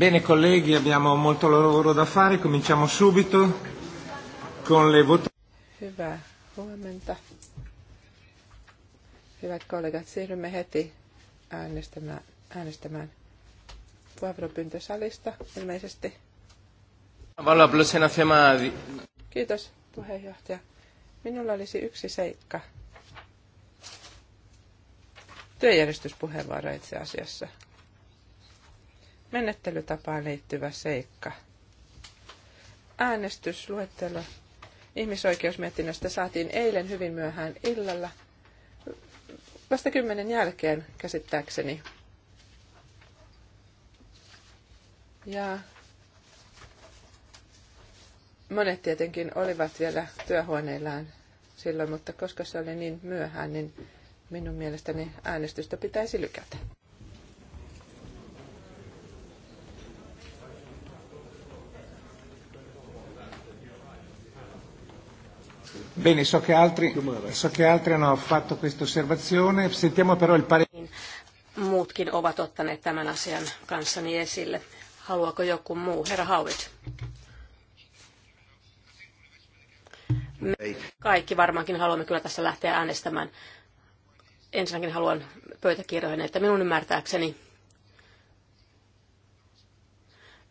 Bene colleghi, abbiamo molto lavoro da fare, cominciamo subito con le votazioni. Hyvää huomenta. Hyvät kollegat, siirrymme heti äänestämään, äänestämään puheenvuoropyyntösalista ilmeisesti. Kiitos puheenjohtaja. Minulla olisi yksi seikka. Työjärjestyspuheenvuoro itse asiassa menettelytapaan liittyvä seikka. Äänestysluettelo ihmisoikeusmietinnöstä saatiin eilen hyvin myöhään illalla, vasta kymmenen jälkeen käsittääkseni. Ja monet tietenkin olivat vielä työhuoneillaan silloin, mutta koska se oli niin myöhään, niin minun mielestäni äänestystä pitäisi lykätä. Bene, so che, altri, so che altri hanno fatto questa osservazione. Sentiamo però il parere. Muutkin ovat ottaneet tämän asian kanssani esille. Haluaako joku muu? Herra Hauvit. Me kaikki varmaankin haluamme kyllä tässä lähteä äänestämään. Ensinnäkin haluan pöytäkirjoihin, että minun ymmärtääkseni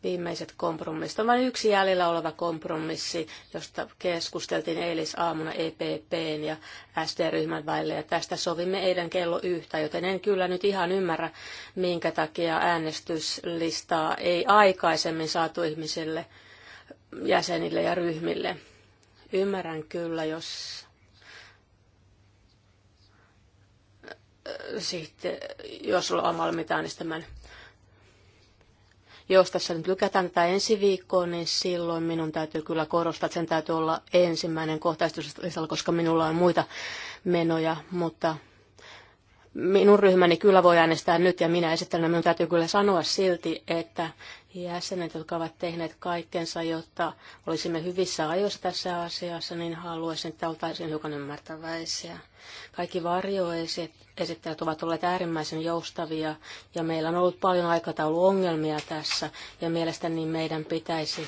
viimeiset kompromissit. On vain yksi jäljellä oleva kompromissi, josta keskusteltiin eilisaamuna EPPn ja SD-ryhmän välillä. Ja tästä sovimme eilen kello yhtä, joten en kyllä nyt ihan ymmärrä, minkä takia äänestyslistaa ei aikaisemmin saatu ihmisille, jäsenille ja ryhmille. Ymmärrän kyllä, jos äh, sitten, jos ollaan valmiita äänestämään jos tässä nyt lykätään tätä ensi viikkoon, niin silloin minun täytyy kyllä korostaa, että sen täytyy olla ensimmäinen kohtaistus, koska minulla on muita menoja, mutta minun ryhmäni kyllä voi äänestää nyt ja minä esittelen. Minun täytyy kyllä sanoa silti, että jäsenet, jotka ovat tehneet kaikkensa, jotta olisimme hyvissä ajoissa tässä asiassa, niin haluaisin, että oltaisiin hiukan ymmärtäväisiä. Kaikki varjoesittelijät ovat olleet äärimmäisen joustavia ja meillä on ollut paljon aikatauluongelmia tässä ja mielestäni meidän pitäisi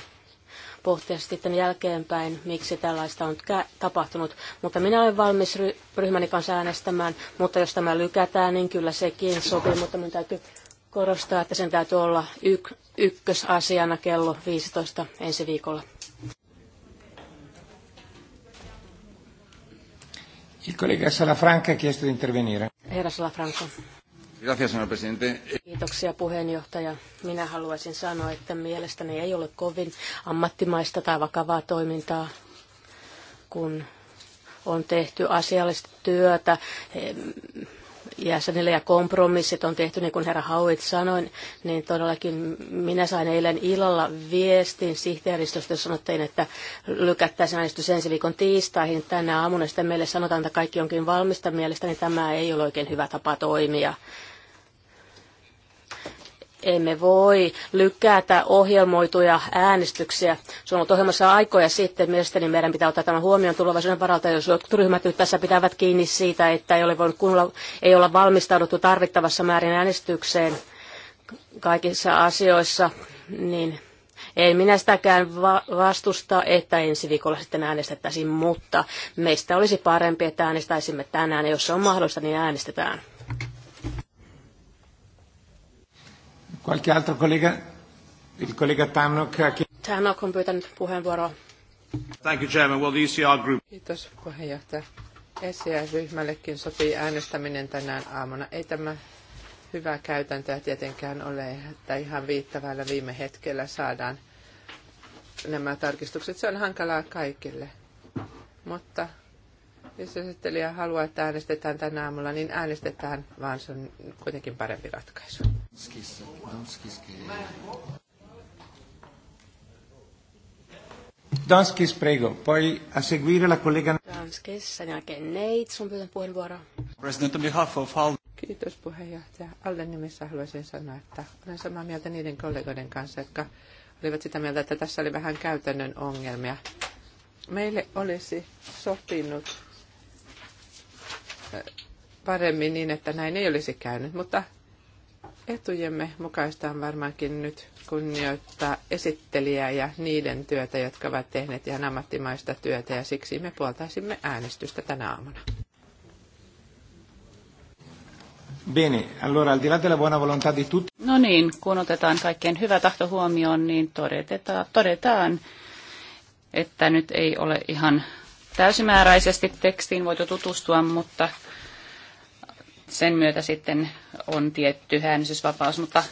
pohtia sitten jälkeenpäin, miksi tällaista on tapahtunut. Mutta minä olen valmis ryhmäni kanssa äänestämään, mutta jos tämä lykätään, niin kyllä sekin sopii, mutta minun täytyy korostaa, että sen täytyy olla yk- ykkösasiana kello 15 ensi viikolla. Il collega Salafranca ha chiesto di intervenire. Era Salafranca. Gracias, presidente. Kiitoksia puheenjohtaja. Minä haluaisin sanoa, että mielestäni ei ole kovin ammattimaista tai vakavaa toimintaa, kun on tehty asiallista työtä jäsenille ja kompromissit on tehty, niin kuin herra Hauit sanoi, niin todellakin minä sain eilen illalla viestin sihteeristöstä, jossa sanottiin, että lykättäisiin äänestys ensi viikon tiistaihin tänä aamuna. Sitten meille sanotaan, että kaikki onkin valmista mielestäni, niin tämä ei ole oikein hyvä tapa toimia. Emme voi lykätä ohjelmoituja äänestyksiä. Se on ollut ohjelmassa aikoja sitten. Mielestäni meidän pitää ottaa tämä huomioon tulevaisuuden varalta, jos jotkut ryhmät nyt tässä pitävät kiinni siitä, että ei ole, voinut kunnolla, ei olla valmistauduttu tarvittavassa määrin äänestykseen kaikissa asioissa, niin ei minä sitäkään va- vastusta, että ensi viikolla sitten äänestettäisiin, mutta meistä olisi parempi, että äänestäisimme tänään, ja jos se on mahdollista, niin äänestetään. Qualche altro collega? Il collega Tannock. Tannock on pyytänyt puheenvuoroa. Thank you, Chairman. Well, the ECR group... Kiitos puheenjohtaja. ECR-ryhmällekin sopii äänestäminen tänään aamuna. Ei tämä hyvä käytäntöä tietenkään ole, että ihan viittävällä viime hetkellä saadaan nämä tarkistukset. Se on hankalaa kaikille. Mutta jos esittelijä haluaa, että äänestetään tänä aamulla, niin äänestetään, vaan se on kuitenkin parempi ratkaisu. Danskis, prego. Poi a seguire la collega... Danskis, sen jälkeen Neit, sun pyytän puheenvuoro. President on behalf of all... Kiitos puheenjohtaja. Alle nimissä haluaisin sanoa, että olen samaa mieltä niiden kollegoiden kanssa, jotka olivat sitä mieltä, että tässä oli vähän käytännön ongelmia. Meille olisi sopinut paremmin niin, että näin ei olisi käynyt, mutta etujemme mukaista on varmaankin nyt kunnioittaa esittelijää ja niiden työtä, jotka ovat tehneet ihan ammattimaista työtä ja siksi me puoltaisimme äänestystä tänä aamuna. Bene, allora al di là della buona volontà di tutti. No niin, kun otetaan kaikkien hyvä tahto huomioon, niin todetaan, todetaan, että nyt ei ole ihan täysimääräisesti tekstiin voitu tutustua, mutta sen myötä sitten on tietty äänestysvapaus, mutta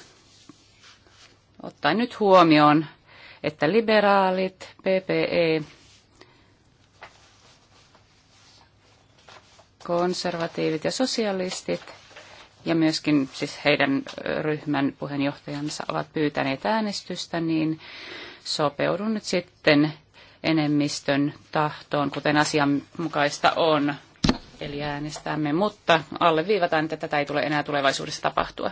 ottaen nyt huomioon, että liberaalit, PPE, konservatiivit ja sosialistit ja myöskin siis heidän ryhmän puheenjohtajansa ovat pyytäneet äänestystä, niin sopeudun nyt sitten enemmistön tahtoon, kuten asianmukaista on. Eli äänestämme, mutta alleviivataan, että tätä ei tule enää tulevaisuudessa tapahtua.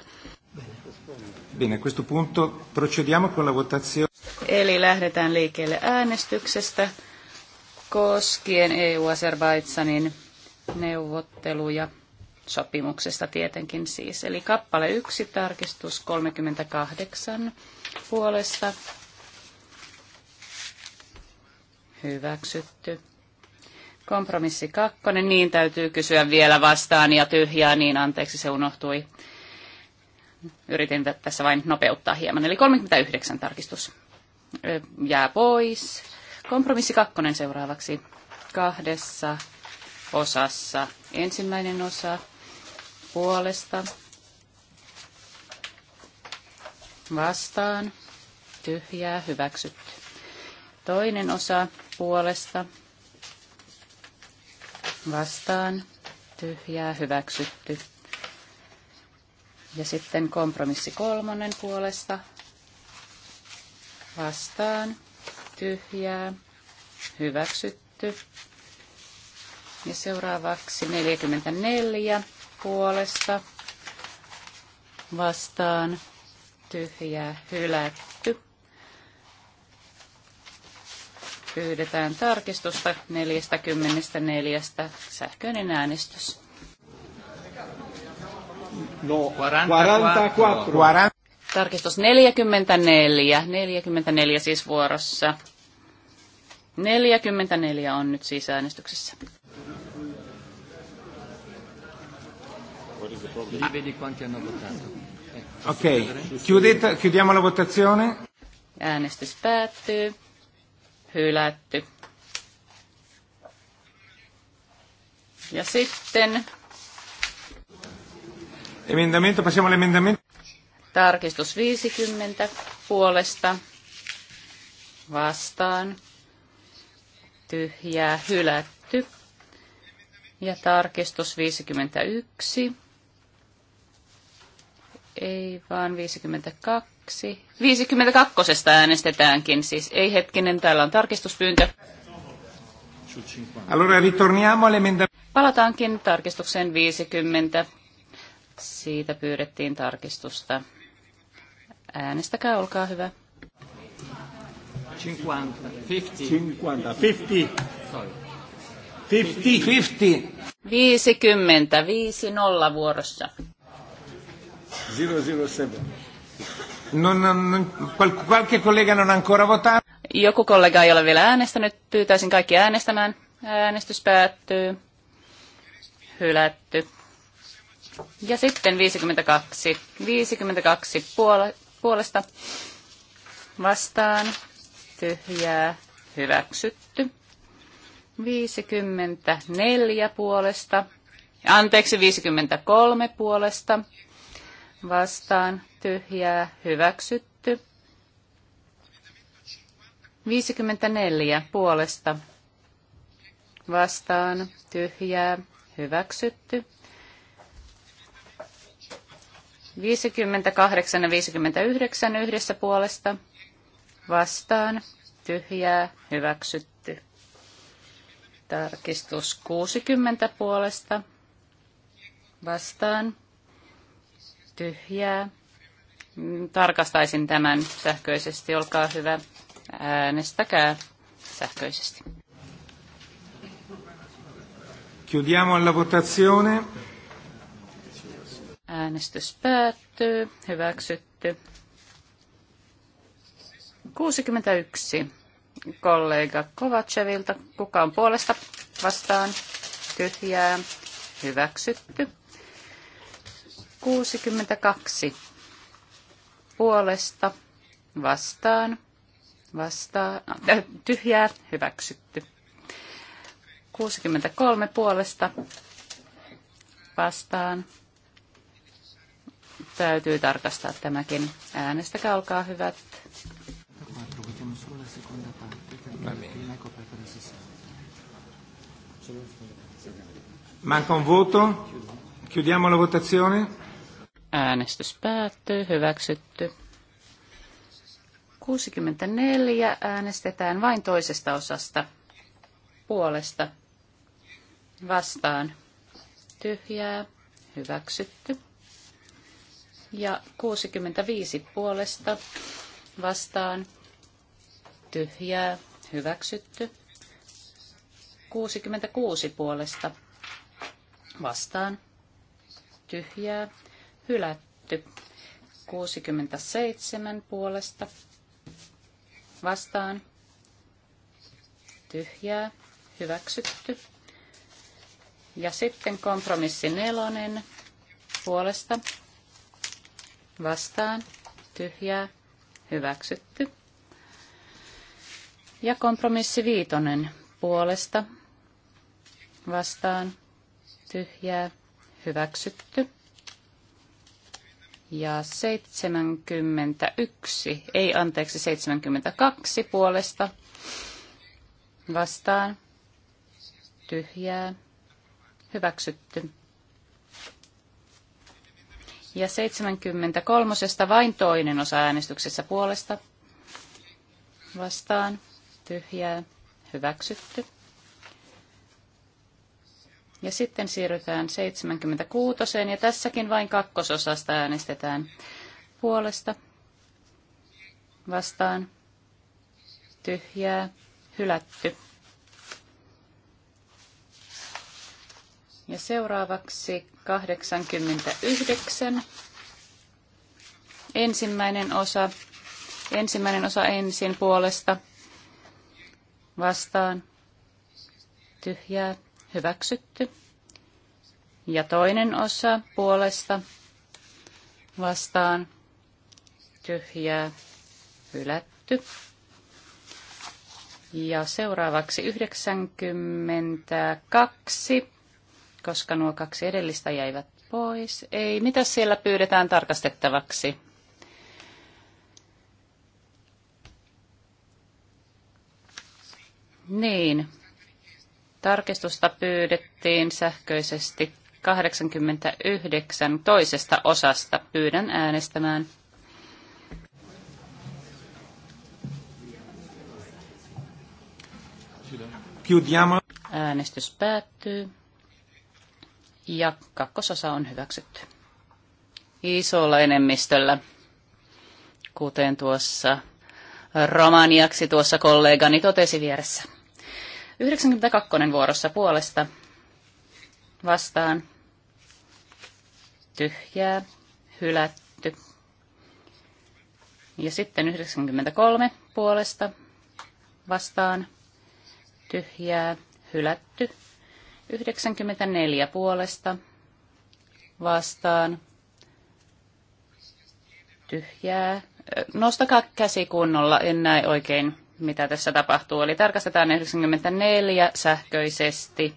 Bene, a questo punto procediamo con la votazione. Eli lähdetään liikkeelle äänestyksestä koskien EU-Azerbaidsanin neuvotteluja sopimuksesta tietenkin siis. Eli kappale 1, tarkistus 38 puolesta Hyväksytty. Kompromissi kakkonen, niin täytyy kysyä vielä vastaan ja tyhjää, niin anteeksi se unohtui. Yritin tässä vain nopeuttaa hieman. Eli 39 tarkistus jää pois. Kompromissi kakkonen seuraavaksi kahdessa osassa. Ensimmäinen osa puolesta vastaan tyhjää hyväksytty. Toinen osa puolesta vastaan tyhjää hyväksytty. Ja sitten kompromissi kolmonen puolesta vastaan tyhjää hyväksytty. Ja seuraavaksi 44 puolesta vastaan tyhjää hylätty. pyydetään tarkistusta 44. Sähköinen äänestys. No, 44. Tarkistus 44. 44 siis vuorossa. 44 on nyt siis äänestyksessä. Okei, okay. chiudiamo la votazione. Äänestys päättyy hylätty. Ja sitten... Emendamento, passiamo all'emendamento. Tarkistus 50 puolesta vastaan tyhjää hylätty. Ja tarkistus 51. Ei vaan 52 kaksi. 52. äänestetäänkin, siis ei hetkinen, täällä on tarkistuspyyntö. Allora ritorniamo Palataankin tarkistukseen 50. Siitä pyydettiin tarkistusta. Äänestäkää, olkaa hyvä. 50. 50. 50. 50. 50. 50 vuorossa. 007. Non, non, qualche collega non ancora votato. Joku kollega ei ole vielä äänestänyt. Pyytäisin kaikki äänestämään. Äänestys päättyy. Hylätty. Ja sitten 52. 52 puole- puolesta vastaan. Tyhjää. Hyväksytty. 54 puolesta. Anteeksi, 53 puolesta vastaan tyhjää, hyväksytty. 54 puolesta vastaan, tyhjää, hyväksytty. 58 ja 59 yhdessä puolesta vastaan, tyhjää, hyväksytty. Tarkistus 60 puolesta vastaan, tyhjää, tarkastaisin tämän sähköisesti. Olkaa hyvä, äänestäkää sähköisesti. Chiudiamo alla votazione. Äänestys päättyy. Hyväksytty. 61 kollega Kovacevilta. Kuka on puolesta? Vastaan. Tyhjää. Hyväksytty. 62 puolesta vastaan, vastaan, no, tyhjää, hyväksytty. 63 puolesta vastaan. Täytyy tarkastaa tämäkin. Äänestäkää, olkaa hyvät. Manca un voto. Chiudiamo la votazione. Äänestys päättyy. Hyväksytty. 64 äänestetään vain toisesta osasta puolesta vastaan tyhjää hyväksytty ja 65 puolesta vastaan tyhjää hyväksytty 66 puolesta vastaan tyhjää hylätty. 67 puolesta vastaan tyhjää hyväksytty. Ja sitten kompromissi nelonen puolesta vastaan tyhjää hyväksytty. Ja kompromissi viitonen puolesta vastaan tyhjää hyväksytty. Ja 71, ei anteeksi 72 puolesta vastaan tyhjää hyväksytty. Ja 73. vain toinen osa äänestyksessä puolesta vastaan tyhjää hyväksytty. Ja sitten siirrytään 76. Ja tässäkin vain kakkososasta äänestetään puolesta vastaan tyhjää hylätty. Ja seuraavaksi 89. Ensimmäinen osa. Ensimmäinen osa ensin puolesta vastaan tyhjää hyväksytty. Ja toinen osa puolesta vastaan tyhjää hylätty. Ja seuraavaksi 92, koska nuo kaksi edellistä jäivät pois. Ei, mitä siellä pyydetään tarkastettavaksi? Niin, Tarkistusta pyydettiin sähköisesti 89 toisesta osasta. Pyydän äänestämään. Äänestys päättyy. Ja kakkososa on hyväksytty. Isolla enemmistöllä, kuten tuossa romaniaksi tuossa kollegani totesi vieressä. 92 vuorossa puolesta vastaan tyhjää, hylätty. Ja sitten 93 puolesta vastaan tyhjää, hylätty. 94 puolesta vastaan tyhjää. Nostakaa käsi kunnolla, en näe oikein mitä tässä tapahtuu. Eli tarkastetaan 94 sähköisesti.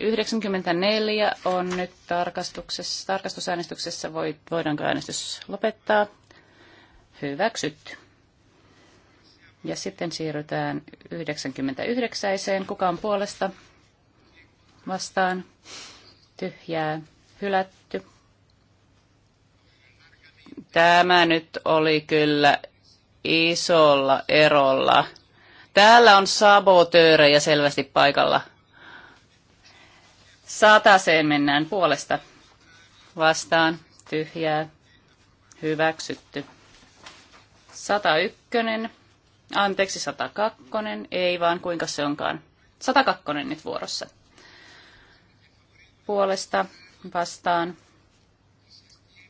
Yhdeksänkymmentäneljä on nyt tarkastuksessa, tarkastusäänestyksessä. Voi, voidaanko äänestys lopettaa? Hyväksytty. Ja sitten siirrytään 99. Kuka on puolesta? Vastaan tyhjää hylätty. Tämä nyt oli kyllä isolla erolla. Täällä on sabotöörejä selvästi paikalla. Sataseen mennään puolesta. Vastaan tyhjää. Hyväksytty. 101. Anteeksi, 102. Ei vaan kuinka se onkaan. 102 nyt vuorossa puolesta vastaan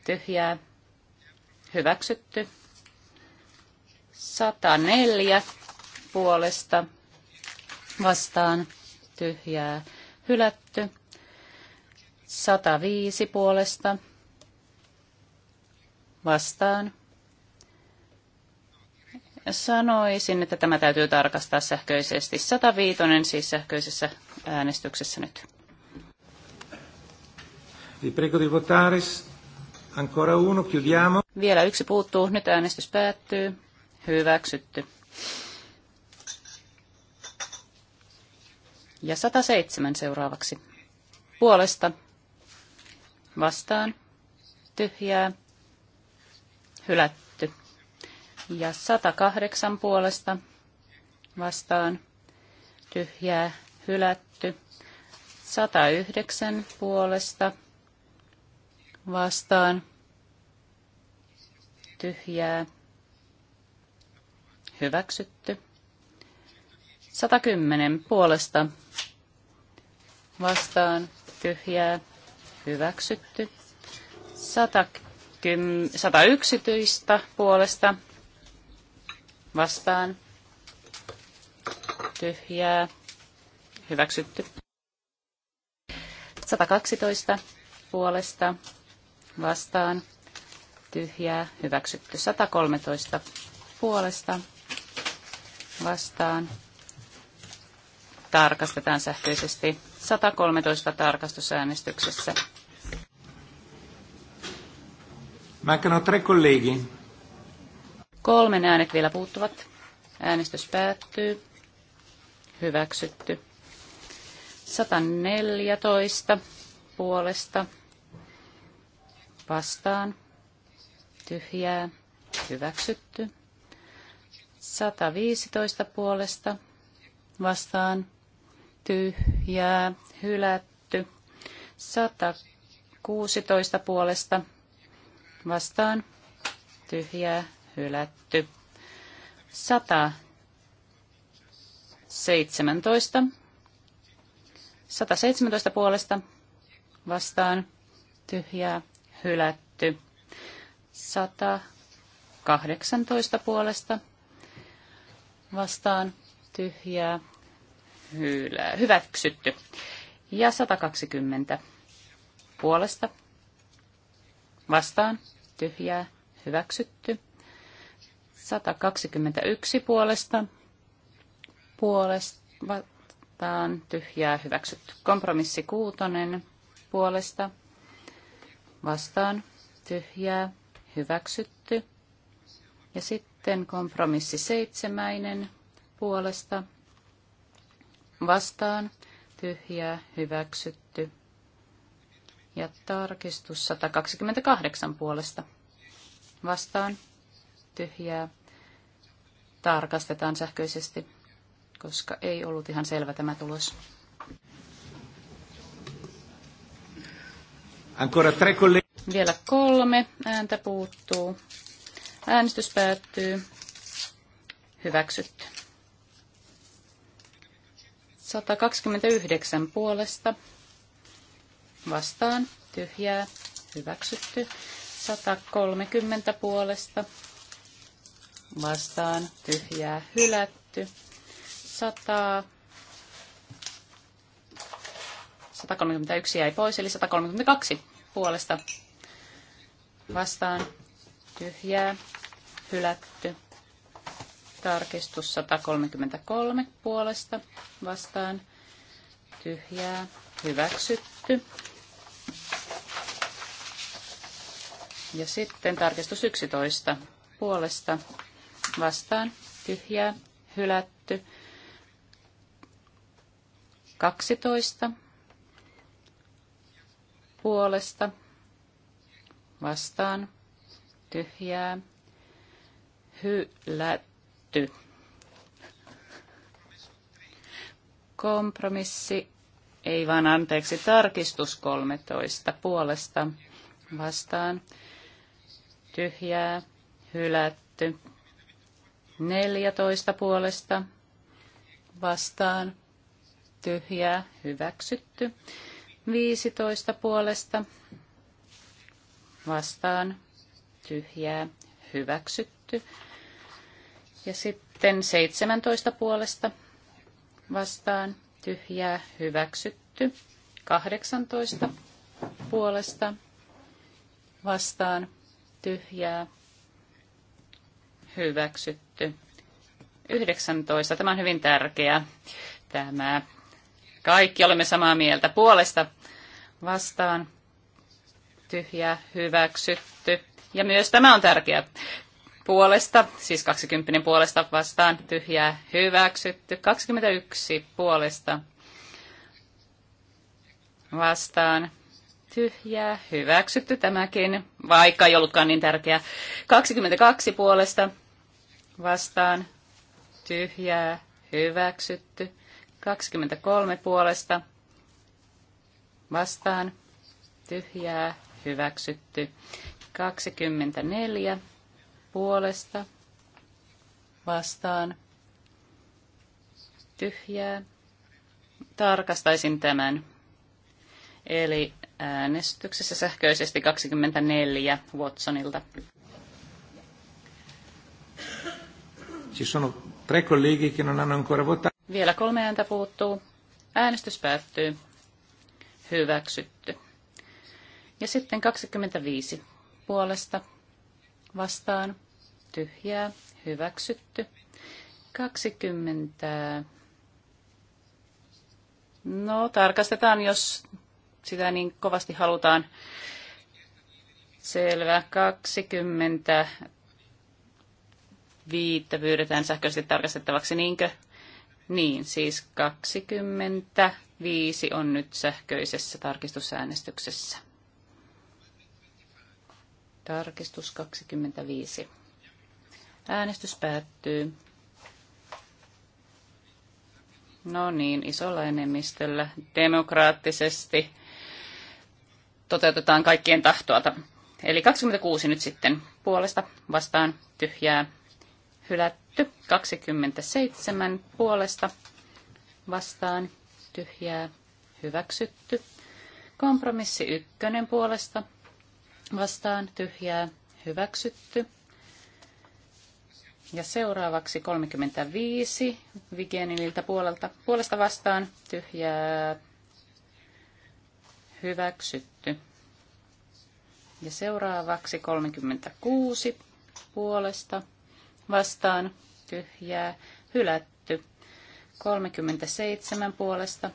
tyhjää hyväksytty. 104 puolesta vastaan tyhjää hylätty. 105 puolesta vastaan. Sanoisin, että tämä täytyy tarkastaa sähköisesti. 105 siis sähköisessä äänestyksessä nyt. Vi prego di votare. Ancora uno, chiudiamo. Vielä yksi puuttuu. Nyt äänestys päättyy. Hyväksytty. Ja 107 seuraavaksi. Puolesta. Vastaan. Tyhjää. Hylätty. Ja 108 puolesta. Vastaan. Tyhjää. Hylätty. 109 puolesta vastaan tyhjää hyväksytty. 110 puolesta vastaan tyhjää hyväksytty. 110, 111 puolesta vastaan tyhjää hyväksytty. 112 puolesta vastaan tyhjää hyväksytty. 113 puolesta vastaan tarkastetaan sähköisesti 113 tarkastusäänestyksessä. Mancano tre colleghi. Kolmen äänet vielä puuttuvat. Äänestys päättyy. Hyväksytty. 114 puolesta vastaan, tyhjää, hyväksytty. 115 puolesta vastaan, tyhjää, hylätty. 116 puolesta vastaan, tyhjää, hylätty. 117. 117 puolesta vastaan, tyhjää, hylätty. 118 puolesta vastaan tyhjää hylää, hyväksytty. Ja 120 puolesta vastaan tyhjää hyväksytty. 121 puolesta puolesta vastaan tyhjää hyväksytty. Kompromissi kuutonen puolesta vastaan tyhjää hyväksytty. Ja sitten kompromissi seitsemäinen puolesta vastaan tyhjää hyväksytty. Ja tarkistus 128 puolesta vastaan tyhjää tarkastetaan sähköisesti, koska ei ollut ihan selvä tämä tulos. Ancora tre colleghi. Vielä kolme ääntä puuttuu. Äänestys päättyy. Hyväksytty. 129 puolesta. Vastaan. Tyhjää. Hyväksytty. 130 puolesta. Vastaan. Tyhjää. Hylätty. 100 131 jäi pois, eli 132 puolesta vastaan tyhjää, hylätty. Tarkistus 133 puolesta vastaan tyhjää, hyväksytty. Ja sitten tarkistus 11 puolesta vastaan tyhjää, hylätty. 12 puolesta vastaan tyhjää hylätty. Kompromissi, ei vaan anteeksi, tarkistus 13 puolesta vastaan tyhjää hylätty. 14 puolesta vastaan tyhjää hyväksytty. 15 puolesta vastaan tyhjää hyväksytty. Ja sitten 17 puolesta vastaan tyhjää hyväksytty. 18 puolesta vastaan tyhjää hyväksytty. 19. Tämä on hyvin tärkeä. Tämä. Kaikki olemme samaa mieltä puolesta vastaan tyhjä hyväksytty. Ja myös tämä on tärkeä puolesta, siis 20 puolesta vastaan tyhjää hyväksytty. 21 puolesta vastaan tyhjää hyväksytty tämäkin, vaikka ei ollutkaan niin tärkeä. 22 puolesta vastaan tyhjää hyväksytty. 23 puolesta vastaan vastaan, tyhjää, hyväksytty. 24 puolesta vastaan, tyhjää. Tarkastaisin tämän. Eli äänestyksessä sähköisesti 24 Watsonilta. Ci sono tre colleghi che non hanno ancora votato. Vielä kolme ääntä puuttuu. Äänestys päättyy hyväksytty. Ja sitten 25 puolesta vastaan tyhjää hyväksytty. 20. No, tarkastetaan, jos sitä niin kovasti halutaan. Selvä. 25 pyydetään sähköisesti tarkastettavaksi, niinkö? Niin, siis 20 Viisi on nyt sähköisessä tarkistusäänestyksessä. Tarkistus 25. Äänestys päättyy. No niin, isolla enemmistöllä demokraattisesti toteutetaan kaikkien tahtoa. Eli 26 nyt sitten puolesta vastaan tyhjää hylätty. 27 puolesta vastaan tyhjää, hyväksytty. Kompromissi ykkönen puolesta vastaan tyhjää, hyväksytty. Ja seuraavaksi 35 Vigenililtä puolelta, puolesta vastaan tyhjää, hyväksytty. Ja seuraavaksi 36 puolesta vastaan tyhjää, hylätty 37 puolesta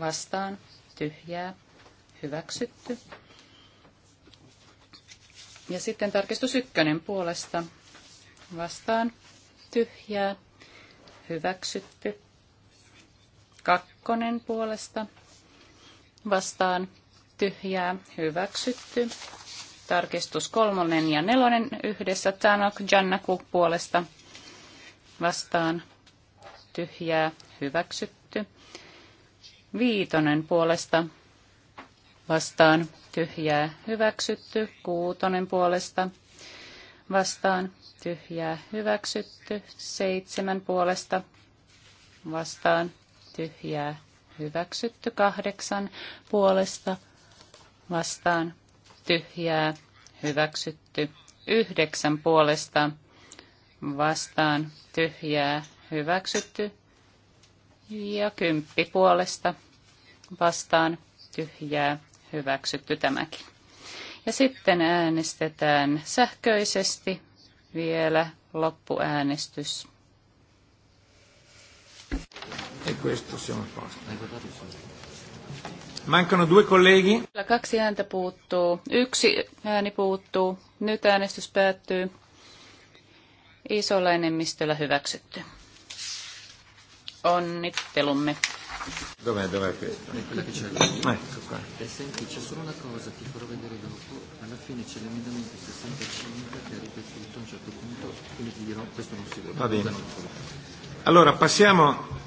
vastaan tyhjää hyväksytty. Ja sitten tarkistus ykkönen puolesta vastaan tyhjää hyväksytty. Kakkonen puolesta vastaan tyhjää hyväksytty. Tarkistus kolmonen ja nelonen yhdessä Tanok Jannaku puolesta vastaan tyhjää, hyväksytty. Viitonen puolesta vastaan tyhjää, hyväksytty. Kuutonen puolesta vastaan tyhjää, hyväksytty. Seitsemän puolesta vastaan tyhjää, hyväksytty. Kahdeksan puolesta vastaan tyhjää, hyväksytty. Yhdeksän puolesta vastaan tyhjää, hyväksytty. Ja kymppi puolesta vastaan tyhjää hyväksytty tämäkin. Ja sitten äänestetään sähköisesti vielä loppuäänestys. E Mancano due colleghi. Kaksi ääntä puuttuu. Yksi ääni puuttuu. Nyt äänestys päättyy. Isolla enemmistöllä hyväksytty. Onnittelumme. Dov'è, dov'è questo? È che c'è ah, Ecco qua. E solo una cosa, ti farò vedere dopo. Alla fine c'è l'emendamento 65 che ha ripetuto a un certo punto, quindi ti dirò questo non si Va bene. Allora, passiamo...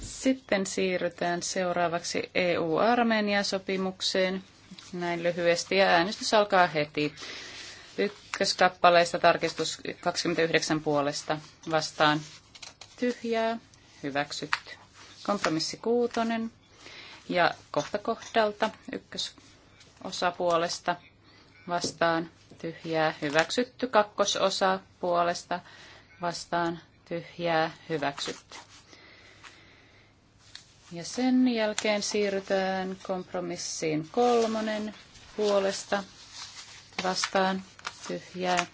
Sitten siirrytään seuraavaksi EU-Armenia-sopimukseen. Näin lyhyesti ja äänestys alkaa heti. Ykköskappaleista tarkistus 29 puolesta vastaan tyhjää, hyväksytty. Kompromissi kuutonen ja kohta kohdalta ykkösosa puolesta vastaan tyhjää hyväksytty. Kakkososa puolesta vastaan tyhjää hyväksytty. Ja sen jälkeen siirrytään kompromissiin kolmonen puolesta vastaan tyhjää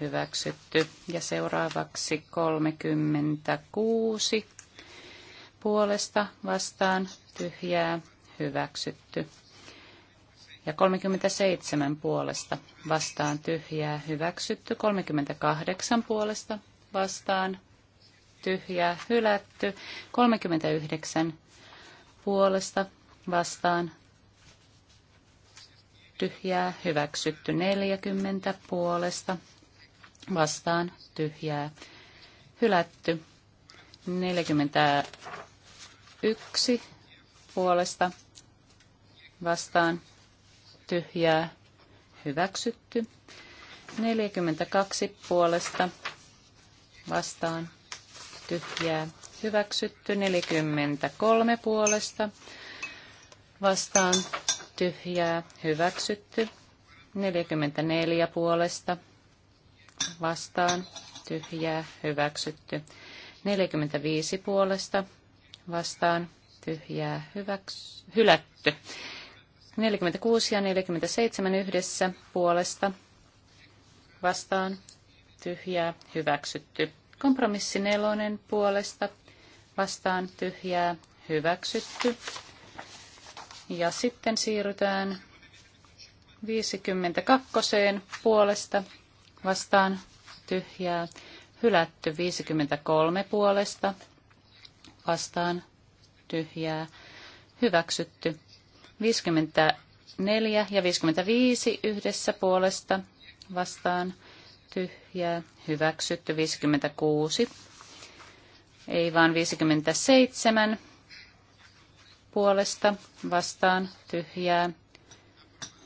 hyväksytty. Ja seuraavaksi 36 puolesta vastaan tyhjää hyväksytty. Ja 37 puolesta vastaan tyhjää hyväksytty. 38 puolesta vastaan tyhjää hylätty. 39 puolesta vastaan tyhjää hyväksytty. 40 puolesta vastaan tyhjää hylätty. 40 yksi puolesta vastaan tyhjää hyväksytty. 42 puolesta vastaan tyhjää hyväksytty. 43 puolesta vastaan tyhjää hyväksytty. 44 puolesta vastaan tyhjää hyväksytty. 45 puolesta vastaan tyhjää hyväks, hylätty. 46 ja 47 yhdessä puolesta vastaan tyhjää hyväksytty. Kompromissi nelonen puolesta vastaan tyhjää hyväksytty. Ja sitten siirrytään 52 puolesta vastaan tyhjää hylätty 53 puolesta vastaan tyhjää hyväksytty. 54 ja 55 yhdessä puolesta vastaan tyhjää hyväksytty. 56 ei vaan 57 puolesta vastaan tyhjää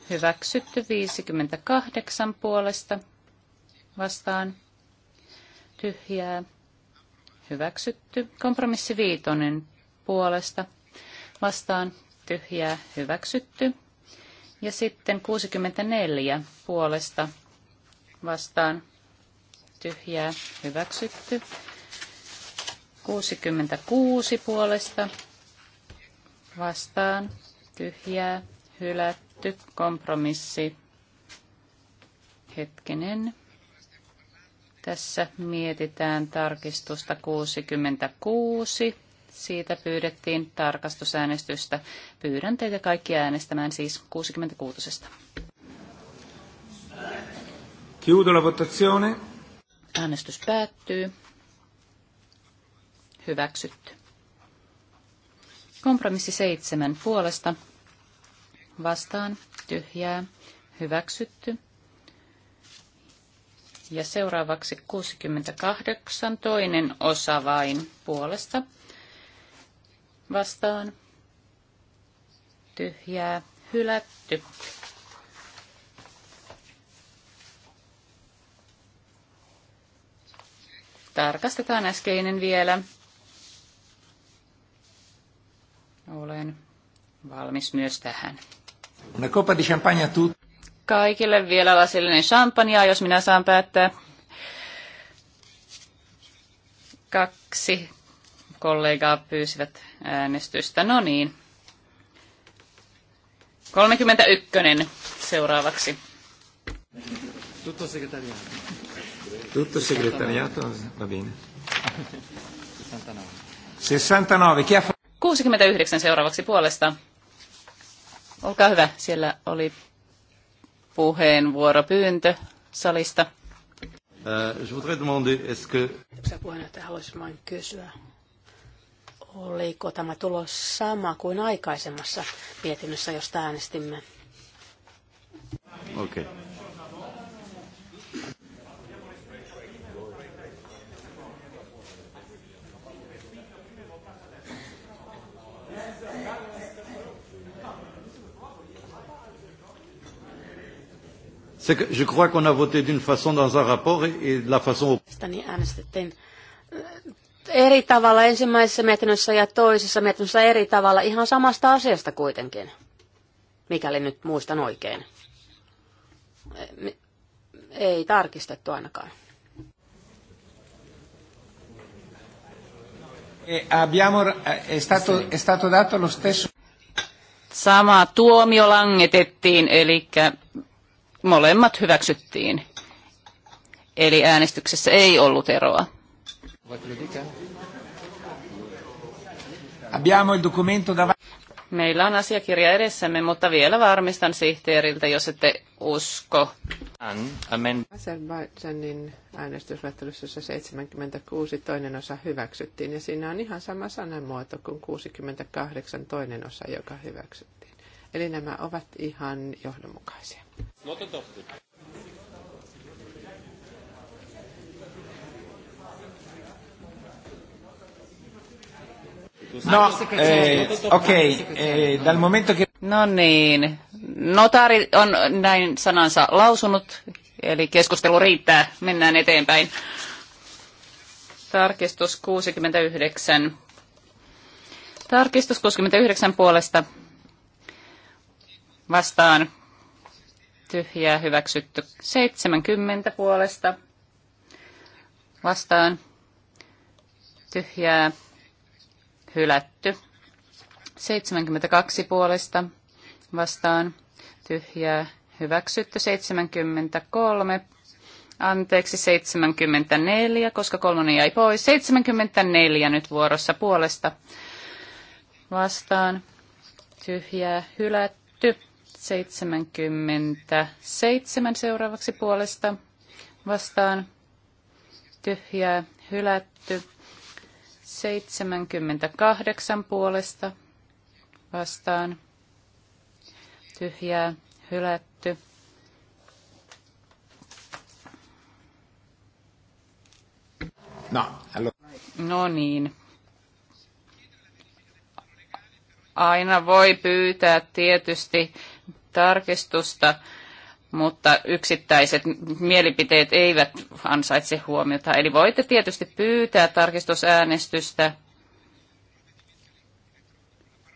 hyväksytty. 58 puolesta vastaan tyhjää hyväksytty. Kompromissi viitonen puolesta vastaan tyhjää hyväksytty. Ja sitten 64 puolesta vastaan tyhjää hyväksytty. 66 puolesta vastaan tyhjää hylätty kompromissi. Hetkinen. Tässä mietitään tarkistusta 66. Siitä pyydettiin tarkastusäänestystä. Pyydän teitä kaikki äänestämään siis 66. Chiudo la votazione. Äänestys päättyy. Hyväksytty. Kompromissi seitsemän puolesta. Vastaan. Tyhjää. Hyväksytty. Ja seuraavaksi 68, toinen osa vain puolesta. Vastaan. Tyhjää. Hylätty. Tarkastetaan äskeinen vielä. Olen valmis myös tähän. Una coppa di champagne a tutti kaikille vielä lasillinen champagnea, jos minä saan päättää. Kaksi kollegaa pyysivät äänestystä. No niin. 31 seuraavaksi. Tutto segretariato. Tutto segretariato, va bene. 69. 69. Chi ha 69 seuraavaksi puolesta. Olkaa hyvä, siellä oli puheenvuoropyyntö salista. Euh, je voudrais demander, est-ce que... puheenjohtaja haluaisin vain kysyä, oliko tämä tulos sama kuin aikaisemmassa mietinnössä, josta äänestimme? Okei. Okay. que je crois qu'on a voté d'une façon dans un rapport et, et la façon... äänestettiin äh, eri tavalla ensimmäisessä mietinnössä ja toisessa mietinnössä eri tavalla, ihan samasta asiasta kuitenkin, mikäli nyt muistan oikein. Äh, ei tarkistettu ainakaan. E abbiamo, eh, è stato, è stato dato lo stesso. Sama tuomio langetettiin, eli molemmat hyväksyttiin. Eli äänestyksessä ei ollut eroa. Meillä on asiakirja edessämme, mutta vielä varmistan sihteeriltä, jos ette usko. Azerbaidsanin äänestysluettelussa 76 toinen osa hyväksyttiin ja siinä on ihan sama sanamuoto kuin 68 toinen osa, joka hyväksyttiin. Eli nämä ovat ihan johdonmukaisia. No, no eh, okei, okay, eh, dal momento che... No niin, notari on näin sanansa lausunut, eli keskustelu riittää, mennään eteenpäin. Tarkistus 69. Tarkistus 69 puolesta vastaan tyhjää hyväksytty 70 puolesta vastaan tyhjää hylätty 72 puolesta vastaan tyhjää hyväksytty 73 anteeksi 74, koska kolmonen jäi pois. 74 nyt vuorossa puolesta vastaan. Tyhjää hylätty. 77 seuraavaksi puolesta vastaan tyhjää hylätty. 78 puolesta vastaan tyhjää hylätty. No, hello. no niin. Aina voi pyytää tietysti tarkistusta, mutta yksittäiset mielipiteet eivät ansaitse huomiota. Eli voitte tietysti pyytää tarkistusäänestystä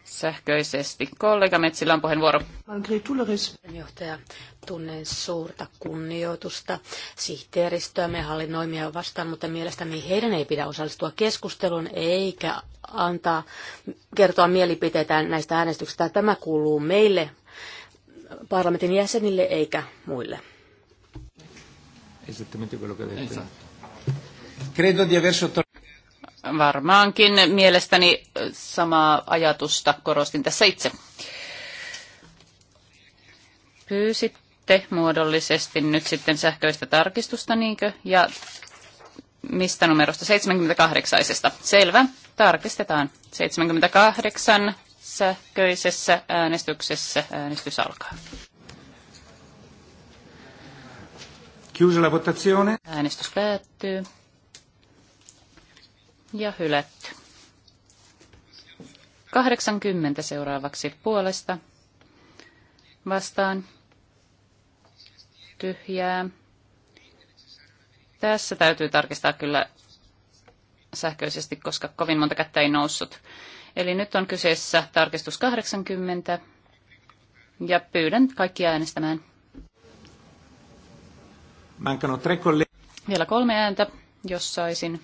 sähköisesti. Kollega Metsillä on puheenvuoro. Johtaja, tunnen suurta kunnioitusta sihteeristöämme hallinnoimia vastaan, mutta mielestäni heidän ei pidä osallistua keskusteluun eikä antaa kertoa mielipiteitä näistä äänestyksistä. Tämä kuuluu meille parlamentin jäsenille eikä muille. Varmaankin mielestäni samaa ajatusta korostin tässä itse. Pyysitte muodollisesti nyt sitten sähköistä tarkistusta, niinkö? Ja mistä numerosta? 78. Selvä. Tarkistetaan. 78 sähköisessä äänestyksessä. Äänestys alkaa. Chiusa la votazione. Äänestys päättyy. Ja hylätty. 80 seuraavaksi puolesta. Vastaan. Tyhjää. Tässä täytyy tarkistaa kyllä sähköisesti, koska kovin monta kättä ei noussut. Eli nyt on kyseessä tarkistus 80 ja pyydän kaikki äänestämään. Vielä kolme ääntä, jos saisin.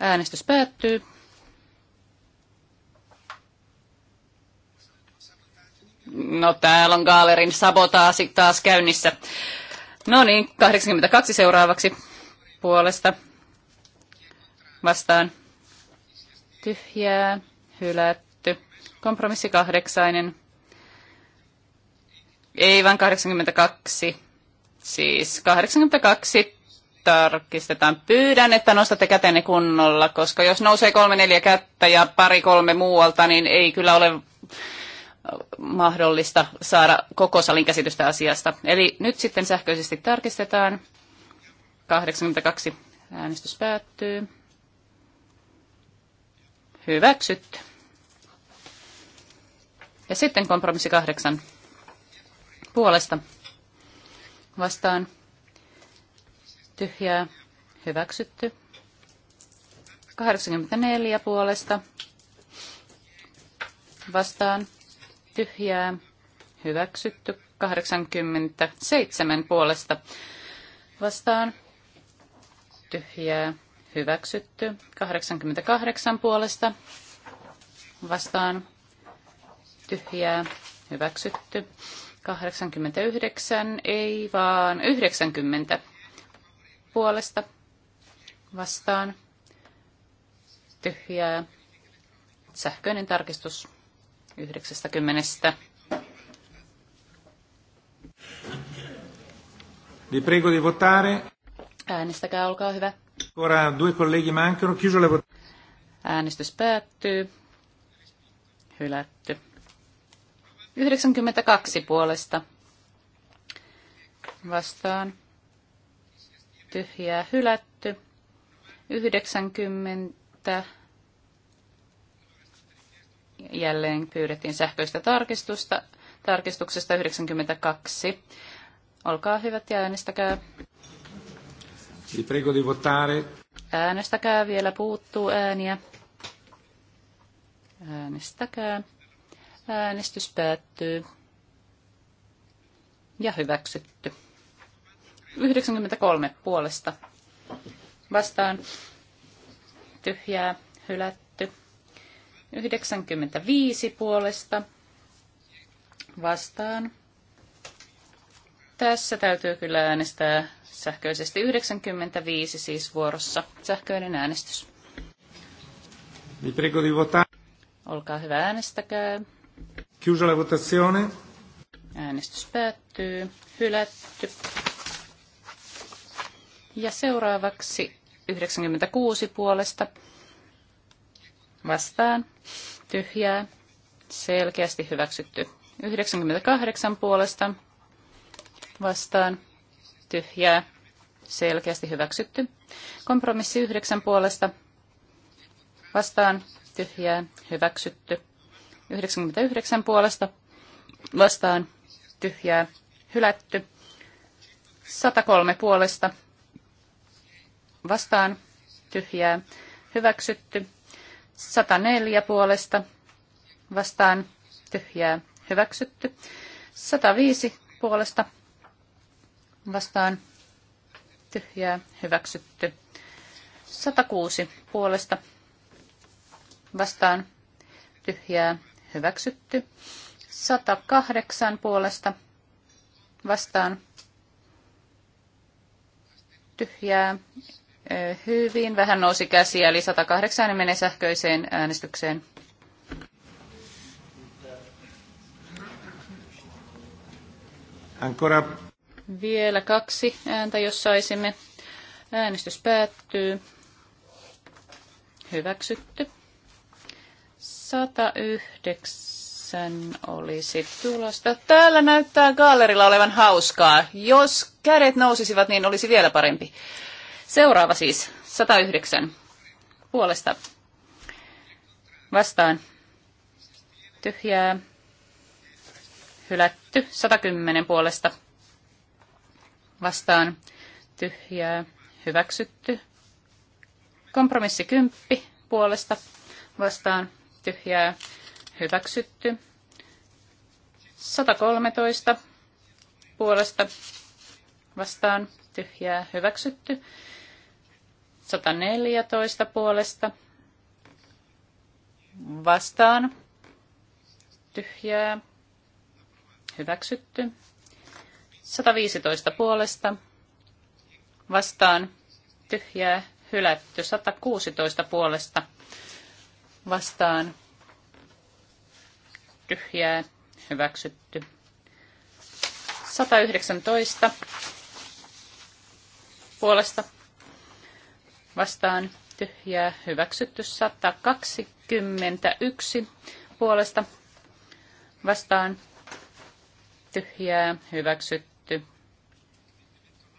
Äänestys päättyy. No täällä on Gaalerin sabotaasi taas käynnissä. No niin, 82 seuraavaksi puolesta vastaan tyhjää, hylätty. Kompromissi kahdeksainen. Ei vaan 82. Siis 82 tarkistetaan. Pyydän, että nostatte kätenne kunnolla, koska jos nousee kolme neljä kättä ja pari kolme muualta, niin ei kyllä ole äh, mahdollista saada koko salin käsitystä asiasta. Eli nyt sitten sähköisesti tarkistetaan. 82 äänestys päättyy. Hyväksytty. Ja sitten kompromissi kahdeksan puolesta vastaan tyhjää hyväksytty. 84 puolesta vastaan tyhjää hyväksytty. 87 puolesta vastaan tyhjää Hyväksytty. 88 puolesta vastaan tyhjää. Hyväksytty. 89, ei vaan 90 puolesta vastaan tyhjää. Sähköinen tarkistus 90. Vi prego di votare. Äänestäkää, olkaa hyvä. Ora due colleghi mancano, chiuso la Äänestys päättyy. Hylätty. 92 puolesta. Vastaan. Tyhjää hylätty. 90. Jälleen pyydettiin sähköistä tarkistusta. Tarkistuksesta 92. Olkaa hyvät ja äänestäkää. Vi prego di votare. Äänestäkää, vielä puuttuu ääniä. Äänestäkää. Äänestys päättyy. Ja hyväksytty. 93 puolesta. Vastaan tyhjää, hylätty. 95 puolesta. Vastaan tässä täytyy kyllä äänestää sähköisesti 95 siis vuorossa. Sähköinen äänestys. Vi prego di votare. Olkaa hyvä, äänestäkää. Chiusa la votazione. Äänestys päättyy. Hylätty. Ja seuraavaksi 96 puolesta. Vastaan. Tyhjää. Selkeästi hyväksytty. 98 puolesta vastaan tyhjää selkeästi hyväksytty. Kompromissi yhdeksän puolesta vastaan tyhjää hyväksytty. 99 puolesta vastaan tyhjää hylätty. 103 puolesta vastaan tyhjää hyväksytty. 104 puolesta vastaan tyhjää hyväksytty. 105 puolesta vastaan tyhjää hyväksytty. 106 puolesta vastaan tyhjää hyväksytty. 108 puolesta vastaan tyhjää hyvin. Vähän nousi käsiä, eli 108 niin menee sähköiseen äänestykseen. Ancora vielä kaksi ääntä, jos saisimme. Äänestys päättyy. Hyväksytty. 109 olisi tulosta. Täällä näyttää gallerilla olevan hauskaa. Jos kädet nousisivat, niin olisi vielä parempi. Seuraava siis, 109. Puolesta. Vastaan. Tyhjää. Hylätty. 110 puolesta vastaan tyhjää hyväksytty. Kompromissi kymppi puolesta vastaan tyhjää hyväksytty. 113 puolesta vastaan tyhjää hyväksytty. 114 puolesta vastaan tyhjää hyväksytty. 115 puolesta vastaan tyhjää hylätty. 116 puolesta vastaan tyhjää hyväksytty. 119 puolesta vastaan tyhjää hyväksytty 121 puolesta vastaan tyhjää hyväksytty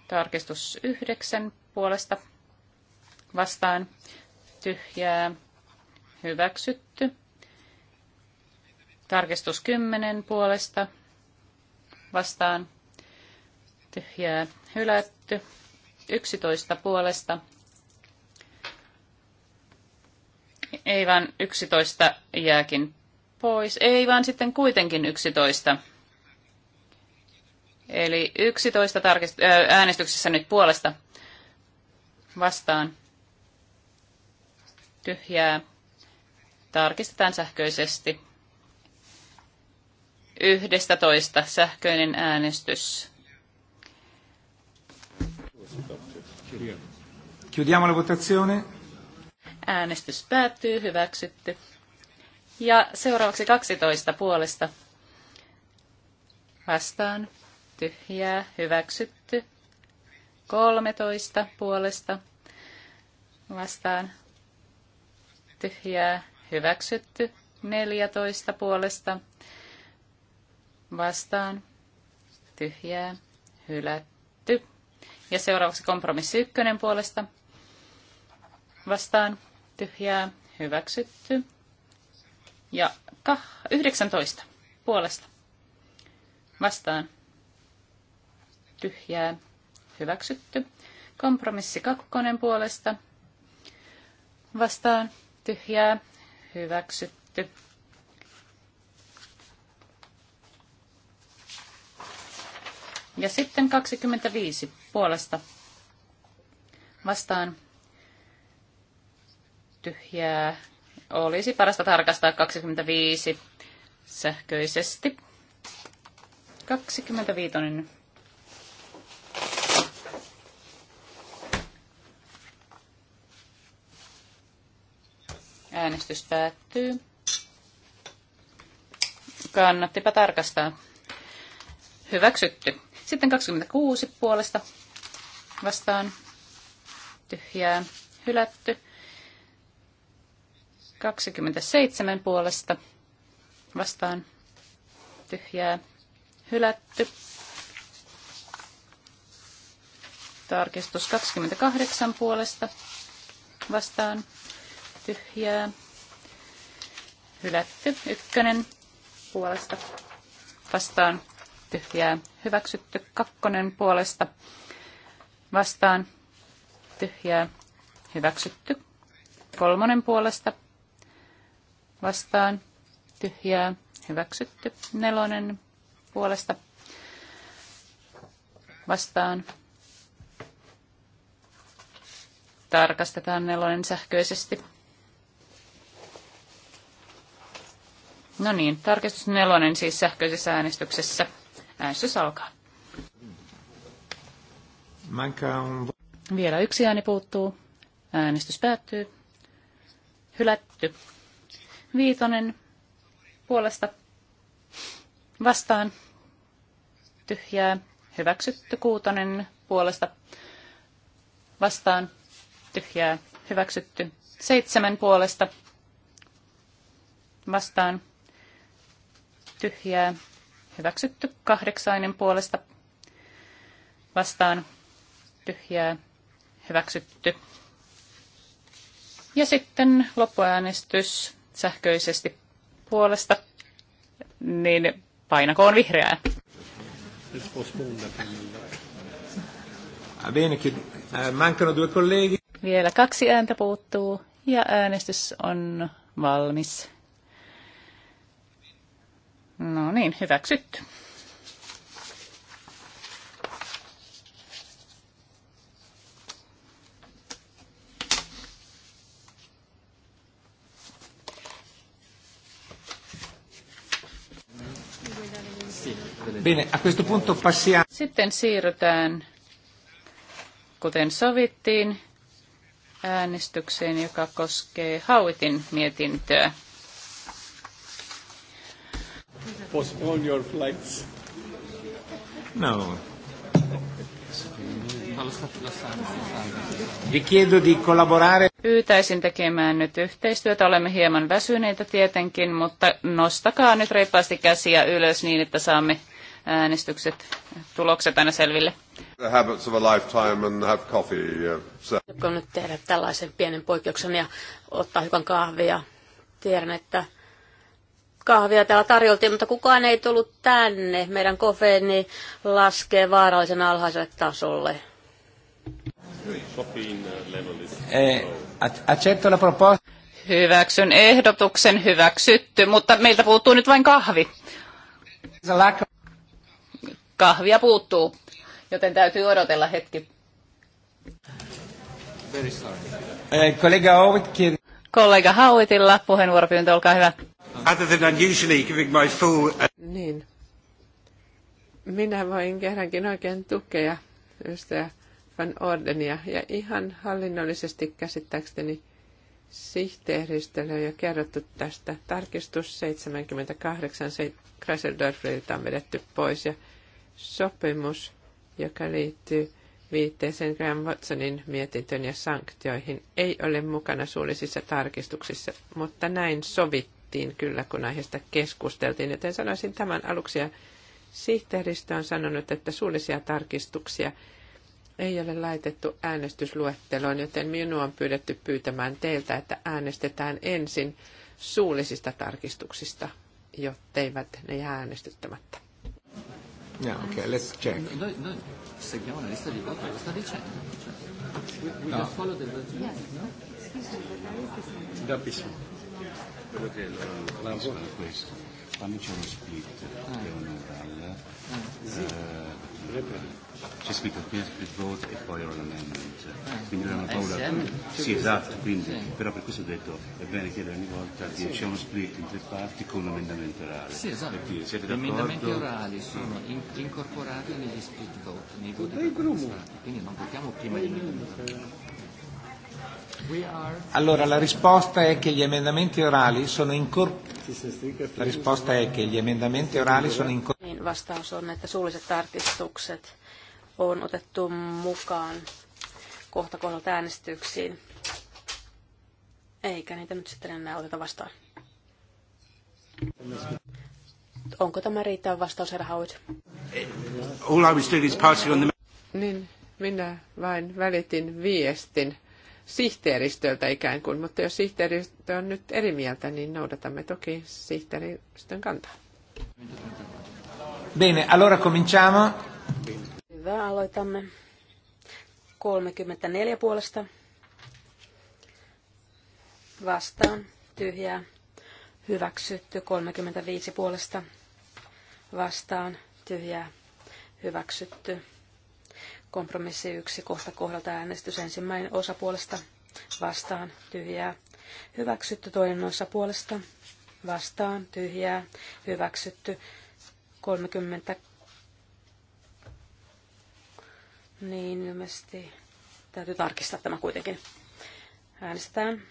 Tarkistus 9 puolesta vastaan tyhjää hyväksytty. Tarkistus 10 puolesta vastaan tyhjää hylätty. 11 puolesta ei vaan 11 jääkin pois. Ei vaan sitten kuitenkin 11 Eli 11 tarkist- äänestyksessä nyt puolesta vastaan tyhjää tarkistetaan sähköisesti. 11 sähköinen äänestys. Chiudiamo la votazione. Äänestys päättyy, hyväksytty. Ja seuraavaksi 12 puolesta vastaan tyhjää, hyväksytty. 13 puolesta vastaan tyhjää, hyväksytty. 14 puolesta vastaan tyhjää, hylätty. Ja seuraavaksi kompromissi ykkönen puolesta vastaan tyhjää, hyväksytty. Ja 19 puolesta vastaan tyhjää hyväksytty. Kompromissi kakkonen puolesta vastaan tyhjää hyväksytty. Ja sitten 25 puolesta vastaan tyhjää. Olisi parasta tarkastaa 25 sähköisesti. 25 Äänestys päättyy. Kannattipa tarkastaa. Hyväksytty. Sitten 26 puolesta vastaan tyhjää hylätty. 27 puolesta vastaan tyhjää hylätty. Tarkistus 28 puolesta vastaan tyhjää, hylätty. Ykkönen puolesta vastaan tyhjää, hyväksytty. Kakkonen puolesta vastaan tyhjää, hyväksytty. Kolmonen puolesta vastaan tyhjää, hyväksytty. Nelonen puolesta vastaan tarkastetaan nelonen sähköisesti. No niin, tarkistus nelonen siis sähköisessä äänestyksessä. Äänestys alkaa. Vielä yksi ääni puuttuu. Äänestys päättyy. Hylätty. Viitonen puolesta vastaan. Tyhjää. Hyväksytty. Kuutonen puolesta vastaan. Tyhjää. Hyväksytty. Seitsemän puolesta vastaan tyhjää, hyväksytty. Kahdeksainen puolesta vastaan, tyhjää, hyväksytty. Ja sitten loppuäänestys sähköisesti puolesta, niin painakoon vihreää. Ah, eh, Vielä kaksi ääntä puuttuu ja äänestys on valmis. No niin, hyväksytty. Sitten siirrytään, kuten sovittiin, äänestykseen, joka koskee Hauitin mietintöä. postpone your flights? No. Pyytäisin tekemään nyt yhteistyötä. Olemme hieman väsyneitä tietenkin, mutta nostakaa nyt reippaasti käsiä ylös niin, että saamme äänestykset, tulokset aina selville. The habits of a lifetime and have coffee. So. nyt tehdä tällaisen pienen poikkeuksen ja ottaa hyvän kahvia. Tiedän, että kahvia täällä tarjoltiin, mutta kukaan ei tullut tänne. Meidän kofeeni laskee vaarallisen alhaiselle tasolle. Eh, Hyväksyn ehdotuksen hyväksytty, mutta meiltä puuttuu nyt vain kahvi. Kahvia puuttuu, joten täytyy odotella hetki. Eh, kollega Hauitilla puheenvuoropyyntö, olkaa hyvä. Other than unusually giving my full... Uh, niin. Minä voin kerrankin oikein tukea ystävä Van Ordenia ja ihan hallinnollisesti käsittääkseni sihteeristölle on jo kerrottu tästä. Tarkistus 78 Kreiseldorfilta on vedetty pois ja sopimus, joka liittyy viitteeseen Graham Watsonin mietintöön ja sanktioihin, ei ole mukana suullisissa tarkistuksissa, mutta näin sovittu huomattiin kyllä, kun aiheesta keskusteltiin, joten sanoisin tämän aluksi. Ja sihteeristö on sanonut, että suullisia tarkistuksia ei ole laitettu äänestysluetteloon, joten minua on pyydetty pyytämään teiltä, että äänestetään ensin suullisista tarkistuksista, jotteivät ne jää äänestyttämättä. Yeah, okay, let's check. No, no, no. Seguiamo la lista di voto, lo sta dicendo. We, we no. just ah. follow the... Yes. No? quello che la, la voce è questo. Quando c'è uno split uh, ah. che è un oral, ah, sì. eh, c'è scritto prima split vote e poi oral amendment. Uh, ah. Quindi avevano paura. Ah, sì, esatto, quindi, sì. però per questo ho detto è bene chiedere ogni volta sì. che c'è uno split in tre parti con un emendamento orale. Sì, esatto. E dire, siete Gli emendamenti orali sono in, incorporati negli split vote, nei voti partecipati, quindi non votiamo prima gli emendamenti orali. Allora, la risposta è che gli emendamenti orali sono incorporati. La risposta è che gli emendamenti orali sono in incorporati. Niin, vastaus on, että suulliset tarkistukset on otettu mukaan kohta kohdalta äänestyksiin. Eikä niitä nyt sitten enää oteta vastaan. Onko tämä riittävä vastaus, herra Hauit? Niin, minä vain välitin viestin sihteeristöltä ikään kuin, mutta jos sihteeristö on nyt eri mieltä, niin noudatamme toki sihteeristön kantaa. Bene, allora cominciamo. Hyvä, aloitamme. 34 puolesta. Vastaan, tyhjää. Hyväksytty 35 puolesta. Vastaan, tyhjää. Hyväksytty Kompromissi yksi kohta kohdalta äänestys ensimmäinen osapuolesta vastaan tyhjää. Hyväksytty toinen osapuolesta vastaan tyhjää. Hyväksytty 30. Niin ilmeisesti täytyy tarkistaa tämä kuitenkin. Äänestetään.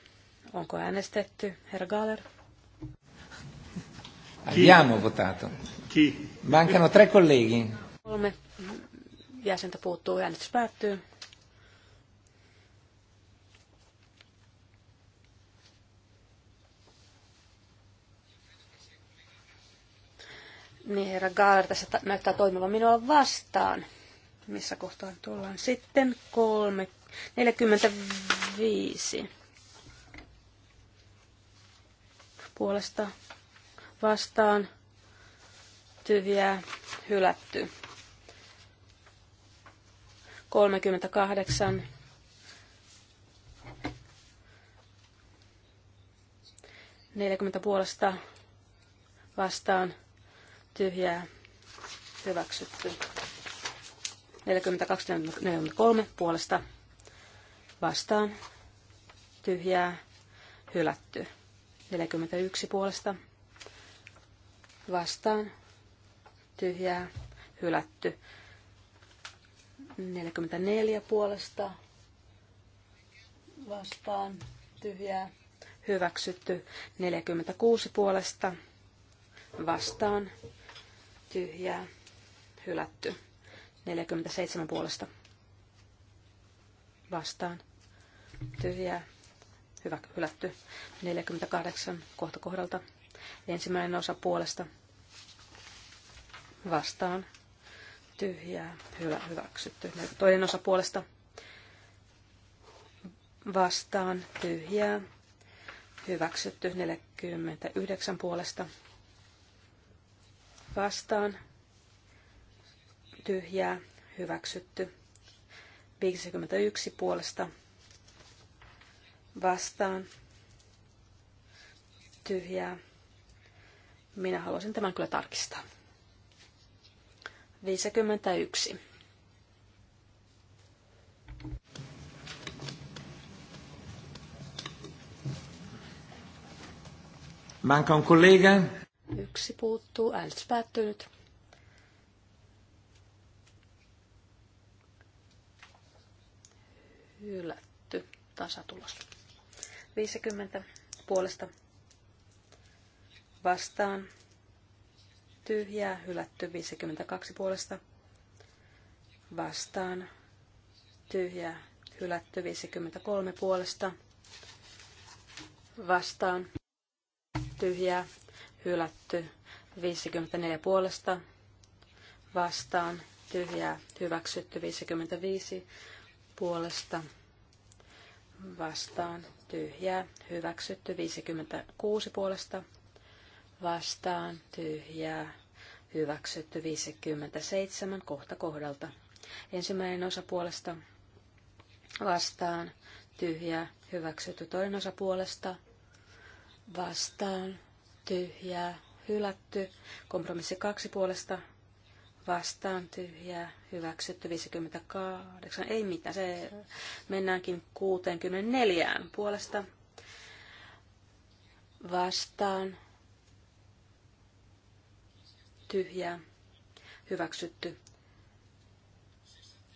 Onko äänestetty, herra Galler? Abbiamo votato. Chi? Mancano tre colleghi. Kolme jäsentä puuttuu. Äänestys päättyy. Niin, herra Gaaler tässä näyttää toimivan minua vastaan. Missä kohtaa tullaan sitten? Kolme, 45. Puolesta vastaan tyviä hylätty. 38. Neljäkymmentä puolesta vastaan tyhjää hyväksytty. 42-43 puolesta vastaan tyhjää hylätty. 41 puolesta vastaan tyhjää hylätty. 44 puolesta vastaan tyhjää. Hyväksytty 46 puolesta vastaan tyhjää. Hylätty 47 puolesta vastaan tyhjää. Hyvä, hylätty 48 kohta kohdalta. Ensimmäinen osa puolesta vastaan tyhjää, hyvä, hyväksytty. Toinen osa puolesta vastaan, tyhjää, hyväksytty. 49 puolesta vastaan, tyhjää, hyväksytty. 51 puolesta vastaan, tyhjää. Minä haluaisin tämän kyllä tarkistaa. 51. Manca un collega. Yksi puuttuu. Äänestys päättynyt. Hylätty. Tasatulos. 50 puolesta vastaan tyhjää, hylätty 52 puolesta vastaan, tyhjää, hylätty 53 puolesta vastaan, tyhjää, hylätty 54 puolesta vastaan, tyhjää, hyväksytty 55 puolesta vastaan, tyhjää, hyväksytty 56 puolesta vastaan tyhjää hyväksytty 57 kohta kohdalta. Ensimmäinen osa puolesta vastaan tyhjää hyväksytty toinen osa puolesta vastaan tyhjää hylätty kompromissi kaksi puolesta vastaan tyhjää, hyväksytty 58, ei mitään, se mennäänkin 64 puolesta vastaan tyhjää, hyväksytty.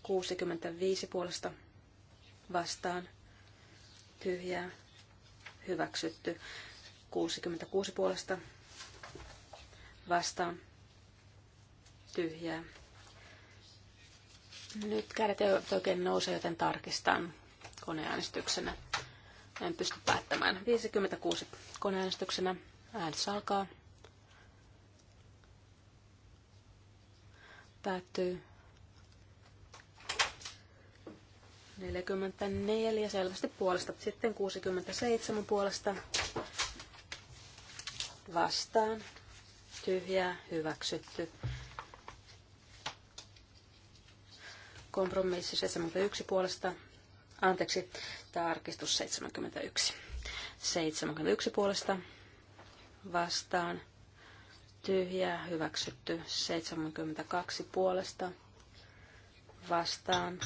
65 puolesta vastaan, tyhjää, hyväksytty. 66 puolesta vastaan, tyhjää. Nyt kädet eivät oikein nouse, joten tarkistan koneäänestyksenä. En pysty päättämään. 56 koneäänestyksenä. Äänestys alkaa. Päättyy. 44 selvästi puolesta. Sitten 67 puolesta. Vastaan. Tyhjää. Hyväksytty. Kompromissi 71 puolesta. Anteeksi, tarkistus 71. 71 puolesta vastaan tyhjää hyväksytty 72 puolesta vastaan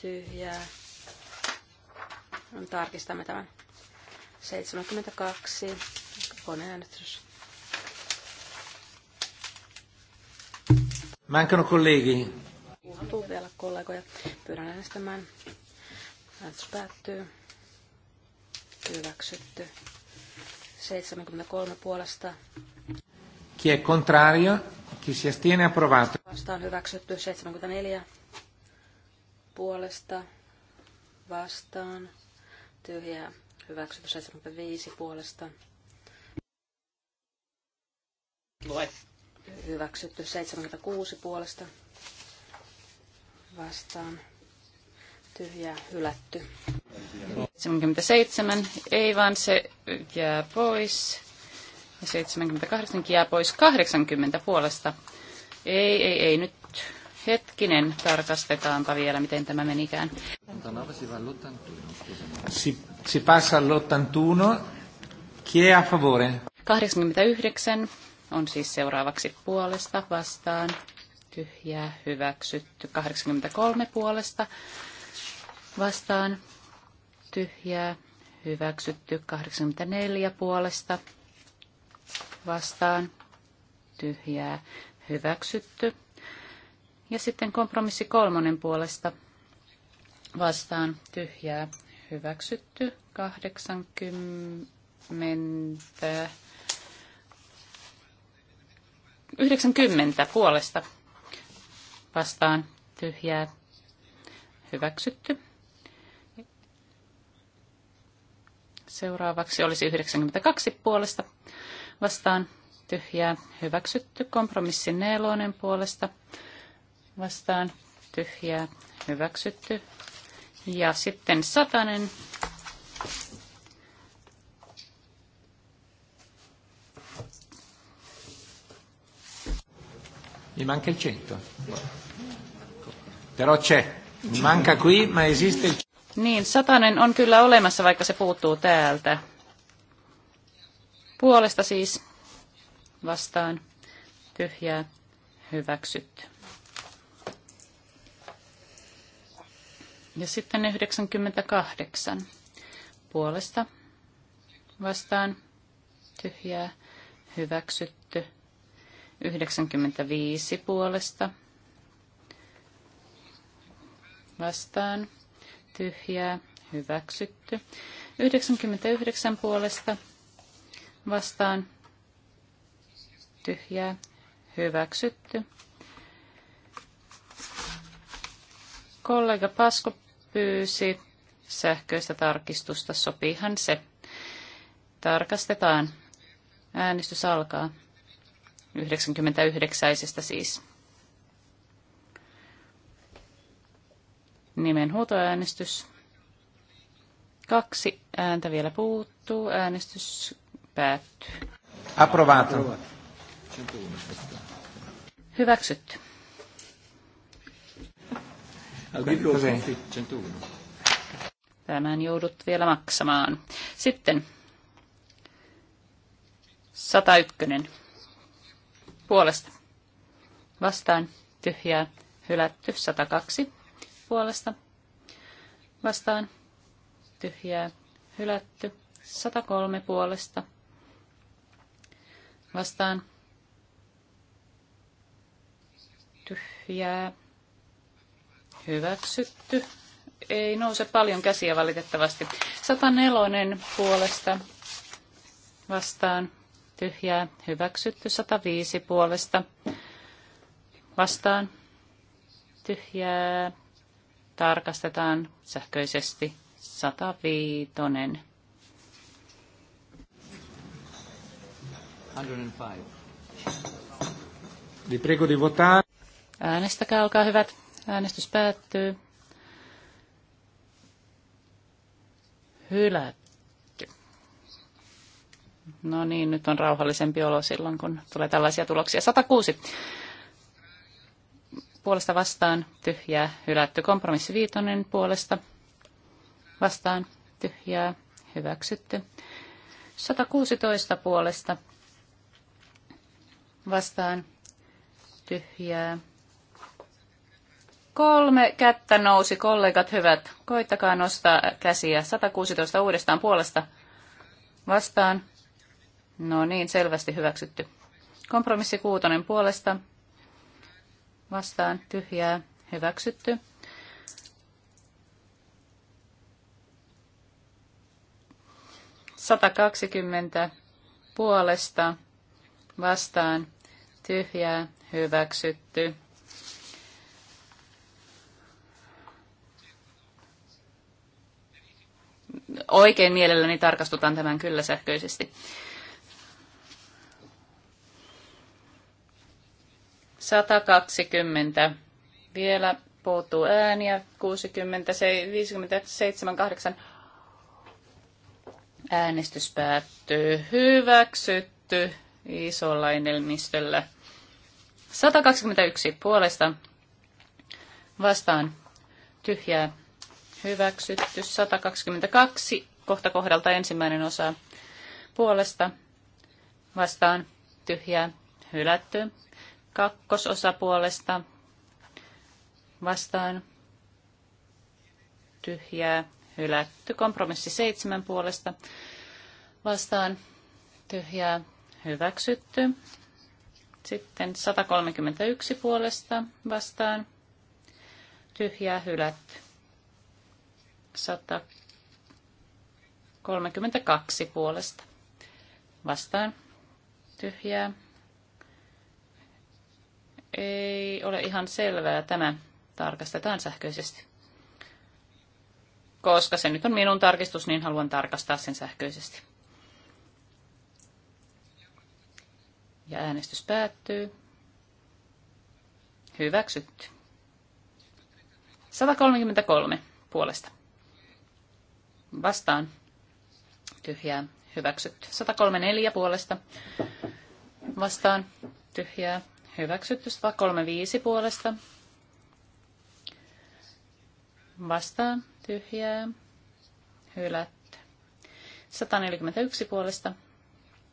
tyhjää. Tarkistamme tämän. 72 koneäänestys. Mancano colleghi. Puhuttuu vielä kollegoja. Pyydän äänestämään. Äänestys päättyy. Hyväksytty. 73 puolesta. Chi è contrario? Chi si astiene approvato. on hyväksytty 74 puolesta. Vastaan. Tyhjää. Hyväksytty 75 puolesta. Lue. Hyväksytty 76 puolesta. Vastaan. Tyhjää. Hylätty. 77 ei vaan se jää pois. Ja 78 jää pois 80 puolesta. Ei, ei, ei nyt. Hetkinen, tarkastetaanpa vielä, miten tämä menikään. Si, si passa all'81. Chi è a favore? 89 on siis seuraavaksi puolesta vastaan. Tyhjää hyväksytty. 83 puolesta vastaan tyhjää, hyväksytty 84 puolesta vastaan, tyhjää, hyväksytty. Ja sitten kompromissi kolmonen puolesta vastaan, tyhjää, hyväksytty 80, 90 puolesta vastaan, tyhjää, hyväksytty. Seuraavaksi olisi 92 puolesta vastaan tyhjää hyväksytty. Kompromissi nelonen puolesta vastaan tyhjää hyväksytty. Ja sitten satanen. Mi manca il cento. Però c'è. Manca qui, ma esiste il niin, satanen on kyllä olemassa, vaikka se puuttuu täältä. Puolesta siis vastaan tyhjää hyväksytty. Ja sitten 98 puolesta vastaan tyhjää hyväksytty. 95 puolesta vastaan tyhjää, hyväksytty. 99 puolesta vastaan tyhjää, hyväksytty. Kollega Pasko pyysi sähköistä tarkistusta, sopiihan se. Tarkastetaan. Äänestys alkaa. 99 siis. nimen huutoäänestys. Kaksi ääntä vielä puuttuu. Äänestys päättyy. Approvato. Hyväksytty. Tämän joudut vielä maksamaan. Sitten 101. Puolesta. Vastaan. Tyhjää. Hylätty. 102 puolesta vastaan tyhjää hylätty. 103 puolesta vastaan tyhjää hyväksytty. Ei nouse paljon käsiä valitettavasti. 104 puolesta vastaan tyhjää hyväksytty. 105 puolesta vastaan tyhjää tarkastetaan sähköisesti 105. 105. Vi prego di votare. Äänestäkää, olkaa hyvät. Äänestys päättyy. Hylätty. No niin, nyt on rauhallisempi olo silloin, kun tulee tällaisia tuloksia. 106 puolesta vastaan tyhjää hylätty. Kompromissi viitonen puolesta vastaan tyhjää hyväksytty. 116 puolesta vastaan tyhjää. Kolme kättä nousi, kollegat hyvät. Koittakaa nostaa käsiä. 116 uudestaan puolesta vastaan. No niin, selvästi hyväksytty. Kompromissi kuutonen puolesta vastaan tyhjää hyväksytty. kaksikymmentä puolesta vastaan tyhjää hyväksytty. Oikein mielelläni tarkastutan tämän kyllä sähköisesti. 120. Vielä puuttuu ääniä. 60, 57, 8. Äänestys päättyy. Hyväksytty isolla enelmistöllä. 121 puolesta vastaan tyhjää hyväksytty. 122 kohta kohdalta ensimmäinen osa puolesta vastaan tyhjää hylätty kakkososapuolesta vastaan tyhjää hylätty. Kompromissi seitsemän puolesta vastaan tyhjää hyväksytty. Sitten 131 puolesta vastaan tyhjää hylätty. 132 puolesta vastaan tyhjää ei ole ihan selvää. Tämä tarkastetaan sähköisesti. Koska se nyt on minun tarkistus, niin haluan tarkastaa sen sähköisesti. Ja äänestys päättyy. Hyväksytty. 133 puolesta. Vastaan. Tyhjää. Hyväksytty. 134 puolesta. Vastaan. Tyhjää hyväksytty. 135 puolesta vastaan tyhjää hylätty. 141 puolesta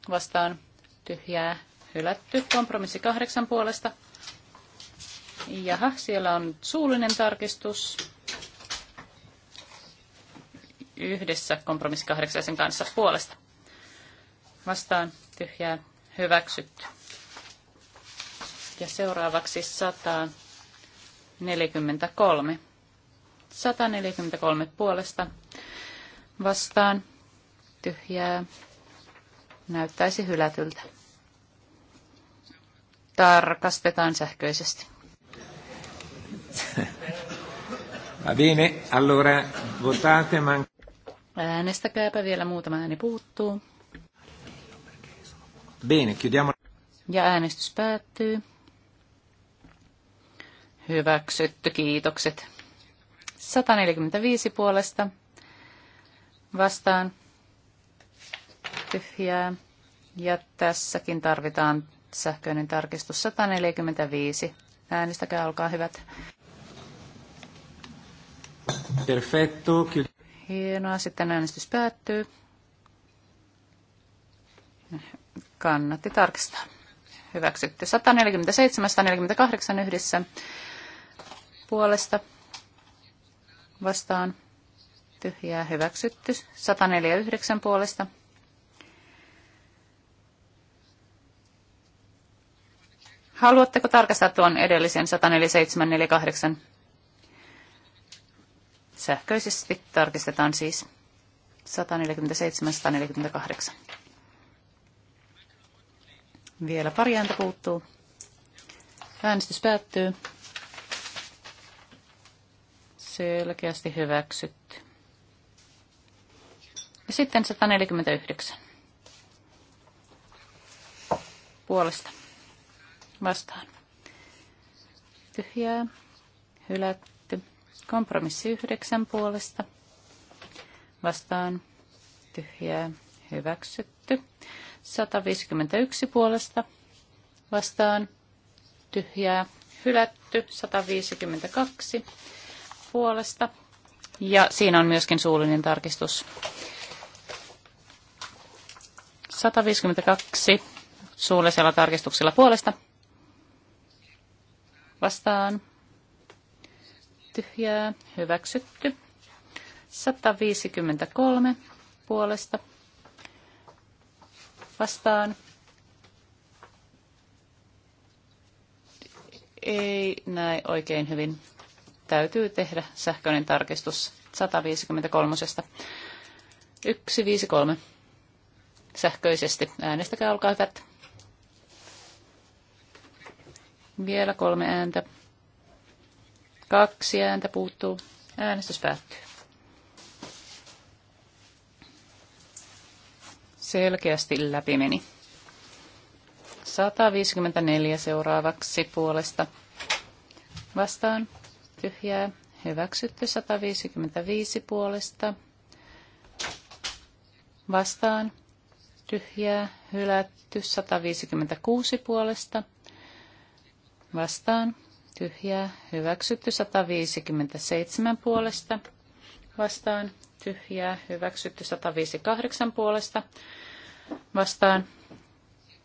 vastaan tyhjää hylätty. Kompromissi 8 puolesta. Jaha, siellä on suullinen tarkistus yhdessä kompromissi kahdeksaisen kanssa puolesta. Vastaan tyhjää hyväksytty. Ja seuraavaksi 143. 143 puolesta vastaan tyhjää näyttäisi hylätyltä. Tarkastetaan sähköisesti. Va bene, allora votate man... Äänestäkääpä vielä muutama ääni puuttuu. Bene, chiudiamo. Ja äänestys päättyy. Hyväksytty, kiitokset. 145 puolesta vastaan tyhjää. Ja tässäkin tarvitaan sähköinen tarkistus 145. Äänestäkää, olkaa hyvät. Perfetto. Hienoa, sitten äänestys päättyy. Kannatti tarkistaa. Hyväksytty 147, 148 yhdessä puolesta vastaan tyhjää hyväksytty. 149 puolesta Haluatteko tarkastaa tuon edellisen 14748? Sähköisesti tarkistetaan siis 147-148. Vielä pari ääntä puuttuu. Äänestys päättyy. Selkeästi hyväksytty. Ja sitten 149. Puolesta. Vastaan. Tyhjää. Hylätty. Kompromissi 9 puolesta. Vastaan. Tyhjää. Hyväksytty. 151 puolesta. Vastaan. Tyhjää. Hylätty. 152 puolesta. Ja siinä on myöskin suullinen tarkistus. 152 suullisella tarkistuksella puolesta. Vastaan. Tyhjää. Hyväksytty. 153 puolesta. Vastaan. Ei näe oikein hyvin täytyy tehdä sähköinen tarkistus 153. 153 sähköisesti. Äänestäkää, olkaa hyvät. Vielä kolme ääntä. Kaksi ääntä puuttuu. Äänestys päättyy. Selkeästi läpi meni. 154 seuraavaksi puolesta. Vastaan tyhjää hyväksytty 155 puolesta vastaan tyhjää hylätty 156 puolesta vastaan tyhjää hyväksytty 157 puolesta vastaan tyhjää hyväksytty 158 puolesta vastaan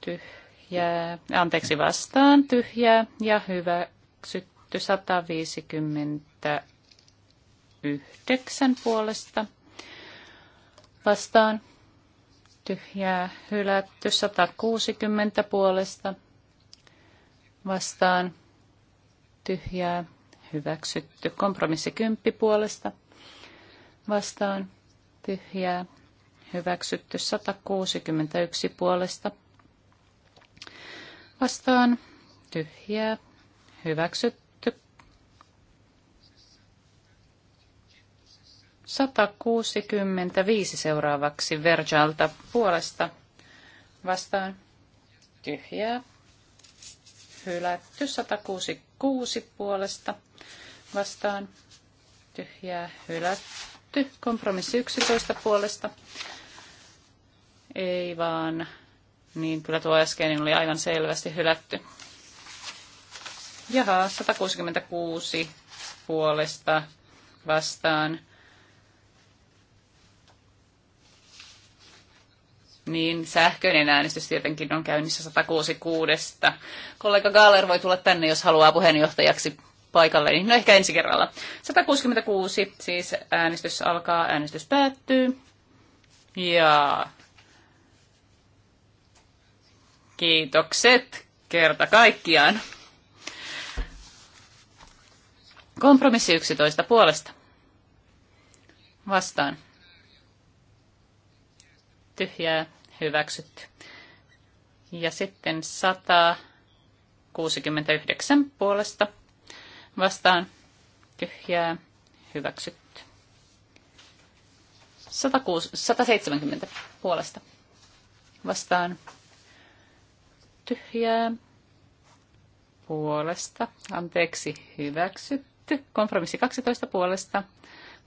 tyhjää anteeksi vastaan tyhjää ja hyväksytty hylätty 159 puolesta vastaan tyhjää hylätty 160 puolesta vastaan tyhjää hyväksytty kompromissi 10 puolesta vastaan tyhjää hyväksytty 161 puolesta vastaan tyhjää hyväksytty 165 seuraavaksi Verjalta puolesta vastaan tyhjää. Hylätty 166 puolesta vastaan tyhjää. Hylätty kompromissi 11 puolesta. Ei vaan, niin kyllä tuo äskeinen oli aivan selvästi hylätty. Jaha, 166 puolesta vastaan niin sähköinen äänestys tietenkin on käynnissä 166. Kollega Gaaler voi tulla tänne, jos haluaa puheenjohtajaksi paikalle, niin no ehkä ensi kerralla. 166, siis äänestys alkaa, äänestys päättyy. Ja kiitokset kerta kaikkiaan. Kompromissi 11 puolesta. Vastaan. Tyhjää hyväksytty. Ja sitten 169 puolesta vastaan tyhjää hyväksytty. 106, 170 puolesta vastaan tyhjää puolesta, anteeksi, hyväksytty. Kompromissi 12 puolesta,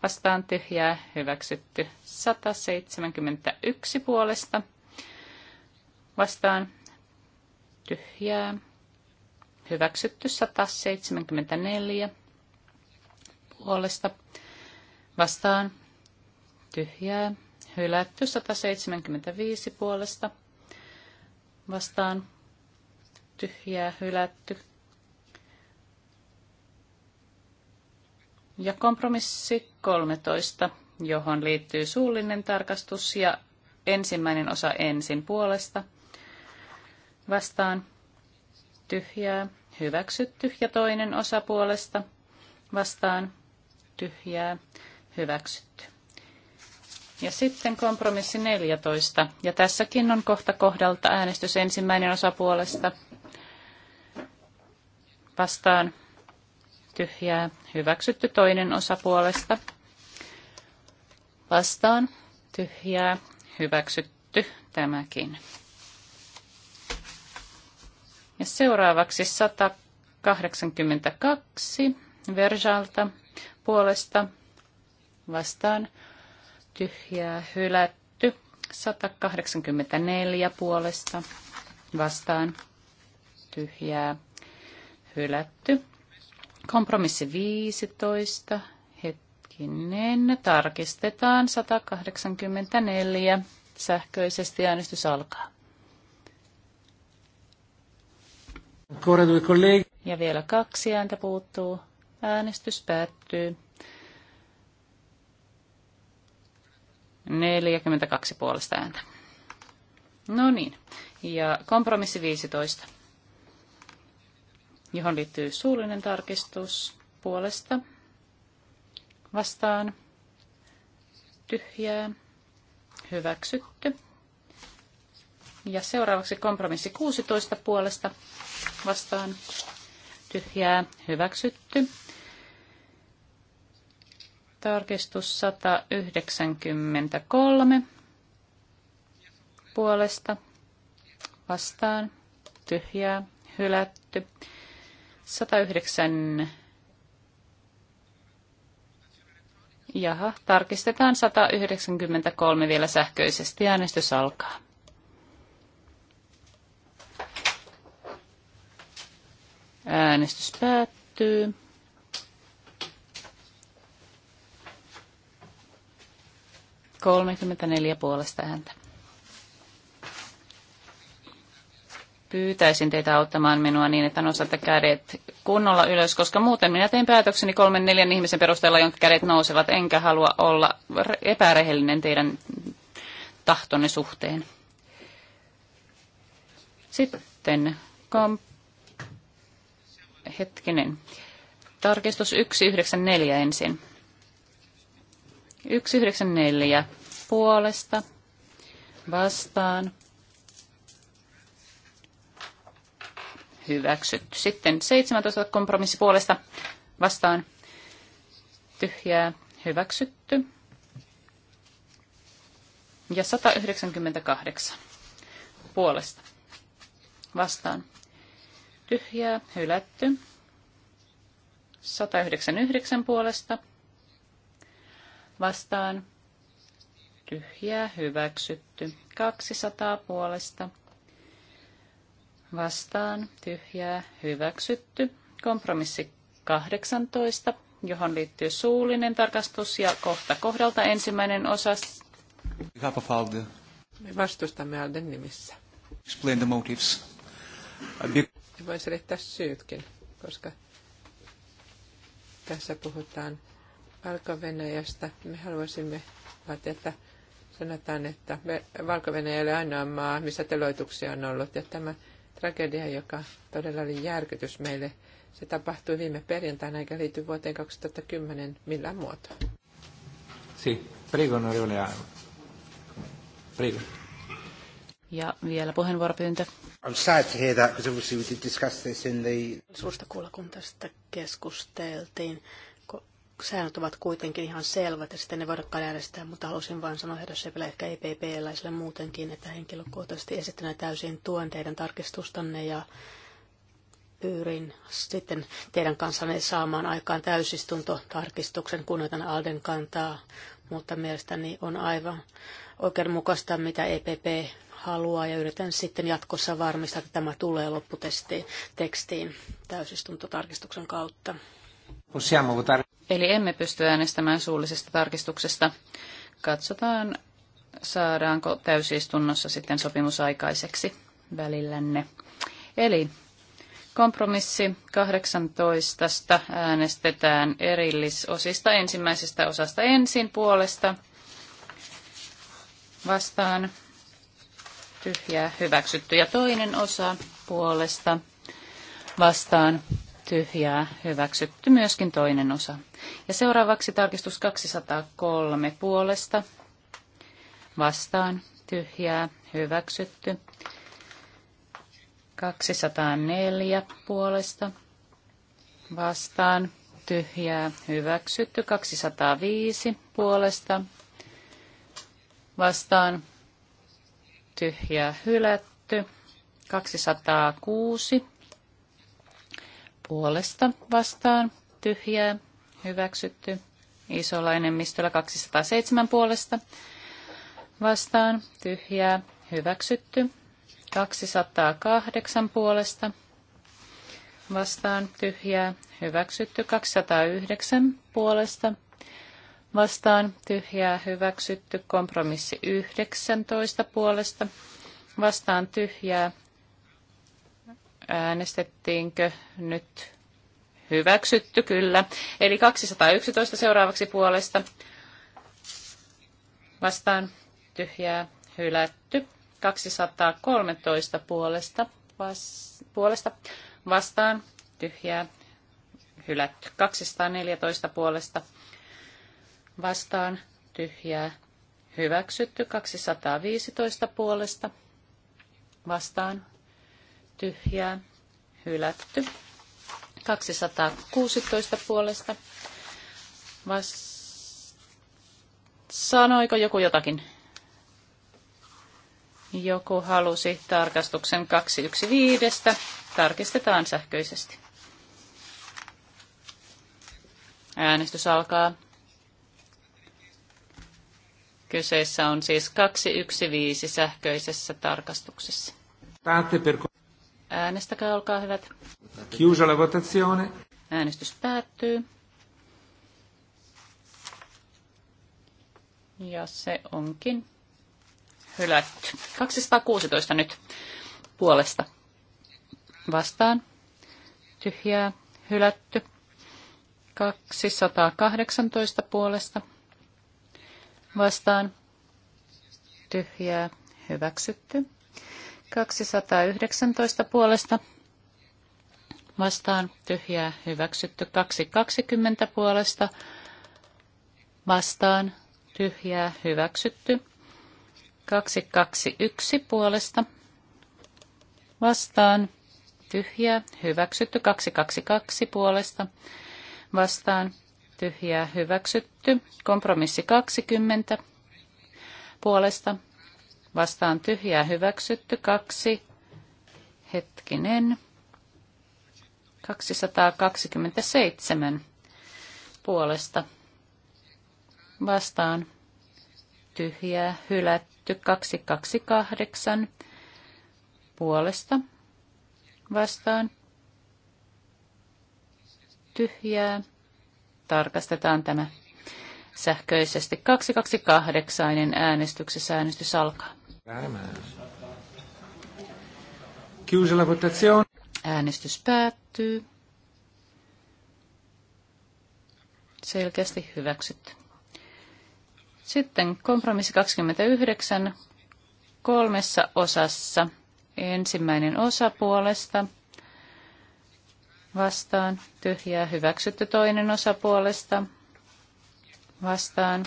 vastaan tyhjää, hyväksytty. 171 puolesta, vastaan tyhjää. Hyväksytty 174 puolesta vastaan tyhjää. Hylätty 175 puolesta vastaan tyhjää. Hylätty. Ja kompromissi 13, johon liittyy suullinen tarkastus ja ensimmäinen osa ensin puolesta – vastaan tyhjää hyväksytty tyhjä toinen osa puolesta vastaan tyhjää hyväksytty. Ja sitten kompromissi 14. Ja tässäkin on kohta kohdalta äänestys ensimmäinen osa puolesta vastaan tyhjää hyväksytty toinen osa puolesta vastaan tyhjää hyväksytty tämäkin. Ja seuraavaksi 182 Verjalta puolesta vastaan tyhjää hylätty. 184 puolesta vastaan tyhjää hylätty. Kompromissi 15. Hetkinen. Tarkistetaan 184. Sähköisesti äänestys alkaa. Ja vielä kaksi ääntä puuttuu. Äänestys päättyy. 42 puolesta ääntä. No niin. Ja kompromissi 15, johon liittyy suullinen tarkistus puolesta. Vastaan. Tyhjää. Hyväksytty. Ja seuraavaksi kompromissi 16 puolesta vastaan tyhjää hyväksytty. Tarkistus 193 puolesta vastaan tyhjää hylätty. 109 Jaha, tarkistetaan 193 vielä sähköisesti. Äänestys alkaa. Äänestys päättyy. Kolmekymmentäneljä puolesta häntä. Pyytäisin teitä auttamaan minua niin, että nostatte kädet kunnolla ylös, koska muuten minä teen päätökseni kolmen neljän ihmisen perusteella, jonka kädet nousevat, enkä halua olla epärehellinen teidän tahtonne suhteen. Sitten komp- Hetkinen. Tarkistus 194 ensin. 194 puolesta vastaan. Hyväksytty. Sitten 17 kompromissi puolesta vastaan. Tyhjää. Hyväksytty. Ja 198 puolesta vastaan tyhjää, hylätty. 199 puolesta vastaan tyhjää, hyväksytty. 200 puolesta vastaan tyhjää, hyväksytty. Kompromissi 18, johon liittyy suullinen tarkastus ja kohta kohdalta ensimmäinen osa. Me vastustamme Alden nimissä. Explain the motives. Ja voin selittää syytkin, koska tässä puhutaan valko -Venäjästä. Me haluaisimme vaatia, että sanotaan, että valko ei ole ainoa maa, missä teloituksia on ollut. Ja tämä tragedia, joka todella oli järkytys meille, se tapahtui viime perjantaina eikä liity vuoteen 2010 millään muotoa. Si, prego, onorevole Ja vielä puheenvuoropyyntö. I'm sad to hear that because obviously we did discuss this in the... Suusta kuulla, kun tästä keskusteltiin. Säännöt ovat kuitenkin ihan selvät ja sitten ne voidaan järjestää, mutta halusin vain sanoa herra Sepilä ehkä EPP-läisille muutenkin, että henkilökohtaisesti esittänä täysin tuen teidän tarkistustanne ja pyrin sitten teidän kanssanne saamaan aikaan täysistuntotarkistuksen, kunnioitan Alden kantaa, mutta mielestäni on aivan oikeudenmukaista, mitä EPP haluaa ja yritän sitten jatkossa varmistaa, että tämä tulee lopputestiin tekstiin täysistuntotarkistuksen kautta. Eli emme pysty äänestämään suullisesta tarkistuksesta. Katsotaan, saadaanko täysistunnossa sitten sopimus aikaiseksi välillänne. Eli kompromissi 18 äänestetään erillisosista ensimmäisestä osasta ensin puolesta vastaan tyhjää hyväksytty. Ja toinen osa puolesta vastaan tyhjää hyväksytty myöskin toinen osa. Ja seuraavaksi tarkistus 203 puolesta vastaan tyhjää hyväksytty. 204 puolesta vastaan tyhjää hyväksytty. 205 puolesta vastaan tyhjä hylätty. 206 puolesta vastaan tyhjää hyväksytty. Isolla enemmistöllä 207 puolesta vastaan tyhjää hyväksytty. 208 puolesta vastaan tyhjää hyväksytty. 209 puolesta vastaan tyhjää hyväksytty. Kompromissi 19 puolesta vastaan tyhjää. Äänestettiinkö nyt hyväksytty? Kyllä. Eli 211 seuraavaksi puolesta vastaan tyhjää hylätty. 213 puolesta, vas, puolesta vastaan tyhjää hylätty. 214 puolesta vastaan tyhjää hyväksytty. 215 puolesta vastaan tyhjää hylätty. 216 puolesta vastaan Sanoiko joku jotakin? Joku halusi tarkastuksen 215. Tarkistetaan sähköisesti. Äänestys alkaa. Kyseessä on siis 215 sähköisessä tarkastuksessa. Äänestäkää, olkaa hyvät. votazione. Äänestys päättyy. Ja se onkin hylätty. 216 nyt puolesta vastaan. Tyhjää, hylätty. 218 puolesta vastaan tyhjää hyväksytty. 219 puolesta vastaan tyhjää hyväksytty. 220 puolesta vastaan tyhjää hyväksytty. 221 puolesta vastaan tyhjää hyväksytty. 222 puolesta vastaan tyhjää hyväksytty. Kompromissi 20 puolesta vastaan tyhjää hyväksytty. kaksi hetkinen 227 puolesta vastaan tyhjää hylätty 228 puolesta vastaan tyhjää Tarkastetaan tämä sähköisesti. 228 äänestyksessä äänestys alkaa. Äänestys päättyy. Selkeästi hyväksytty. Sitten kompromissi 29 kolmessa osassa. Ensimmäinen osa puolesta vastaan, tyhjää hyväksytty toinen osa puolesta, vastaan,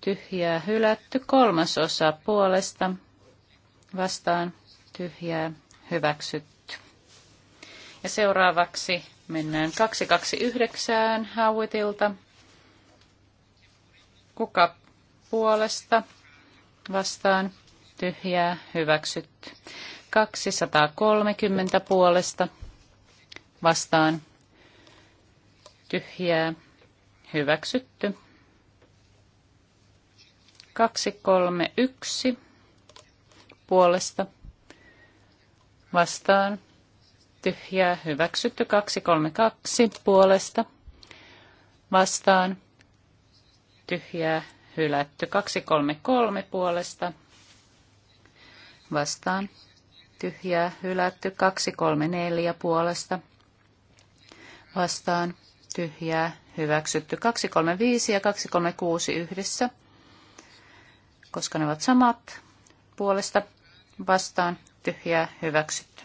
tyhjää hylätty kolmas osa puolesta, vastaan, tyhjää hyväksytty. Ja seuraavaksi mennään 229 Hauitilta. Kuka puolesta vastaan tyhjää hyväksytty. 230 puolesta vastaan tyhjää hyväksytty. yksi puolesta vastaan tyhjää hyväksytty. kaksi puolesta vastaan tyhjää hylätty. kolme puolesta vastaan tyhjää hylätty. neljä puolesta vastaan tyhjää hyväksytty. 235 ja 236 yhdessä, koska ne ovat samat puolesta vastaan tyhjää hyväksytty.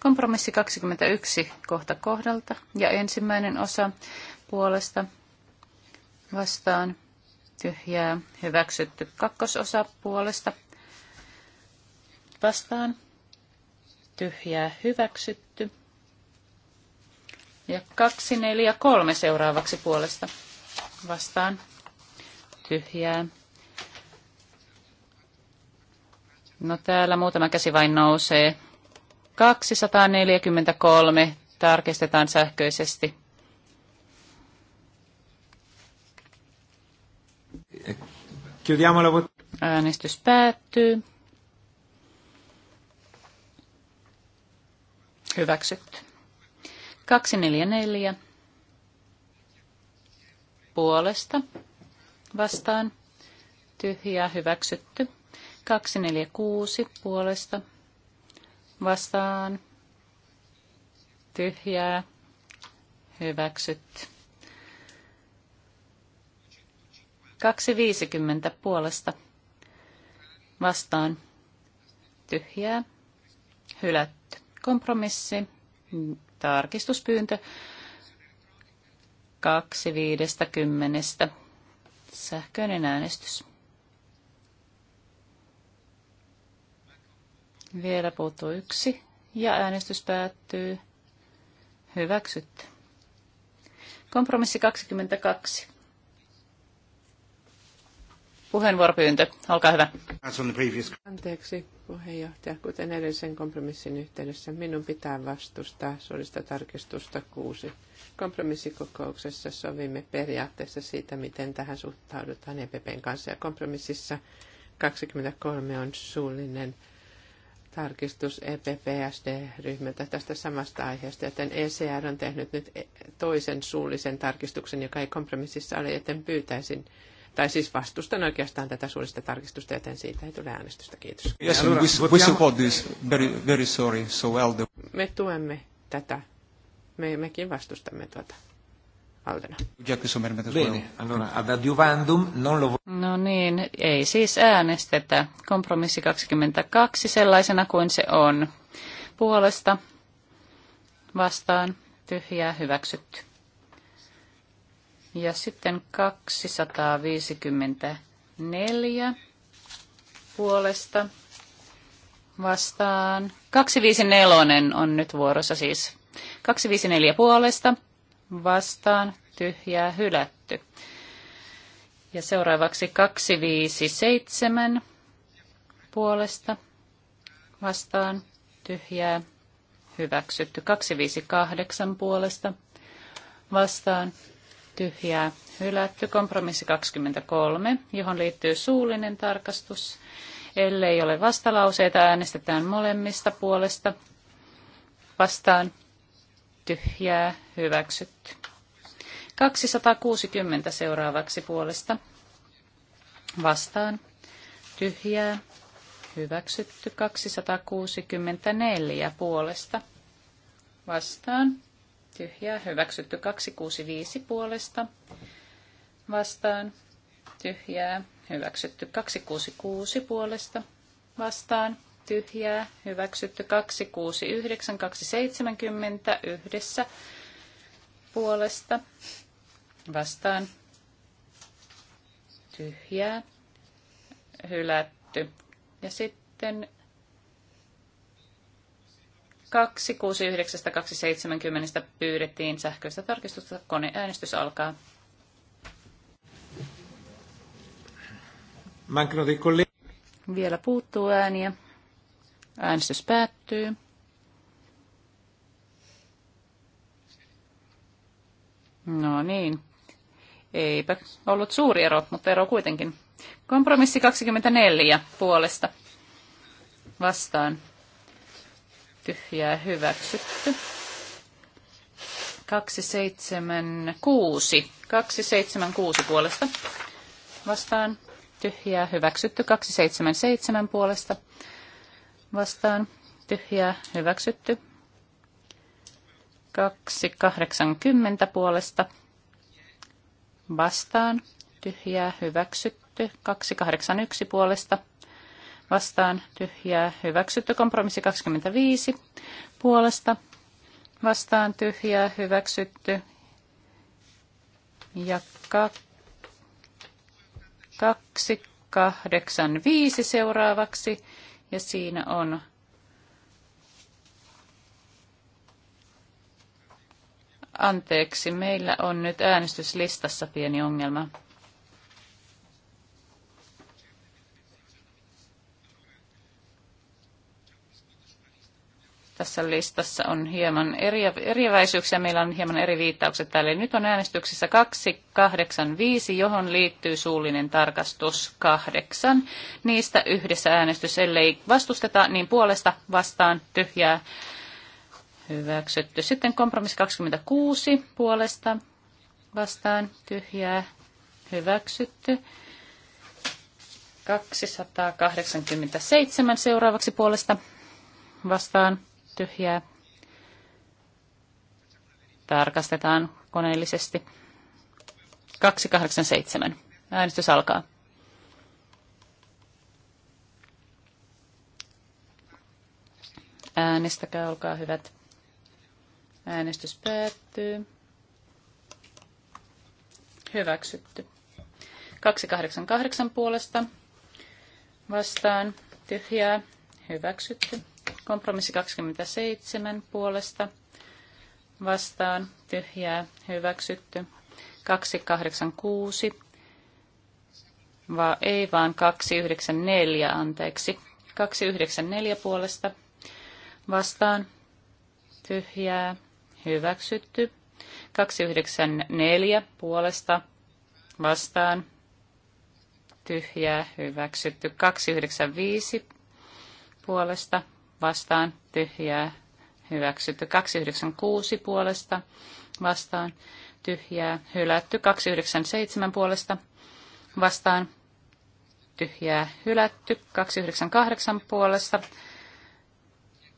Kompromissi 21 kohta kohdalta ja ensimmäinen osa puolesta vastaan tyhjää hyväksytty kakkososa puolesta vastaan tyhjää hyväksytty ja kaksi, neljä, kolme seuraavaksi puolesta. Vastaan. Tyhjää. No täällä muutama käsi vain nousee. 243 tarkistetaan sähköisesti. Äänestys päättyy. Hyväksytty. 244 puolesta vastaan tyhjä hyväksytty. 246 puolesta vastaan tyhjää hyväksytty. 250 puolesta vastaan tyhjää hylätty. Kompromissi Tarkistuspyyntö 2.50. Sähköinen äänestys. Vielä puuttuu yksi ja äänestys päättyy. Hyväksytty. Kompromissi 22 puheenvuoropyyntö. Olkaa hyvä. Anteeksi puheenjohtaja. Kuten edellisen kompromissin yhteydessä, minun pitää vastustaa suurista tarkistusta kuusi. Kompromissikokouksessa sovimme periaatteessa siitä, miten tähän suhtaudutaan EPPn kanssa. Ja kompromississa 23 on suullinen tarkistus EPPSD-ryhmältä tästä samasta aiheesta, joten ECR on tehnyt nyt toisen suullisen tarkistuksen, joka ei kompromississa ole, joten pyytäisin tai siis vastustan oikeastaan tätä suullista tarkistusta, joten siitä ei tule äänestystä. Kiitos. Yes, we, support this. Very, very sorry. So well the... Me tuemme tätä. Me, mekin vastustamme tuota. No niin, ei siis äänestetä. Kompromissi 22 sellaisena kuin se on. Puolesta vastaan tyhjää hyväksytty. Ja sitten 254 puolesta vastaan. 254 on nyt vuorossa siis. 254 puolesta vastaan tyhjää hylätty. Ja seuraavaksi 257 puolesta vastaan tyhjää hyväksytty. 258 puolesta vastaan tyhjää hylätty. Kompromissi 23, johon liittyy suullinen tarkastus. Ellei ole vastalauseita, äänestetään molemmista puolesta vastaan tyhjää hyväksytty. 260 seuraavaksi puolesta vastaan tyhjää hyväksytty. 264 puolesta vastaan tyhjää hyväksytty 265 puolesta vastaan tyhjää hyväksytty 266 puolesta vastaan tyhjää hyväksytty 269 270 yhdessä puolesta vastaan tyhjää hylätty ja sitten 269-270 pyydettiin sähköistä tarkistusta. Koneäänestys alkaa. Vielä puuttuu ääniä. Äänestys päättyy. No niin. Eipä ollut suuri ero, mutta ero kuitenkin. Kompromissi 24 puolesta vastaan tyhjää hyväksytty. 276. 276 puolesta vastaan tyhjää hyväksytty. 277 puolesta vastaan tyhjää hyväksytty. 280 puolesta vastaan tyhjää hyväksytty. 281 puolesta vastaan tyhjää hyväksytty. Kompromissi 25 puolesta vastaan tyhjää hyväksytty. Ja 285 seuraavaksi. Ja siinä on Anteeksi, meillä on nyt äänestyslistassa pieni ongelma. tässä listassa on hieman eri, eriväisyyksiä. Meillä on hieman eri viittaukset täällä. Nyt on äänestyksessä 285, johon liittyy suullinen tarkastus kahdeksan. Niistä yhdessä äänestys, ellei vastusteta, niin puolesta vastaan tyhjää hyväksytty. Sitten kompromissi 26 puolesta vastaan tyhjää hyväksytty. 287 seuraavaksi puolesta vastaan tyhjää. Tarkastetaan koneellisesti. 287. Äänestys alkaa. Äänestäkää, olkaa hyvät. Äänestys päättyy. Hyväksytty. 288 puolesta vastaan tyhjää. Hyväksytty. Kompromissi 27 puolesta vastaan tyhjää hyväksytty. 286 vaan ei vaan 294 anteeksi. 294 puolesta vastaan tyhjää hyväksytty. 294 puolesta vastaan tyhjää hyväksytty. 295 puolesta vastaan tyhjää hyväksytty. 296 puolesta vastaan tyhjää hylätty. 297 puolesta vastaan tyhjää hylätty. 298 puolesta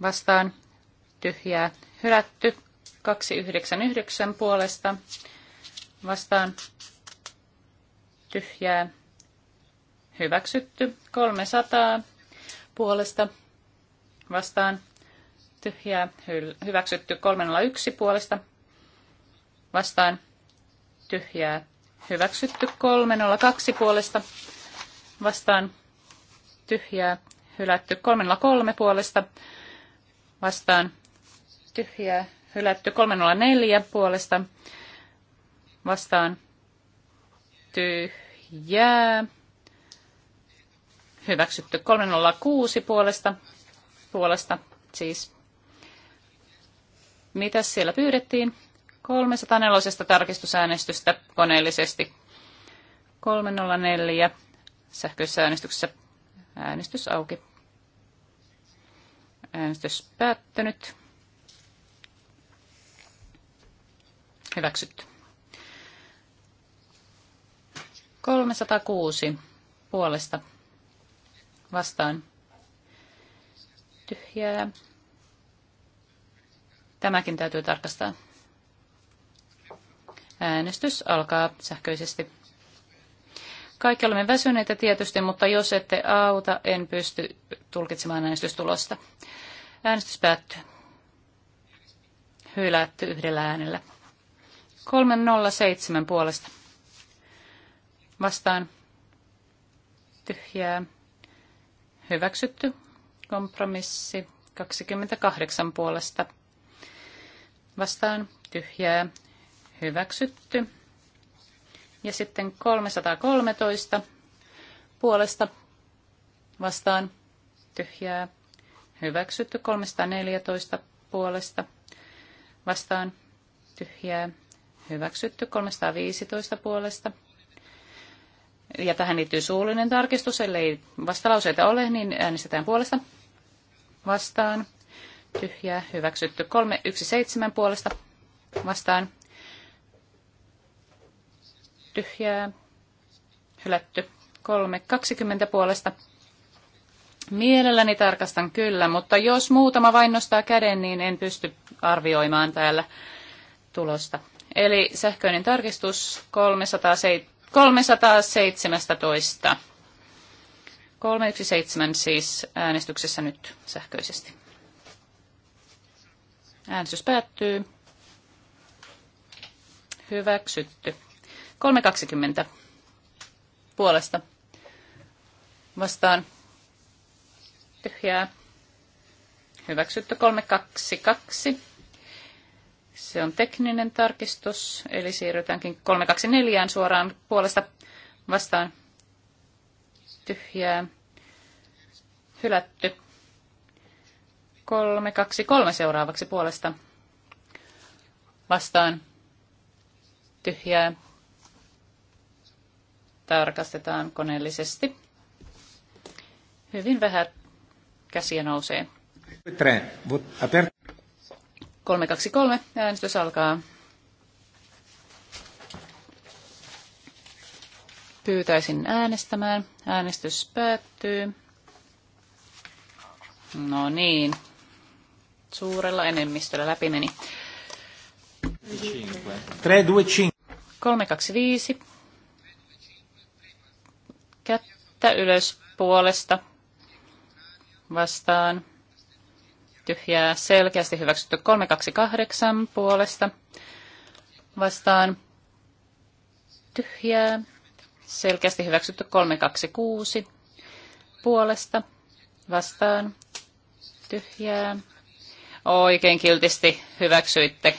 vastaan tyhjää hylätty. 299 puolesta vastaan tyhjää hyväksytty. 300 puolesta vastaan tyhjää hyväksytty 301 puolesta vastaan tyhjää hyväksytty 302 puolesta vastaan tyhjää hylätty 303 puolesta vastaan tyhjää hylätty 304 puolesta vastaan tyhjää hyväksytty 306 puolesta puolesta siis. Mitäs siellä pyydettiin? 304 tarkistusäänestystä koneellisesti. 304 sähköisessä äänestyksessä äänestys auki. Äänestys päättynyt. Hyväksytty. 306 puolesta vastaan tyhjää. Tämäkin täytyy tarkastaa. Äänestys alkaa sähköisesti. Kaikki olemme väsyneitä tietysti, mutta jos ette auta, en pysty tulkitsemaan äänestystulosta. Äänestys päättyy. Hylätty yhdellä äänellä. 307 puolesta. Vastaan. Tyhjää. Hyväksytty. Kompromissi 28 puolesta. Vastaan tyhjää hyväksytty. Ja sitten 313 puolesta vastaan tyhjää hyväksytty. 314 puolesta vastaan tyhjää hyväksytty. 315 puolesta ja tähän liittyy suullinen tarkistus, ellei vastalauseita ole, niin äänestetään puolesta vastaan, tyhjää, hyväksytty. seitsemän puolesta vastaan, tyhjää, hylätty. kaksikymmentä puolesta Mielelläni tarkastan kyllä, mutta jos muutama vain nostaa käden, niin en pysty arvioimaan täällä tulosta. Eli sähköinen tarkistus 317. 317 siis äänestyksessä nyt sähköisesti. Äänestys päättyy. Hyväksytty. 320 puolesta vastaan tyhjää. Hyväksytty 322. Se on tekninen tarkistus, eli siirrytäänkin 324 suoraan puolesta vastaan tyhjää, hylätty. 3, 2, 3 seuraavaksi puolesta. Vastaan. Tyhjää. Tarkastetaan koneellisesti. Hyvin vähän käsiä nousee. 3, 2, 3. Äänestys alkaa. Pyytäisin äänestämään. Äänestys päättyy. No niin. Suurella enemmistöllä läpi meni. 325. Kättä ylös puolesta vastaan. Tyhjää selkeästi hyväksytty 328 puolesta vastaan. Tyhjää selkeästi hyväksytty 326 puolesta vastaan tyhjää. Oikein kiltisti hyväksyitte.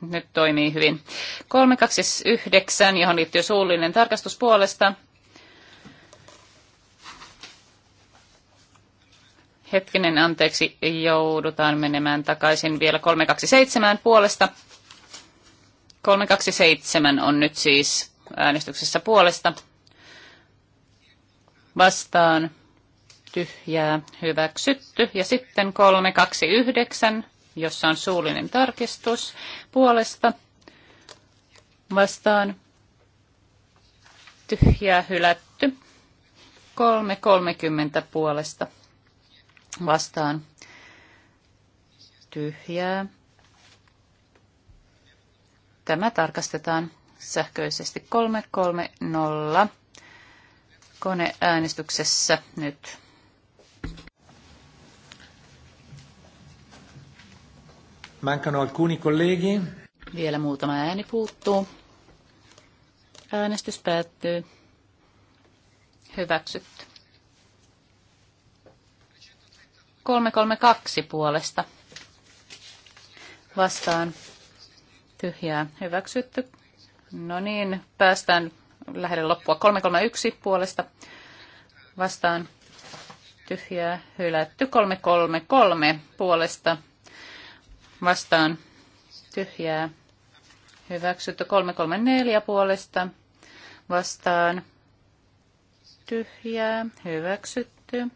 Nyt toimii hyvin. 329, johon liittyy suullinen tarkastus puolesta. Hetkinen, anteeksi, joudutaan menemään takaisin vielä 327 puolesta. 327 on nyt siis äänestyksessä puolesta vastaan tyhjää hyväksytty. Ja sitten 329, jossa on suullinen tarkistus puolesta vastaan tyhjää hylätty. 330 puolesta vastaan tyhjää. Tämä tarkastetaan sähköisesti 330 koneäänestyksessä nyt. Mancano alcuni colleghi. Vielä muutama ääni puuttuu. Äänestys päättyy. Hyväksytty. 332 puolesta. Vastaan. Tyhjää. Hyväksytty. No niin, päästään lähelle loppua. 331 puolesta vastaan tyhjää hylätty. 333 puolesta vastaan tyhjää hyväksytty. 334 puolesta vastaan tyhjää hyväksytty.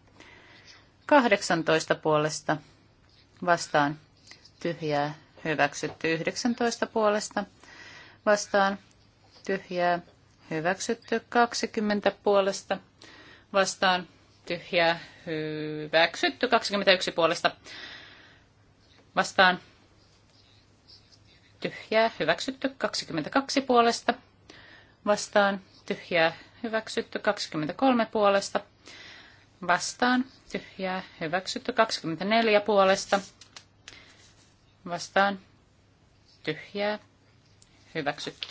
18 puolesta vastaan tyhjää hyväksytty. 19 puolesta vastaan tyhjää hyväksytty 20 puolesta vastaan tyhjää hyväksytty 21 puolesta vastaan tyhjää hyväksytty 22 puolesta vastaan tyhjää hyväksytty 23 puolesta vastaan tyhjää hyväksytty 24 puolesta vastaan tyhjää hyväksytty.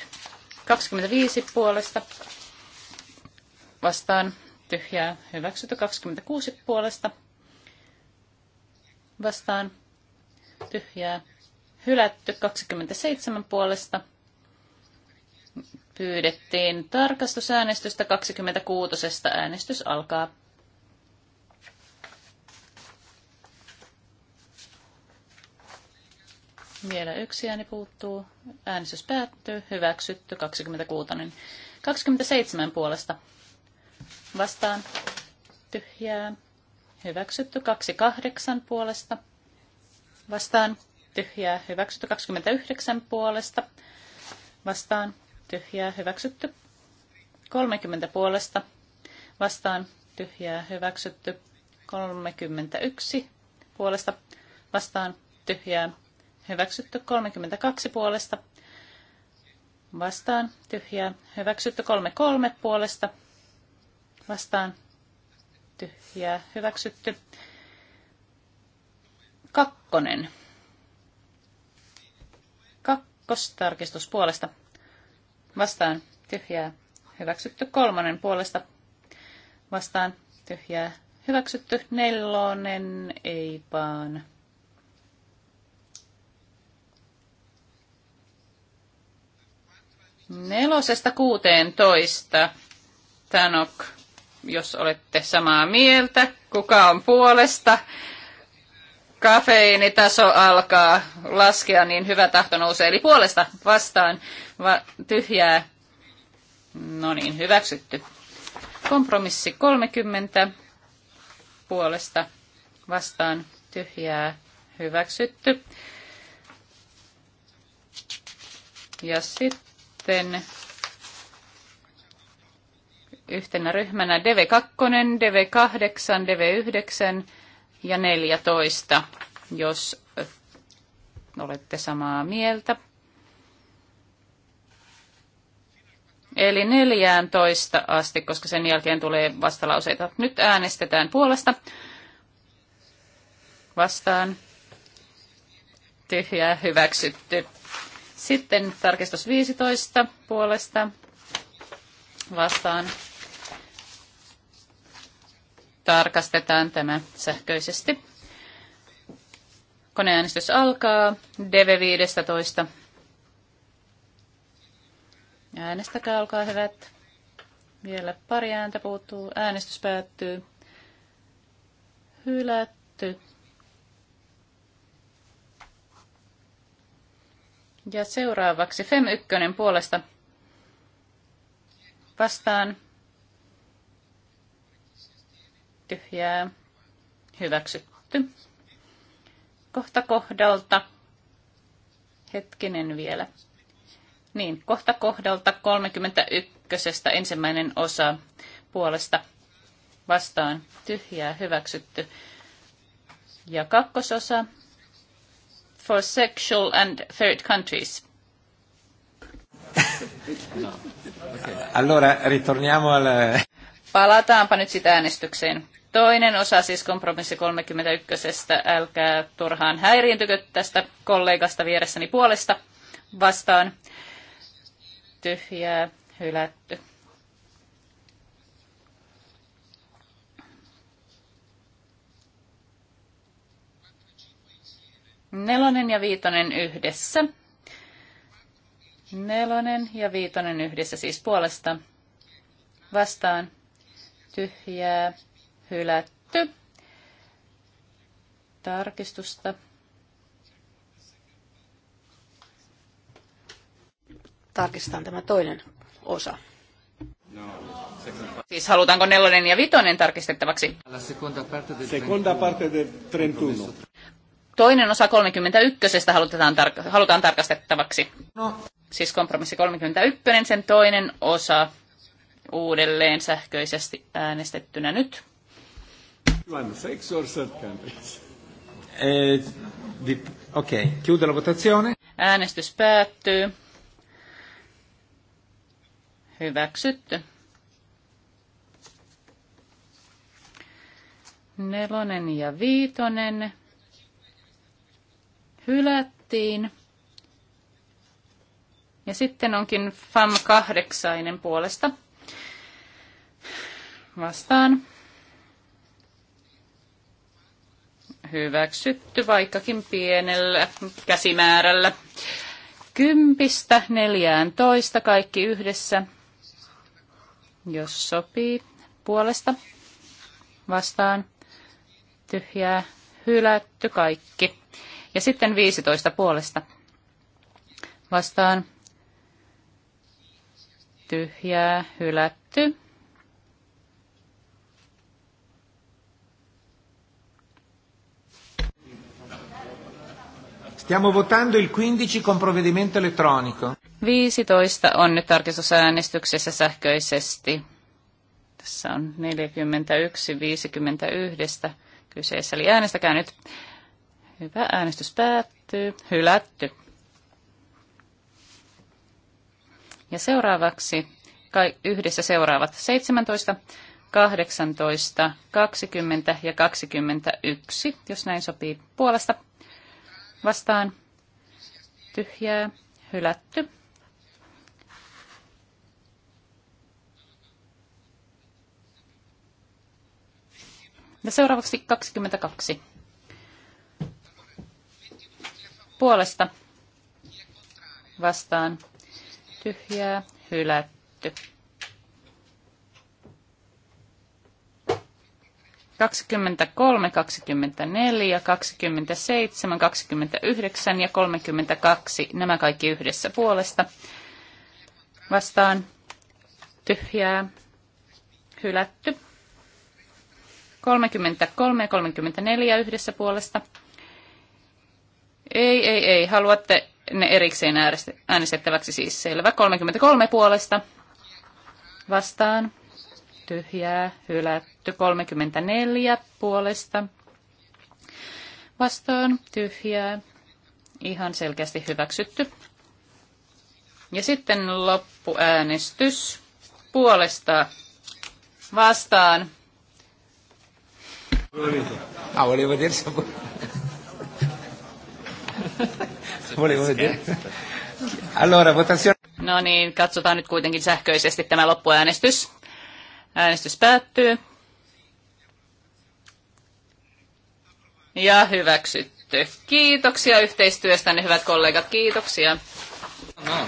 25 puolesta vastaan tyhjää hyväksytty. 26 puolesta vastaan tyhjää hylätty. 27 puolesta pyydettiin tarkastusäänestystä 26. Äänestys alkaa. Vielä yksi ääni puuttuu. Äänestys päättyy. Hyväksytty. 26. 27 niin puolesta. Vastaan. Tyhjää. Hyväksytty. 28 puolesta. Vastaan. Tyhjää. Hyväksytty. 29 puolesta. Vastaan. Tyhjää. Hyväksytty. 30 puolesta. Vastaan. Tyhjää. Hyväksytty. 31 puolesta. Vastaan. Tyhjää hyväksytty 32 puolesta, vastaan tyhjää, hyväksytty 33 puolesta, vastaan tyhjää, hyväksytty kakkonen. Kakkostarkistus puolesta, vastaan tyhjää, hyväksytty kolmonen puolesta, vastaan tyhjää, hyväksytty nelonen, ei vaan Nelosesta toista Tanok, jos olette samaa mieltä, kuka on puolesta? Kafeiinitaso alkaa laskea, niin hyvä tahto nousee. Eli puolesta vastaan va- tyhjää. No niin, hyväksytty. Kompromissi 30 puolesta vastaan tyhjää hyväksytty. Ja sitten sitten yhtenä ryhmänä DV2, DV8, DV9 ja 14, jos olette samaa mieltä. Eli 14 asti, koska sen jälkeen tulee vastalauseita. Nyt äänestetään puolesta. Vastaan. Tyhjää hyväksytty. Sitten tarkistus 15 puolesta vastaan. Tarkastetaan tämä sähköisesti. Koneäänestys alkaa. DV15. Äänestäkää, olkaa hyvät. Vielä pari ääntä puuttuu. Äänestys päättyy. Hylätty. Ja seuraavaksi Fem 1 puolesta vastaan tyhjää hyväksytty. Kohta kohdalta, hetkinen vielä. Niin, kohta kohdalta 31. ensimmäinen osa puolesta vastaan tyhjää hyväksytty. Ja kakkososa for sexual and third countries. Allora, ritorniamo al... Palataanpa nyt sitä äänestykseen. Toinen osa siis kompromissi 31. Älkää turhaan häiriintykö tästä kollegasta vieressäni puolesta vastaan. Tyhjää, hylätty. Nelonen ja viitonen yhdessä. Nelonen ja viitonen yhdessä siis puolesta. Vastaan. Tyhjää. Hylätty. Tarkistusta. Tarkistetaan tämä toinen osa. No. Siis halutaanko nelonen ja vitonen tarkistettavaksi? La seconda parte del 31. Toinen osa 31. Halutaan, tar- halutaan tarkastettavaksi. No. Siis kompromissi 31, sen toinen osa uudelleen sähköisesti äänestettynä nyt. One, six or countries. Okei, eh, okay. chiude la votazione. Äänestys päättyy. Hyväksytty. Nelonen ja viitonen hylättiin. Ja sitten onkin FAM kahdeksainen puolesta vastaan. Hyväksytty vaikkakin pienellä käsimäärällä. Kympistä neljään toista kaikki yhdessä, jos sopii puolesta vastaan. Tyhjää hylätty kaikki. Ja sitten 15 puolesta vastaan tyhjää, hylätty. Stiamo votando il 15 con provvedimento elettronico. 15 on nyt tarkistusäänestyksessä sähköisesti. Tässä on 41, 51 kyseessä, eli äänestäkää nyt. Hyvä, äänestys päättyy. Hylätty. Ja seuraavaksi yhdessä seuraavat 17, 18, 20 ja 21, jos näin sopii puolesta. Vastaan tyhjää, hylätty. Ja seuraavaksi 22 puolesta vastaan tyhjää hylätty. 23, 24, 27, 29 ja 32. Nämä kaikki yhdessä puolesta. Vastaan tyhjää, hylätty. 33 ja 34 yhdessä puolesta ei, ei, ei. Haluatte ne erikseen äänestettäväksi siis selvä. 33 puolesta vastaan. Tyhjää, hylätty. 34 puolesta vastaan. Tyhjää, ihan selkeästi hyväksytty. Ja sitten loppuäänestys puolesta vastaan. Ah, volevo dire Volevo vedere. Allora, votazione. No niin, katsotaan nyt kuitenkin sähköisesti tämä loppuäänestys. Äänestys päättyy. Ja hyväksytty. Kiitoksia ne hyvät kollegat. Kiitoksia. No.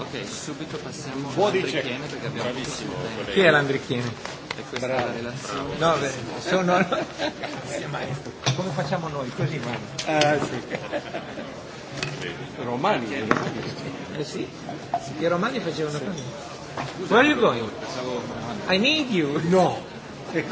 Ok, subito passiamo all'Andricchiene perché abbiamo... Chi è l'andrichiene? E questa Bravo. è la relazione. No, beh, sono... Eh, come facciamo noi? Così, ma... Uh, sì. Romani, i romani. Eh sì, i romani facevano così. Where are you going? I need you. No.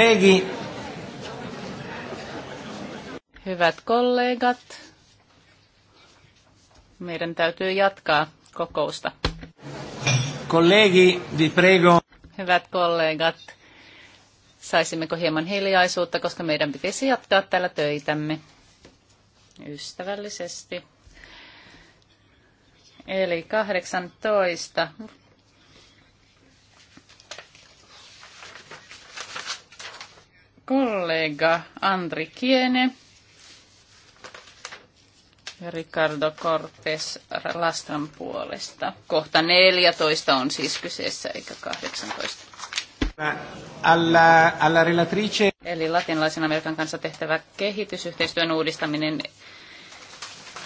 colleghi. Hyvät kollegat, meidän täytyy jatkaa kokousta. Kollegi, vi prego. Hyvät kollegat, saisimmeko hieman hiljaisuutta, koska meidän pitäisi jatkaa täällä töitämme ystävällisesti. Eli 18 kollega Andri Kiene ja Ricardo Cortes Lastran puolesta. Kohta 14 on siis kyseessä, eikä 18. Alla, alla relatrice. Eli latinalaisen Amerikan kanssa tehtävä kehitysyhteistyön uudistaminen.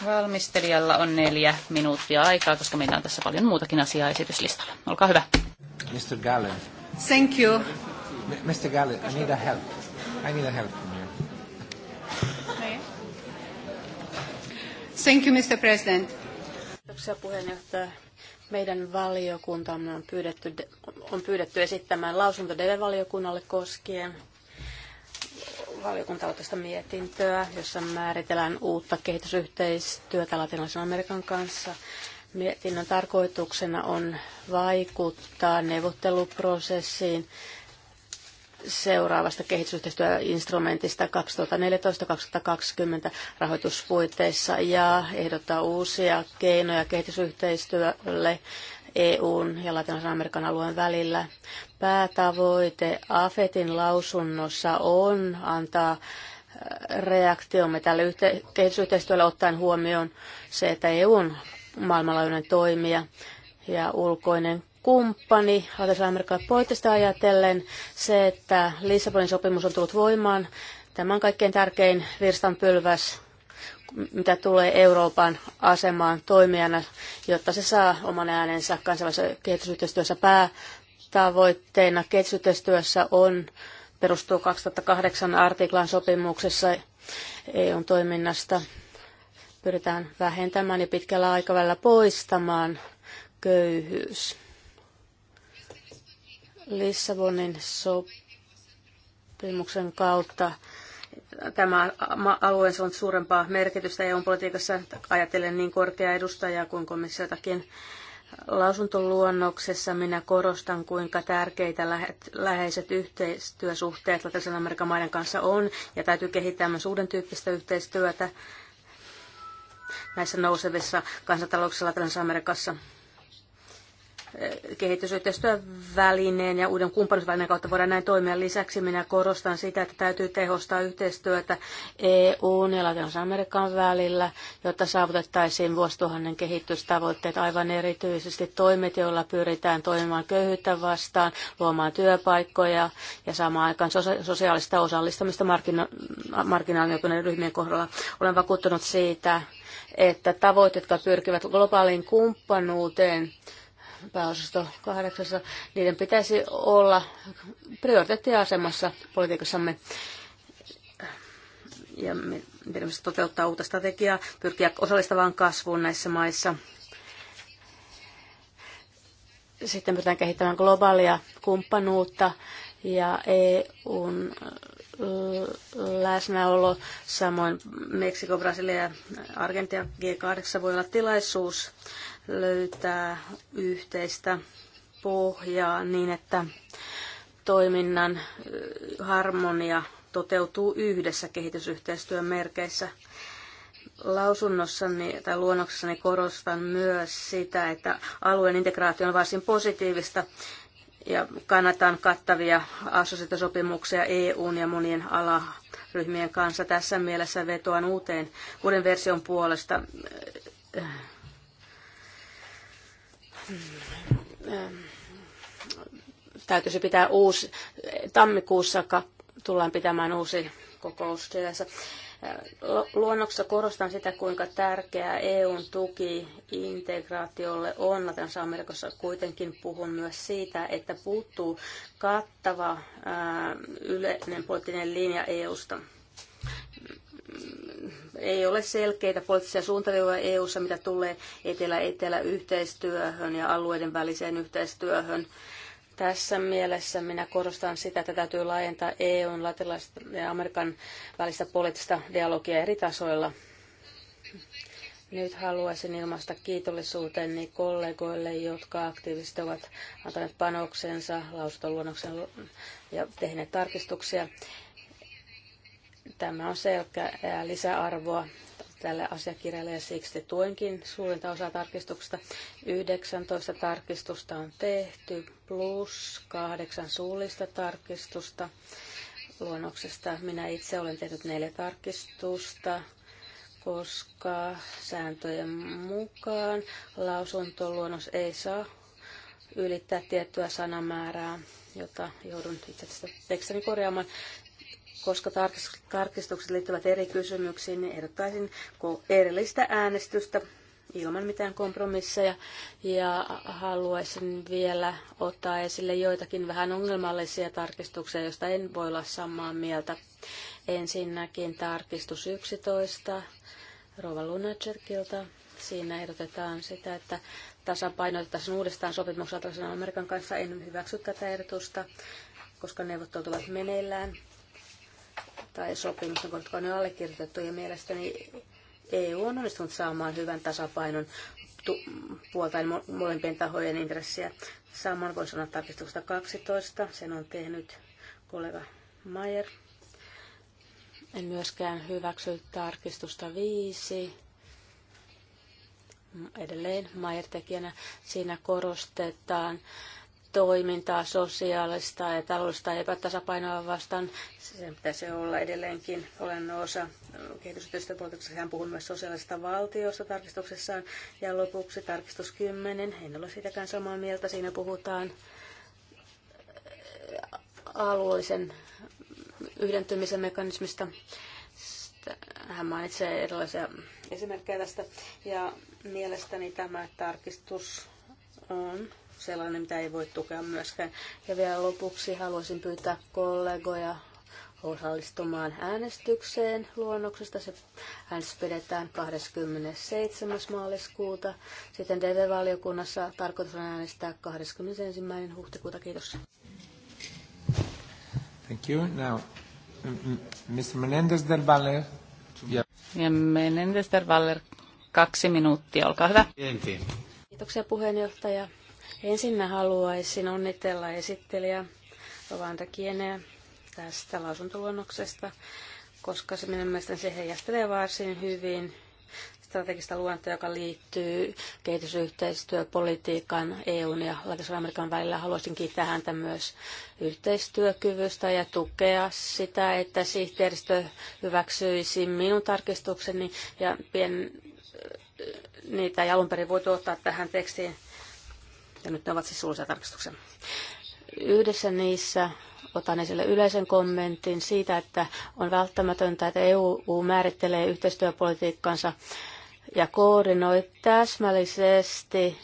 Valmistelijalla on neljä minuuttia aikaa, koska meillä on tässä paljon muutakin asiaa esityslistalla. Olkaa hyvä. Mr. Gallen. Thank you. Mr. Gallen, I need a help. I need a help from you. Thank you, Mr. President. Kiitoksia puheenjohtaja. Meidän valiokuntamme on pyydetty, on pyydetty esittämään lausunto DV-valiokunnalle koskien valiokuntautista mietintöä, jossa määritellään uutta kehitysyhteistyötä Latinalaisen Amerikan kanssa. Mietinnön tarkoituksena on vaikuttaa neuvotteluprosessiin seuraavasta kehitysyhteistyöinstrumentista 2014-2020 rahoituspuitteissa ja ehdottaa uusia keinoja kehitysyhteistyölle EUn ja Latinalaisen Amerikan alueen välillä. Päätavoite AFETin lausunnossa on antaa äh, reaktiomme tälle yhte- kehitysyhteistyölle ottaen huomioon se, että EU on maailmanlaajuinen toimija ja ulkoinen kumppani Latinalaisella poliittista ajatellen. Se, että Lissabonin sopimus on tullut voimaan, tämä on kaikkein tärkein virstanpylväs, mitä tulee Euroopan asemaan toimijana, jotta se saa oman äänensä kansainvälisessä kehitysyhteistyössä päätavoitteena. Kehitysyhteistyössä on perustuu 2008 artiklan sopimuksessa EUn toiminnasta. Pyritään vähentämään ja pitkällä aikavälillä poistamaan köyhyys. Lissabonin sopimuksen kautta tämä alue on suurempaa merkitystä EU-politiikassa. Ajattelen niin korkea edustajaa kuin komissiotakin. Lausuntoluonnoksessa minä korostan, kuinka tärkeitä läheiset yhteistyösuhteet Latinalaisen Amerikan maiden kanssa on, ja täytyy kehittää myös uuden tyyppistä yhteistyötä näissä nousevissa kansantalouksissa Latinalaisessa Amerikassa välineen ja uuden kumppanuusvälineen kautta voidaan näin toimia. Lisäksi minä korostan sitä, että täytyy tehostaa yhteistyötä EU ja latinalaisen amerikan välillä, jotta saavutettaisiin vuosituhannen kehitystavoitteet, aivan erityisesti toimet, joilla pyritään toimimaan köyhyyttä vastaan, luomaan työpaikkoja ja samaan aikaan sosiaalista osallistamista markkino- ryhmien kohdalla. Olen vakuuttunut siitä, että tavoitteet, jotka pyrkivät globaaliin kumppanuuteen, pääosasto kahdeksassa, niiden pitäisi olla prioriteettiasemassa politiikassamme ja meidän toteuttaa uutta strategiaa, pyrkiä osallistavaan kasvuun näissä maissa. Sitten pyritään kehittämään globaalia kumppanuutta ja EUn äh, läsnäolo, samoin Meksiko, Brasilia ja Argentia G8 voi olla tilaisuus löytää yhteistä pohjaa niin, että toiminnan harmonia toteutuu yhdessä kehitysyhteistyön merkeissä. Lausunnossani tai luonnoksessani korostan myös sitä, että alueen integraatio on varsin positiivista ja kannatan kattavia assosiaatiosopimuksia EUn ja monien alaryhmien kanssa. Tässä mielessä vetoan uuteen, uuden version puolesta täytyisi pitää uusi, tammikuussa tullaan pitämään uusi kokous työssä. Luonnoksessa korostan sitä, kuinka tärkeää EUn tuki integraatiolle on Latinalaisessa Amerikassa. Kuitenkin puhun myös siitä, että puuttuu kattava yleinen poliittinen linja EUsta ei ole selkeitä poliittisia suuntaviivoja EU-ssa, mitä tulee etelä-etelä-yhteistyöhön ja alueiden väliseen yhteistyöhön. Tässä mielessä minä korostan sitä, että täytyy laajentaa EUn, latinalaisen ja Amerikan välistä poliittista dialogia eri tasoilla. Nyt haluaisin ilmaista kiitollisuuteni kollegoille, jotka aktiivisesti ovat antaneet panoksensa lausuntoluonnoksen ja tehneet tarkistuksia. Tämä on selkeää lisäarvoa tälle asiakirjalle ja siksi tuenkin suurinta osaa tarkistuksesta. 19 tarkistusta on tehty plus kahdeksan suullista tarkistusta luonnoksesta. Minä itse olen tehnyt neljä tarkistusta, koska sääntöjen mukaan lausuntoluonnos ei saa ylittää tiettyä sanamäärää, jota joudun itse asiassa tekstini korjaamaan. Koska tarkistukset liittyvät eri kysymyksiin, niin ehdottaisin erillistä äänestystä ilman mitään kompromisseja. Ja haluaisin vielä ottaa esille joitakin vähän ongelmallisia tarkistuksia, joista en voi olla samaa mieltä. Ensinnäkin tarkistus 11 Rova Lunacekilta. Siinä ehdotetaan sitä, että tasapainotettaisiin uudestaan sopimuksen Amerikan kanssa. En hyväksy tätä ehdotusta, koska neuvottelut ovat meneillään tai sopimusta, koska ne on allekirjoitettu ja mielestäni EU on onnistunut saamaan hyvän tasapainon puoltain molempien tahojen intressiä. Saman voi sanoa tarkistuksesta 12, sen on tehnyt kollega Mayer. En myöskään hyväksy tarkistusta 5. Edelleen Mayer-tekijänä siinä korostetaan toimintaa sosiaalista ja taloudellista epätasapainoa vastaan. se pitäisi olla edelleenkin olennainen osa kehitysyhteistyöpolitiikassa. Hän puhui myös sosiaalisesta valtiosta tarkistuksessaan. Ja lopuksi tarkistus 10. En ole siitäkään samaa mieltä. Siinä puhutaan alueellisen yhdentymisen mekanismista. Hän mainitsee erilaisia esimerkkejä tästä. Ja mielestäni tämä tarkistus on sellainen, mitä ei voi tukea myöskään. Ja vielä lopuksi haluaisin pyytää kollegoja osallistumaan äänestykseen luonnoksesta. Se äänestys pidetään 27. maaliskuuta. Sitten DV-valiokunnassa tarkoitus on äänestää 21. huhtikuuta. Kiitos. Thank you. Now, Mr. Menendez del Valle. Yeah. Ja Menendez del Valle, kaksi minuuttia, olkaa hyvä. Kiitoksia puheenjohtaja. Ensin mä haluaisin onnitella esittelijä Rovanta Kieneä tästä lausuntoluonnoksesta, koska se minun mielestäni se heijastelee varsin hyvin strategista luontoa, joka liittyy kehitysyhteistyöpolitiikan EUn ja Latinalaisen välillä. Haluaisin kiittää häntä myös yhteistyökyvystä ja tukea sitä, että sihteeristö hyväksyisi minun tarkistukseni ja pien, niitä ei alun perin voitu ottaa tähän tekstiin ja nyt ne ovat siis suullisia tarkistuksia. Yhdessä niissä otan esille yleisen kommentin siitä, että on välttämätöntä, että EU määrittelee yhteistyöpolitiikkansa ja koordinoi täsmällisesti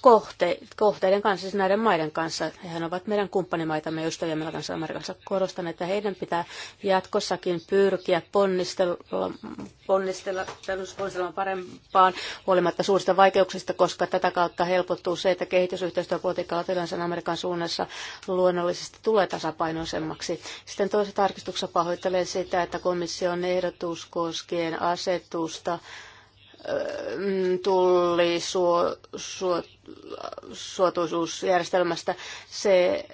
kohte, kohteiden kanssa, siis näiden maiden kanssa. Hehän ovat meidän kumppanimaitamme meillä kanssa Amerikassa. Korostan, että heidän pitää jatkossakin pyrkiä ponnistella, ponnistella, ponnistella parempaan huolimatta suurista vaikeuksista, koska tätä kautta helpottuu se, että kehitysyhteistyöpolitiikalla Latinalaisen Amerikan suunnassa luonnollisesti tulee tasapainoisemmaksi. Sitten toisessa tarkistuksessa pahoittelen sitä, että komission ehdotus koskien asetusta Mm, tullisuotuisuusjärjestelmästä. Se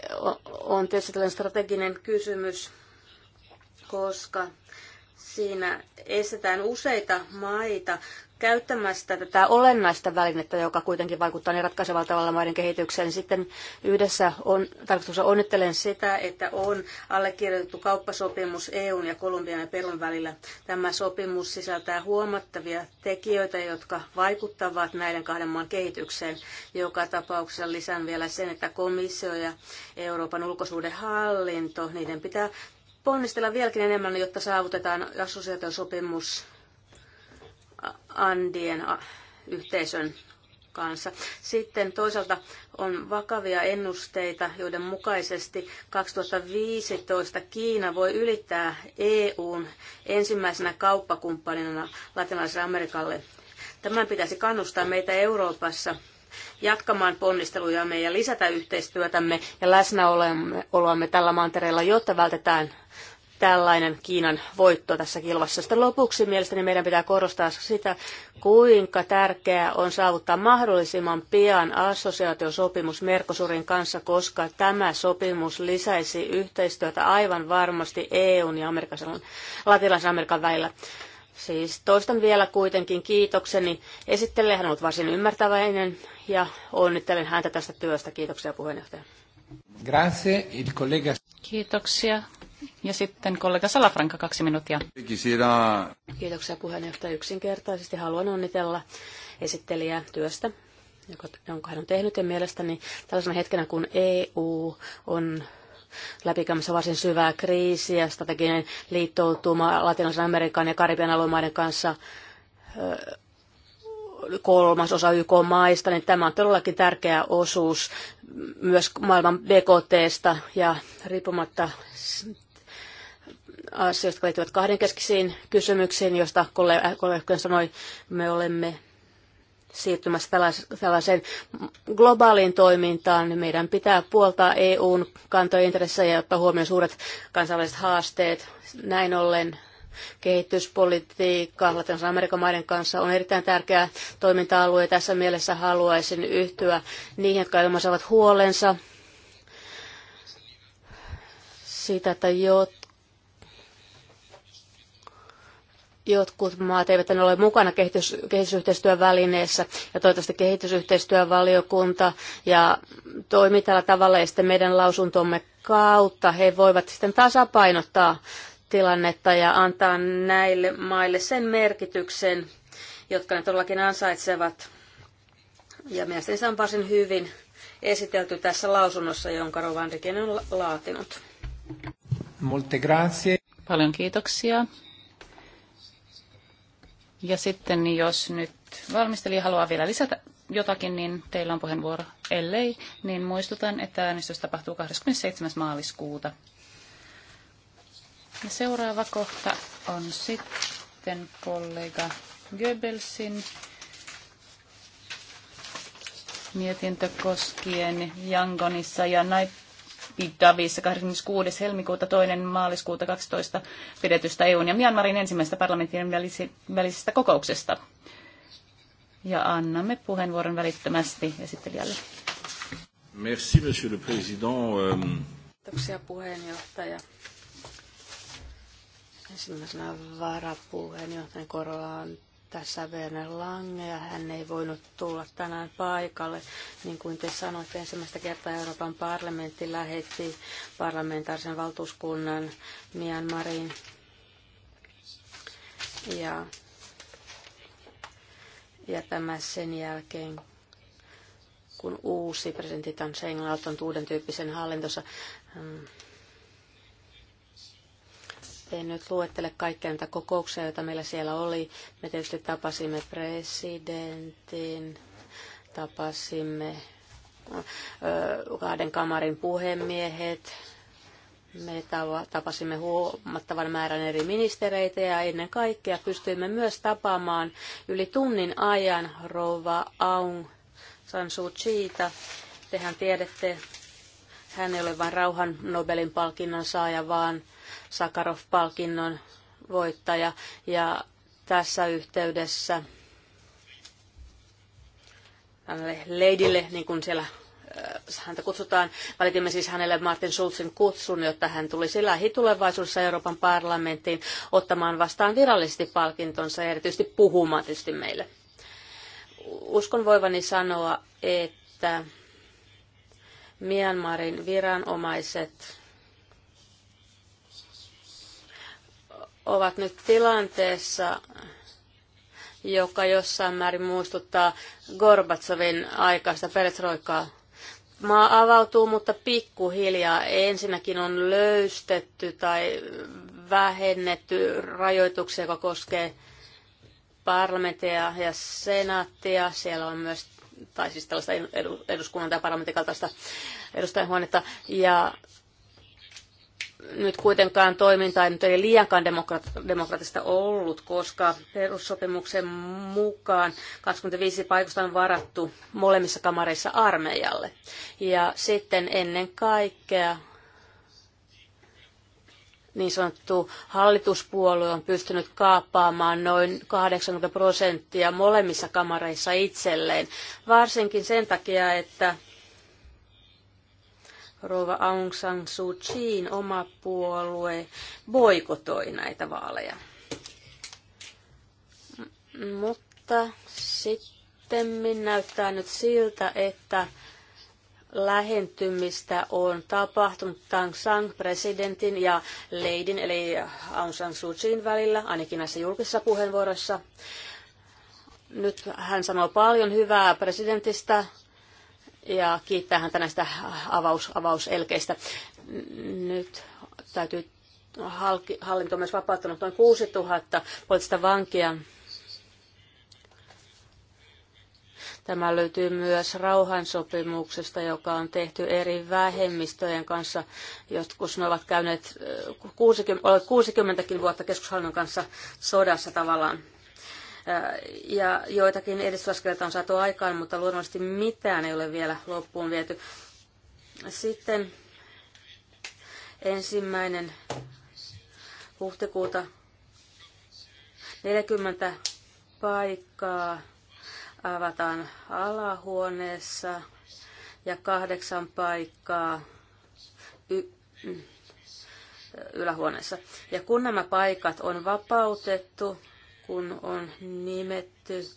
on tietysti tällainen strateginen kysymys, koska siinä estetään useita maita käyttämästä tätä olennaista välinettä, joka kuitenkin vaikuttaa niin ratkaisevalla tavalla maiden kehitykseen. Sitten yhdessä on, tarkoitus onnittelen sitä, että on allekirjoitettu kauppasopimus EUn ja Kolumbian ja Perun välillä. Tämä sopimus sisältää huomattavia tekijöitä, jotka vaikuttavat näiden kahden maan kehitykseen. Joka tapauksessa lisään vielä sen, että komissio ja Euroopan ulkosuhdehallinto, niiden pitää ponnistella vieläkin enemmän, jotta saavutetaan assosiaatiosopimus Andien yhteisön kanssa. Sitten toisaalta on vakavia ennusteita, joiden mukaisesti 2015 Kiina voi ylittää EUn ensimmäisenä kauppakumppanina latinalaiselle Amerikalle. Tämän pitäisi kannustaa meitä Euroopassa jatkamaan ponnistelujamme ja lisätä yhteistyötämme ja läsnäoloamme tällä mantereella, jotta vältetään tällainen Kiinan voitto tässä kilvassa. Sitten lopuksi mielestäni meidän pitää korostaa sitä, kuinka tärkeää on saavuttaa mahdollisimman pian assosiaatiosopimus Merkosurin kanssa, koska tämä sopimus lisäisi yhteistyötä aivan varmasti EUn ja Latinalaisen Amerikan välillä. Siis toistan vielä kuitenkin kiitokseni. Esittelijä hän on ollut varsin ymmärtäväinen ja onnittelen häntä tästä työstä. Kiitoksia puheenjohtaja. Grazie, il collega... Kiitoksia. Ja sitten kollega Salafranka, kaksi minuuttia. Kiitoksia puheenjohtaja. Yksinkertaisesti haluan onnitella esittelijää työstä, jonka hän on tehnyt. Ja mielestäni tällaisena hetkenä, kun EU on läpikäymässä varsin syvää kriisiä, strateginen liittoutuma Latinalaisen Amerikan ja Karibian aluemaiden kanssa kolmas osa YK-maista, niin tämä on todellakin tärkeä osuus myös maailman BKTstä ja riippumatta asioista, jotka liittyvät kahdenkeskisiin kysymyksiin, joista äh, kollega sanoi, me olemme siirtymässä tällaiseen globaaliin toimintaan, meidän pitää puoltaa EUn kantointressejä ja ottaa huomioon suuret kansainväliset haasteet. Näin ollen kehityspolitiikka Latinalaisen Amerikan maiden kanssa on erittäin tärkeä toiminta-alue. Tässä mielessä haluaisin yhtyä niihin, jotka ilmaisevat huolensa siitä, että jot, jotkut maat eivät ole mukana kehitys, kehitysyhteistyön välineessä ja toivottavasti kehitysyhteistyövaliokunta ja toimii tällä tavalla ja sitten meidän lausuntomme kautta he voivat sitten tasapainottaa tilannetta ja antaa näille maille sen merkityksen, jotka ne todellakin ansaitsevat. Ja mielestäni se on varsin hyvin esitelty tässä lausunnossa, jonka Rovan on laatinut. Molte grazie. Paljon kiitoksia. Ja sitten jos nyt valmistelija haluaa vielä lisätä jotakin, niin teillä on puheenvuoro. Ellei, niin muistutan, että äänestys tapahtuu 27. maaliskuuta. Ja seuraava kohta on sitten kollega Goebbelsin mietintö koskien Jangonissa ja Naip Davissa 26. helmikuuta, toinen maaliskuuta 12 pidetystä EUn ja Myanmarin ensimmäisestä parlamentin välisestä kokouksesta. Ja annamme puheenvuoron välittömästi esittelijälle. Merci, monsieur le président. Euh, Kiitoksia puheenjohtaja. Ensimmäisenä varapuheenjohtajan korvaan tässä Werner Lange ja hän ei voinut tulla tänään paikalle. Niin kuin te sanoitte, ensimmäistä kertaa Euroopan parlamentti lähetti parlamentaarisen valtuuskunnan Myanmariin. Ja, ja tämä sen jälkeen, kun uusi presidentti Tan Seng on uuden tyyppisen hallintossa, mm, en nyt luettele kaikkia näitä kokouksia, joita meillä siellä oli. Me tietysti tapasimme presidentin, tapasimme kahden kamarin puhemiehet, me tapasimme huomattavan määrän eri ministereitä ja ennen kaikkea pystyimme myös tapaamaan yli tunnin ajan rouva Aung San Suu Kyiitä. Tehän tiedätte, hän ei ole vain rauhan Nobelin palkinnon saaja, vaan Sakarov-palkinnon voittaja. Ja tässä yhteydessä tälle leidille, niin kuin siellä äh, häntä kutsutaan, valitimme siis hänelle Martin Schulzin kutsun, jotta hän tulisi lähitulevaisuudessa Euroopan parlamenttiin ottamaan vastaan virallisesti palkintonsa ja erityisesti puhumaan tietysti meille. Uskon voivani sanoa, että Myanmarin viranomaiset ovat nyt tilanteessa, joka jossain määrin muistuttaa Gorbatsovin aikaista perestroikaa. Maa avautuu, mutta pikkuhiljaa ensinnäkin on löystetty tai vähennetty rajoituksia, joka koskee parlamenttia ja senaattia. Siellä on myös, tai siis tällaista eduskunnan tai parlamentin kaltaista edustajahuonetta. Ja nyt kuitenkaan toiminta ei nyt ei liiankaan demokratista ollut, koska perussopimuksen mukaan 25 paikasta on varattu molemmissa kamareissa armeijalle. Ja sitten ennen kaikkea niin sanottu hallituspuolue on pystynyt kaappaamaan noin 80 prosenttia molemmissa kamareissa itselleen, varsinkin sen takia, että Rova Aung San Suu Kyiin oma puolue boikotoi näitä vaaleja. Mutta sitten näyttää nyt siltä, että lähentymistä on tapahtunut Tang Sang presidentin ja Leidin eli Aung San Suu Kyiin välillä, ainakin näissä julkisissa puheenvuoroissa. Nyt hän sanoo paljon hyvää presidentistä, ja kiittää häntä näistä avaus, avauselkeistä. Nyt täytyy hallinto on myös vapauttanut noin 6000 poliittista vankia. Tämä löytyy myös rauhansopimuksesta, joka on tehty eri vähemmistöjen kanssa. jotkut ne ovat käyneet 60, 60kin vuotta keskushallinnon kanssa sodassa tavallaan ja joitakin edistysaskeleita on saatu aikaan, mutta luonnollisesti mitään ei ole vielä loppuun viety. Sitten ensimmäinen huhtikuuta 40 paikkaa avataan alahuoneessa ja kahdeksan paikkaa y- mm, ylähuoneessa. Ja kun nämä paikat on vapautettu, kun on nimetty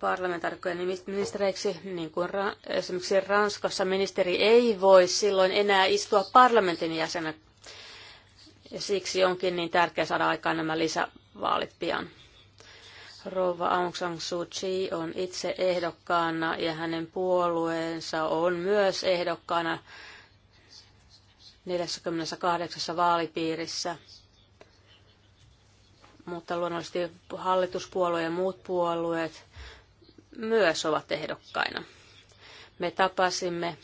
parlamentaarikkojen ministereiksi, niin kuin ra- esimerkiksi Ranskassa ministeri ei voi silloin enää istua parlamentin jäsenä. Ja siksi onkin niin tärkeää saada aikaan nämä lisävaalit pian. Rouva Aung San Suu Kyi on itse ehdokkaana ja hänen puolueensa on myös ehdokkaana 48 vaalipiirissä mutta luonnollisesti hallituspuolue ja muut puolueet myös ovat ehdokkaina. Me tapasimme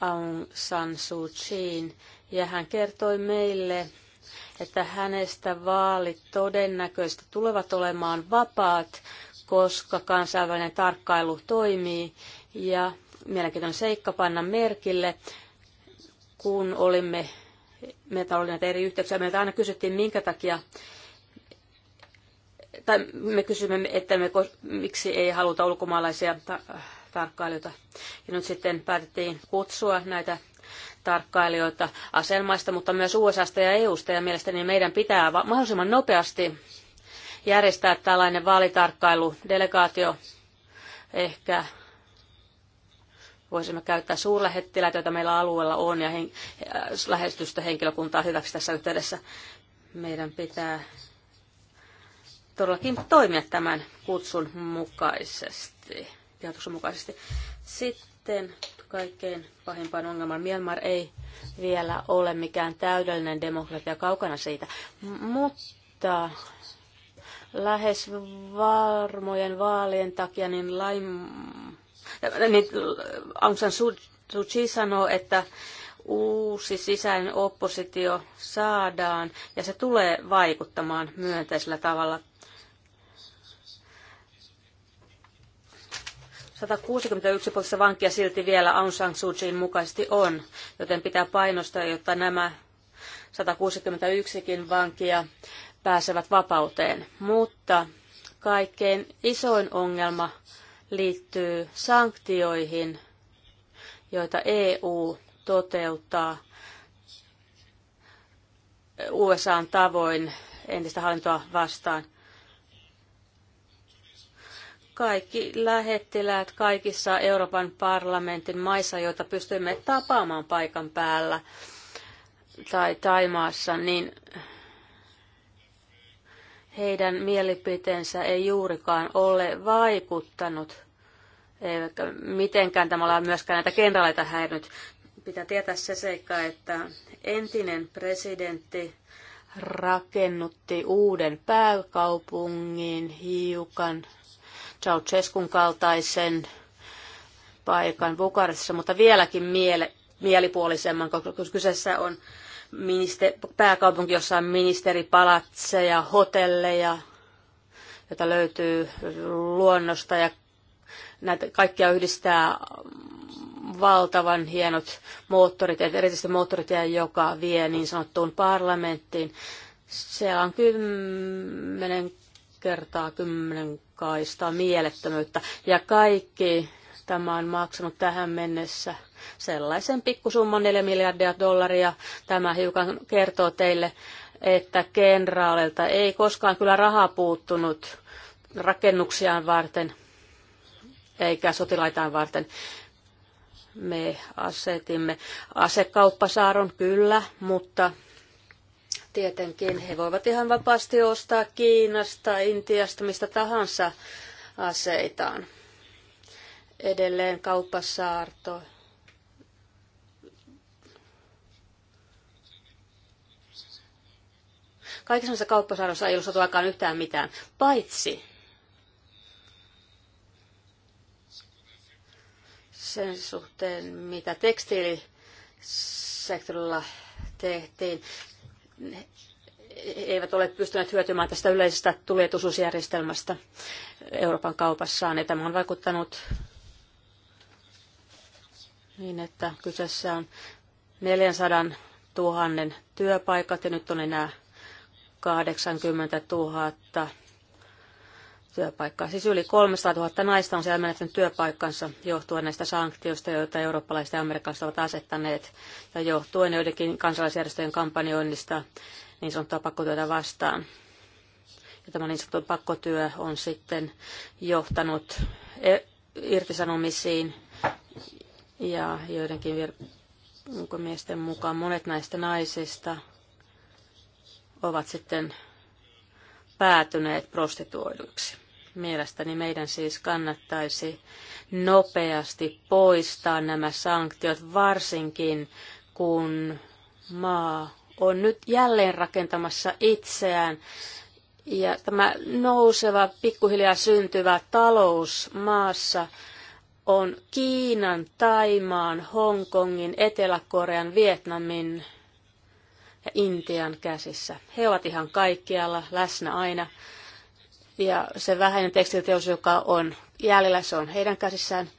Aung San Suu Kyiin ja hän kertoi meille, että hänestä vaalit todennäköisesti tulevat olemaan vapaat, koska kansainvälinen tarkkailu toimii. Ja mielenkiintoinen seikka panna merkille, kun olimme, meitä oli näitä eri yhteyksiä, meiltä aina kysyttiin, minkä takia tai me kysymme, että me, miksi ei haluta ulkomaalaisia ta- tarkkailijoita. Ja nyt sitten päätettiin kutsua näitä tarkkailijoita asemaista, mutta myös USAsta ja EUsta, ja mielestäni meidän pitää mahdollisimman nopeasti järjestää tällainen vaalitarkkailu, delegaatio, ehkä voisimme käyttää suurlähettiläitä, joita meillä alueella on, ja hen- lähestystä henkilökuntaa hyväksi tässä yhteydessä. Meidän pitää todellakin toimia tämän kutsun mukaisesti, tiedotuksen mukaisesti. Sitten kaikkein pahimpaan ongelman Myanmar ei vielä ole mikään täydellinen demokratia kaukana siitä, mutta lähes varmojen vaalien takia niin lain, niin Aung San Suu Kyi sanoo, että uusi sisäinen oppositio saadaan ja se tulee vaikuttamaan myönteisellä tavalla 161 poliittista vankia silti vielä Aung San Suu Kyiin mukaisesti on, joten pitää painostaa, jotta nämä 161kin vankia pääsevät vapauteen. Mutta kaikkein isoin ongelma liittyy sanktioihin, joita EU toteuttaa USAn tavoin entistä hallintoa vastaan kaikki lähettiläät kaikissa Euroopan parlamentin maissa, joita pystymme tapaamaan paikan päällä tai Taimaassa, niin heidän mielipiteensä ei juurikaan ole vaikuttanut, eivätkä mitenkään tämä ole myöskään näitä kenraaleita häirinyt. Pitää tietää se seikka, että entinen presidentti rakennutti uuden pääkaupungin hiukan Ceausescun kaltaisen paikan Bukarestissa, mutta vieläkin miele, mielipuolisemman, koska kyseessä on minister, pääkaupunki, jossa on ministeripalatseja, hotelleja, jota löytyy luonnosta ja näitä kaikkia yhdistää valtavan hienot moottorit, erityisesti moottorit, joka vie niin sanottuun parlamenttiin. Siellä on kymmenen kertaa kymmenen kymmenenkaista mielettömyyttä. Ja kaikki tämä on maksanut tähän mennessä sellaisen pikkusumman 4 miljardia dollaria. Tämä hiukan kertoo teille, että kenraalilta ei koskaan kyllä rahaa puuttunut rakennuksiaan varten eikä sotilaitaan varten. Me asetimme asekauppasaaron kyllä, mutta Tietenkin he voivat ihan vapaasti ostaa Kiinasta, Intiasta, mistä tahansa aseitaan. Edelleen kauppasaarto. Kaikissa näissä kauppasaaroissa ei ole saatu aikaan yhtään mitään, paitsi sen suhteen, mitä tekstiilisektorilla tehtiin eivät ole pystyneet hyötymään tästä yleisestä tulietuisuusjärjestelmästä Euroopan kaupassaan. Ja tämä on vaikuttanut niin, että kyseessä on 400 000 työpaikat ja nyt on enää 80 000 työpaikkaa. Siis yli 300 000 naista on siellä menettänyt työpaikkansa johtuen näistä sanktioista, joita eurooppalaiset ja amerikkalaiset ovat asettaneet, ja johtuen joidenkin kansalaisjärjestöjen kampanjoinnista niin sanottua pakkotyötä vastaan. Ja tämä niin sanottu pakkotyö on sitten johtanut e- irtisanomisiin ja joidenkin vir- miesten mukaan monet näistä naisista ovat sitten päätyneet prostituoiduiksi. Mielestäni meidän siis kannattaisi nopeasti poistaa nämä sanktiot, varsinkin kun maa on nyt jälleen rakentamassa itseään. Ja tämä nouseva, pikkuhiljaa syntyvä talous maassa on Kiinan, Taimaan, Hongkongin, Etelä-Korean, Vietnamin ja Intian käsissä. He ovat ihan kaikkialla läsnä aina. Ja se vähäinen tekstiiliteos, joka on jäljellä, se on heidän käsissään.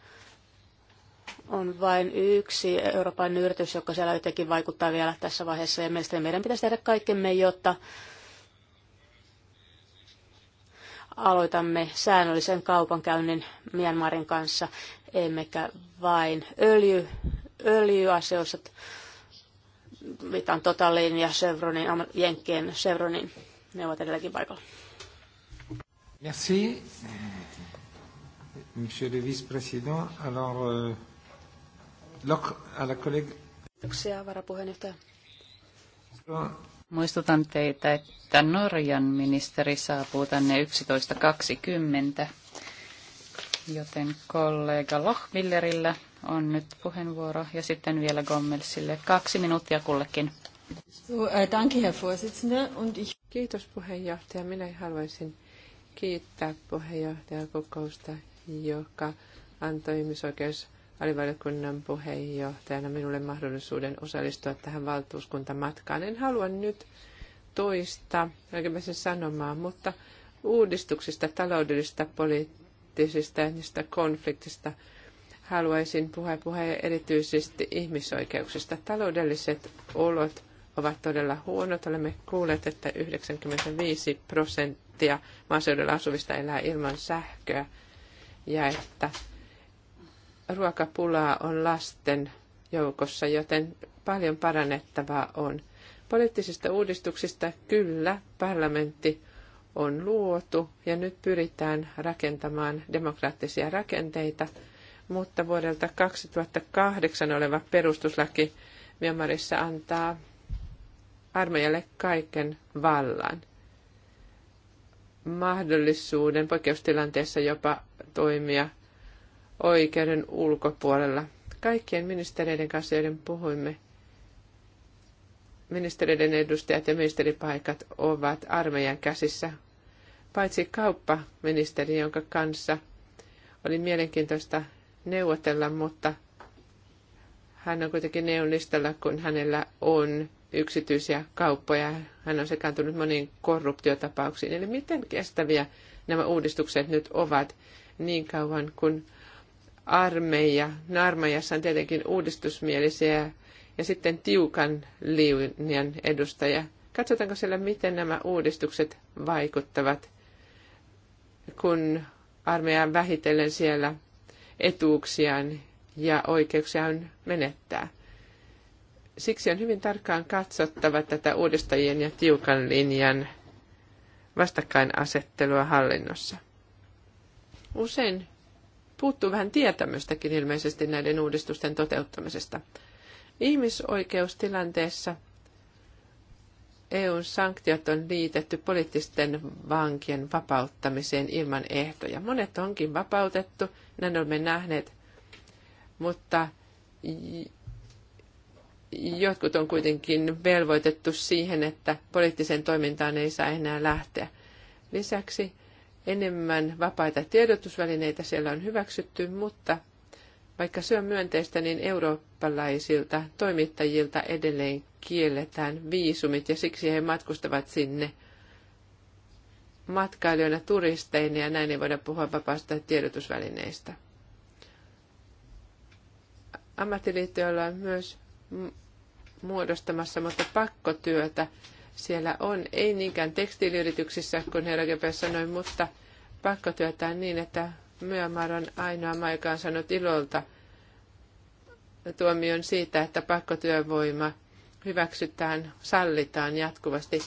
On vain yksi Euroopan yritys, joka siellä jotenkin vaikuttaa vielä tässä vaiheessa. Ja mielestäni meidän pitäisi tehdä kaikkemme, jotta aloitamme säännöllisen kaupankäynnin Myanmarin kanssa, emmekä vain öljy, öljyasioissa, on Totalin ja Chevronin, Jenkkien Chevronin, ne ovat edelläkin paikalla. Merci. Monsieur le vice-président, alors, euh, Lok, à la collègue. Muistutan teitä, että Norjan ministeri saapuu tänne 11.20, joten kollega Lochmillerillä on nyt puheenvuoro ja sitten vielä Gommelsille kaksi minuuttia kullekin. Äh, Kiitos puheenjohtaja. Minä haluaisin kiittää puheenjohtajakokousta, joka antoi ihmisoikeus alivaliokunnan puheenjohtajana minulle mahdollisuuden osallistua tähän valtuuskuntamatkaan. En halua nyt toista sen sanomaa, mutta uudistuksista, taloudellisista, poliittisista ja niistä konfliktista haluaisin puhua, puhua erityisesti ihmisoikeuksista. Taloudelliset olot ovat todella huonot. Olemme kuulleet, että 95 prosenttia maaseudulla asuvista elää ilman sähköä ja että ruokapulaa on lasten joukossa, joten paljon parannettavaa on. Poliittisista uudistuksista kyllä parlamentti on luotu ja nyt pyritään rakentamaan demokraattisia rakenteita, mutta vuodelta 2008 oleva perustuslaki Myanmarissa antaa armeijalle kaiken vallan, mahdollisuuden poikkeustilanteessa jopa toimia oikeuden ulkopuolella. Kaikkien ministereiden kanssa, joiden puhuimme, ministereiden edustajat ja ministeripaikat ovat armeijan käsissä, paitsi kauppaministeri, jonka kanssa oli mielenkiintoista neuvotella, mutta hän on kuitenkin neulistalla, kun hänellä on yksityisiä kauppoja. Hän on sekaantunut moniin korruptiotapauksiin. Eli miten kestäviä nämä uudistukset nyt ovat niin kauan kuin armeija, armeijassa on tietenkin uudistusmielisiä ja sitten tiukan linjan edustaja. Katsotaanko siellä, miten nämä uudistukset vaikuttavat, kun armeija vähitellen siellä etuuksiaan ja oikeuksiaan menettää. Siksi on hyvin tarkkaan katsottava tätä uudistajien ja tiukan linjan vastakkainasettelua hallinnossa. Usein puuttuu vähän tietämystäkin ilmeisesti näiden uudistusten toteuttamisesta. Ihmisoikeustilanteessa EUn sanktiot on liitetty poliittisten vankien vapauttamiseen ilman ehtoja. Monet onkin vapautettu, näin olemme nähneet, mutta jotkut on kuitenkin velvoitettu siihen, että poliittiseen toimintaan ei saa enää lähteä. Lisäksi enemmän vapaita tiedotusvälineitä siellä on hyväksytty, mutta vaikka se on myönteistä, niin eurooppalaisilta toimittajilta edelleen kielletään viisumit ja siksi he matkustavat sinne matkailijoina, turisteina ja näin ei voida puhua vapaasta tiedotusvälineistä. Ammattiliittoilla on myös muodostamassa, mutta pakkotyötä siellä on. Ei niinkään tekstiiliyrityksissä, kun Hergepe sanoi, mutta pakkotyötä on niin, että Myanmar on ainoa maa, joka saanut ilolta tuomion siitä, että pakkotyövoima hyväksytään, sallitaan jatkuvasti.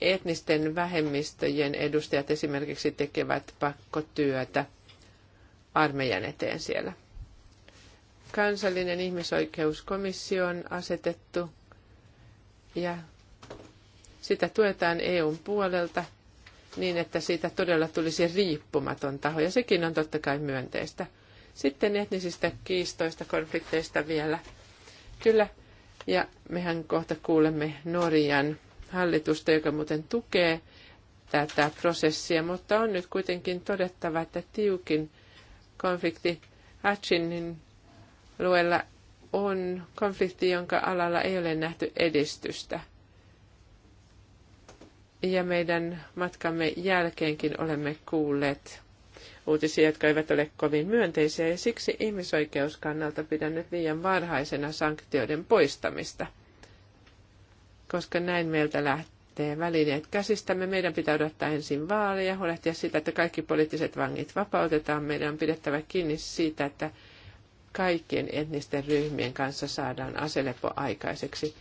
Etnisten vähemmistöjen edustajat esimerkiksi tekevät pakkotyötä armeijan eteen siellä. Kansallinen ihmisoikeuskomissio on asetettu ja sitä tuetaan EUn puolelta niin, että siitä todella tulisi riippumaton taho, ja sekin on totta kai myönteistä. Sitten etnisistä kiistoista, konflikteista vielä. Kyllä, ja mehän kohta kuulemme Norjan hallitusta, joka muuten tukee tätä prosessia, mutta on nyt kuitenkin todettava, että tiukin konflikti Hatchinin luella on konflikti, jonka alalla ei ole nähty edistystä. Ja meidän matkamme jälkeenkin olemme kuulleet uutisia, jotka eivät ole kovin myönteisiä, ja siksi ihmisoikeuskannalta pidän nyt liian varhaisena sanktioiden poistamista. Koska näin meiltä lähtee välineet käsistämme, meidän pitää odottaa ensin vaaleja, huolehtia siitä, että kaikki poliittiset vangit vapautetaan. Meidän on pidettävä kiinni siitä, että kaikkien etnisten ryhmien kanssa saadaan aselepo aikaiseksi.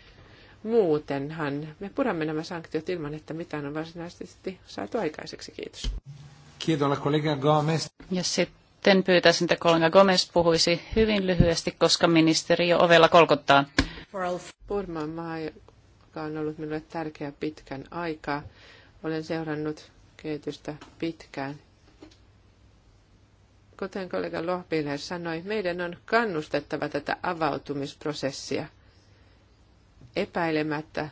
Muutenhan me puramme nämä sanktiot ilman, että mitään on varsinaisesti saatu aikaiseksi. Kiitos. Kiitos, kollega Gomez. Ja sitten pyytäisin, että kollega Gomez puhuisi hyvin lyhyesti, koska ministeri jo ovella kolkottaa. Burman maa, joka on ollut minulle tärkeä pitkän aikaa. Olen seurannut kehitystä pitkään Kuten kollega Lohpiller sanoi, meidän on kannustettava tätä avautumisprosessia epäilemättä.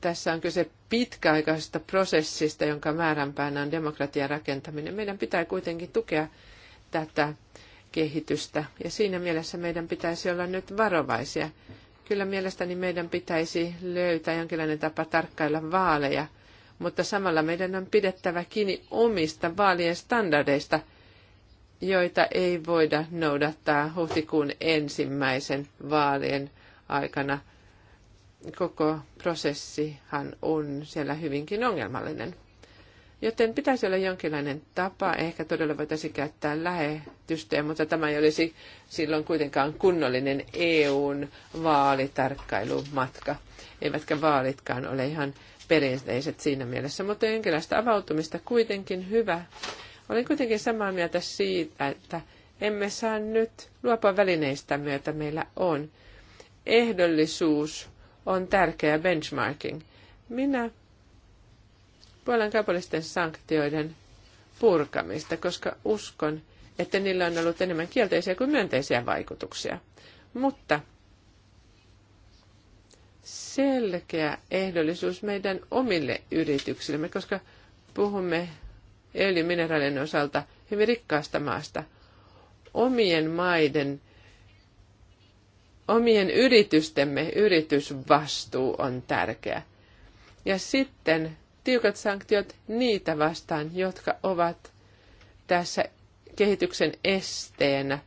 Tässä on kyse pitkäaikaisesta prosessista, jonka määränpäänä on demokratian rakentaminen. Meidän pitää kuitenkin tukea tätä kehitystä. Ja siinä mielessä meidän pitäisi olla nyt varovaisia. Kyllä mielestäni meidän pitäisi löytää jonkinlainen tapa tarkkailla vaaleja – mutta samalla meidän on pidettävä kiinni omista vaalien standardeista, joita ei voida noudattaa huhtikuun ensimmäisen vaalien aikana. Koko prosessihan on siellä hyvinkin ongelmallinen. Joten pitäisi olla jonkinlainen tapa, ehkä todella voitaisiin käyttää lähetystä, mutta tämä ei olisi silloin kuitenkaan kunnollinen EUn vaalitarkkailumatka. Eivätkä vaalitkaan ole ihan perinteiset siinä mielessä, mutta jonkinlaista avautumista kuitenkin hyvä. Olen kuitenkin samaa mieltä siitä, että emme saa nyt luopua välineistä, joita meillä on. Ehdollisuus on tärkeä benchmarking. Minä puolen kaupallisten sanktioiden purkamista, koska uskon, että niillä on ollut enemmän kielteisiä kuin myönteisiä vaikutuksia. Mutta selkeä ehdollisuus meidän omille yrityksillemme, koska puhumme öljymineraalien osalta hyvin rikkaasta maasta. Omien maiden, omien yritystemme yritysvastuu on tärkeä. Ja sitten tiukat sanktiot niitä vastaan, jotka ovat tässä kehityksen esteenä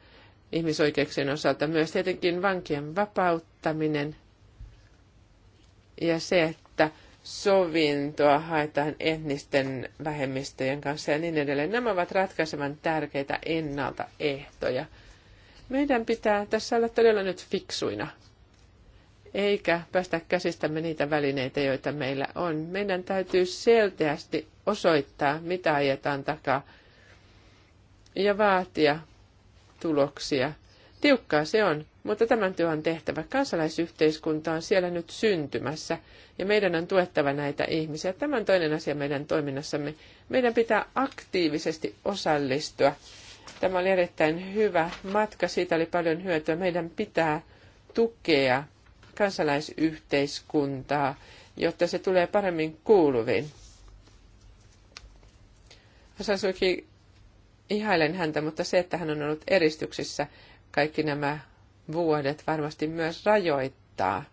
ihmisoikeuksien osalta. Myös tietenkin vankien vapauttaminen – ja se, että sovintoa haetaan etnisten vähemmistöjen kanssa ja niin edelleen. Nämä ovat ratkaisevan tärkeitä ennaltaehtoja. Meidän pitää tässä olla todella nyt fiksuina, eikä päästä käsistämme niitä välineitä, joita meillä on. Meidän täytyy selkeästi osoittaa, mitä ajetaan takaa ja vaatia tuloksia. Tiukkaa se on, mutta tämän työn on tehtävä. Kansalaisyhteiskunta on siellä nyt syntymässä ja meidän on tuettava näitä ihmisiä. Tämä on toinen asia meidän toiminnassamme. Meidän pitää aktiivisesti osallistua. Tämä oli erittäin hyvä matka, siitä oli paljon hyötyä. Meidän pitää tukea kansalaisyhteiskuntaa, jotta se tulee paremmin kuuluviin. Sasuki, ihailen häntä, mutta se, että hän on ollut eristyksissä kaikki nämä vuodet varmasti myös rajoittaa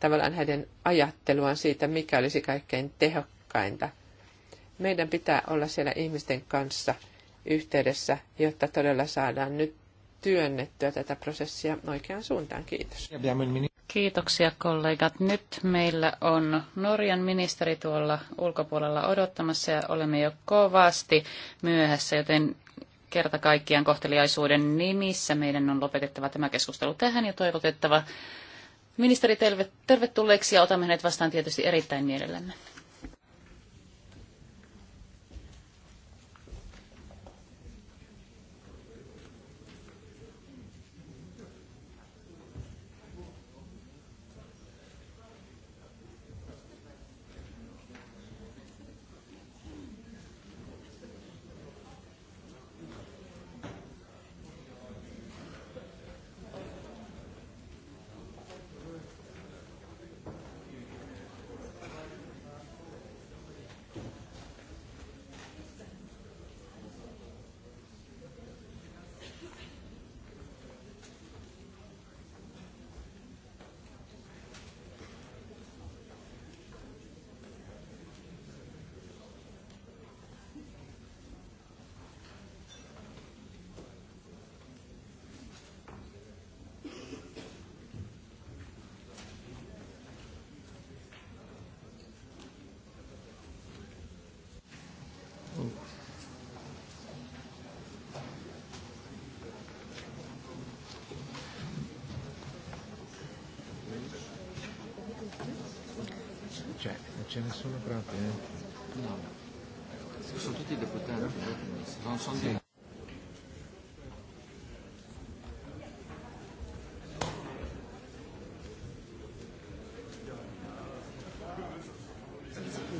tavallaan heidän ajatteluaan siitä, mikä olisi kaikkein tehokkainta. Meidän pitää olla siellä ihmisten kanssa yhteydessä, jotta todella saadaan nyt työnnettyä tätä prosessia oikeaan suuntaan. Kiitos. Kiitoksia kollegat. Nyt meillä on Norjan ministeri tuolla ulkopuolella odottamassa ja olemme jo kovasti myöhässä, joten kerta kaikkiaan kohteliaisuuden nimissä meidän on lopetettava tämä keskustelu tähän ja toivotettava ministeri tervetulleeksi ja otamme hänet vastaan tietysti erittäin mielellämme.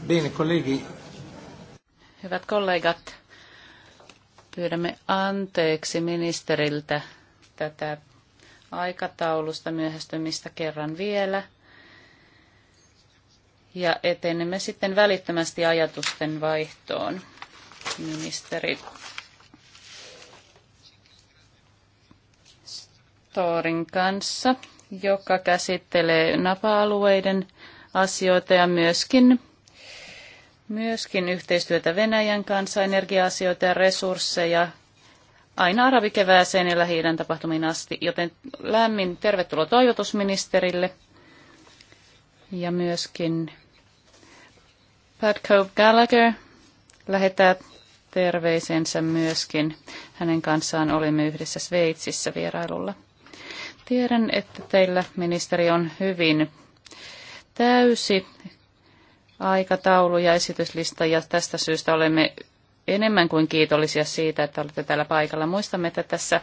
Bene, colleghi. Hyvät kollegat, pyydämme anteeksi ministeriltä tätä aikataulusta myöhästymistä kerran vielä. Ja etenemme sitten välittömästi ajatusten vaihtoon. Ministeri Storin kanssa, joka käsittelee napa-alueiden asioita ja myöskin myöskin yhteistyötä Venäjän kanssa, energia-asioita ja resursseja aina arabikevääseen ja lähi tapahtumiin asti. Joten lämmin toivotus toivotusministerille ja myöskin Pat Cope Gallagher lähettää terveisensä myöskin. Hänen kanssaan olimme yhdessä Sveitsissä vierailulla. Tiedän, että teillä ministeri on hyvin täysi aikataulu ja esityslista ja tästä syystä olemme enemmän kuin kiitollisia siitä, että olette täällä paikalla. Muistamme, että tässä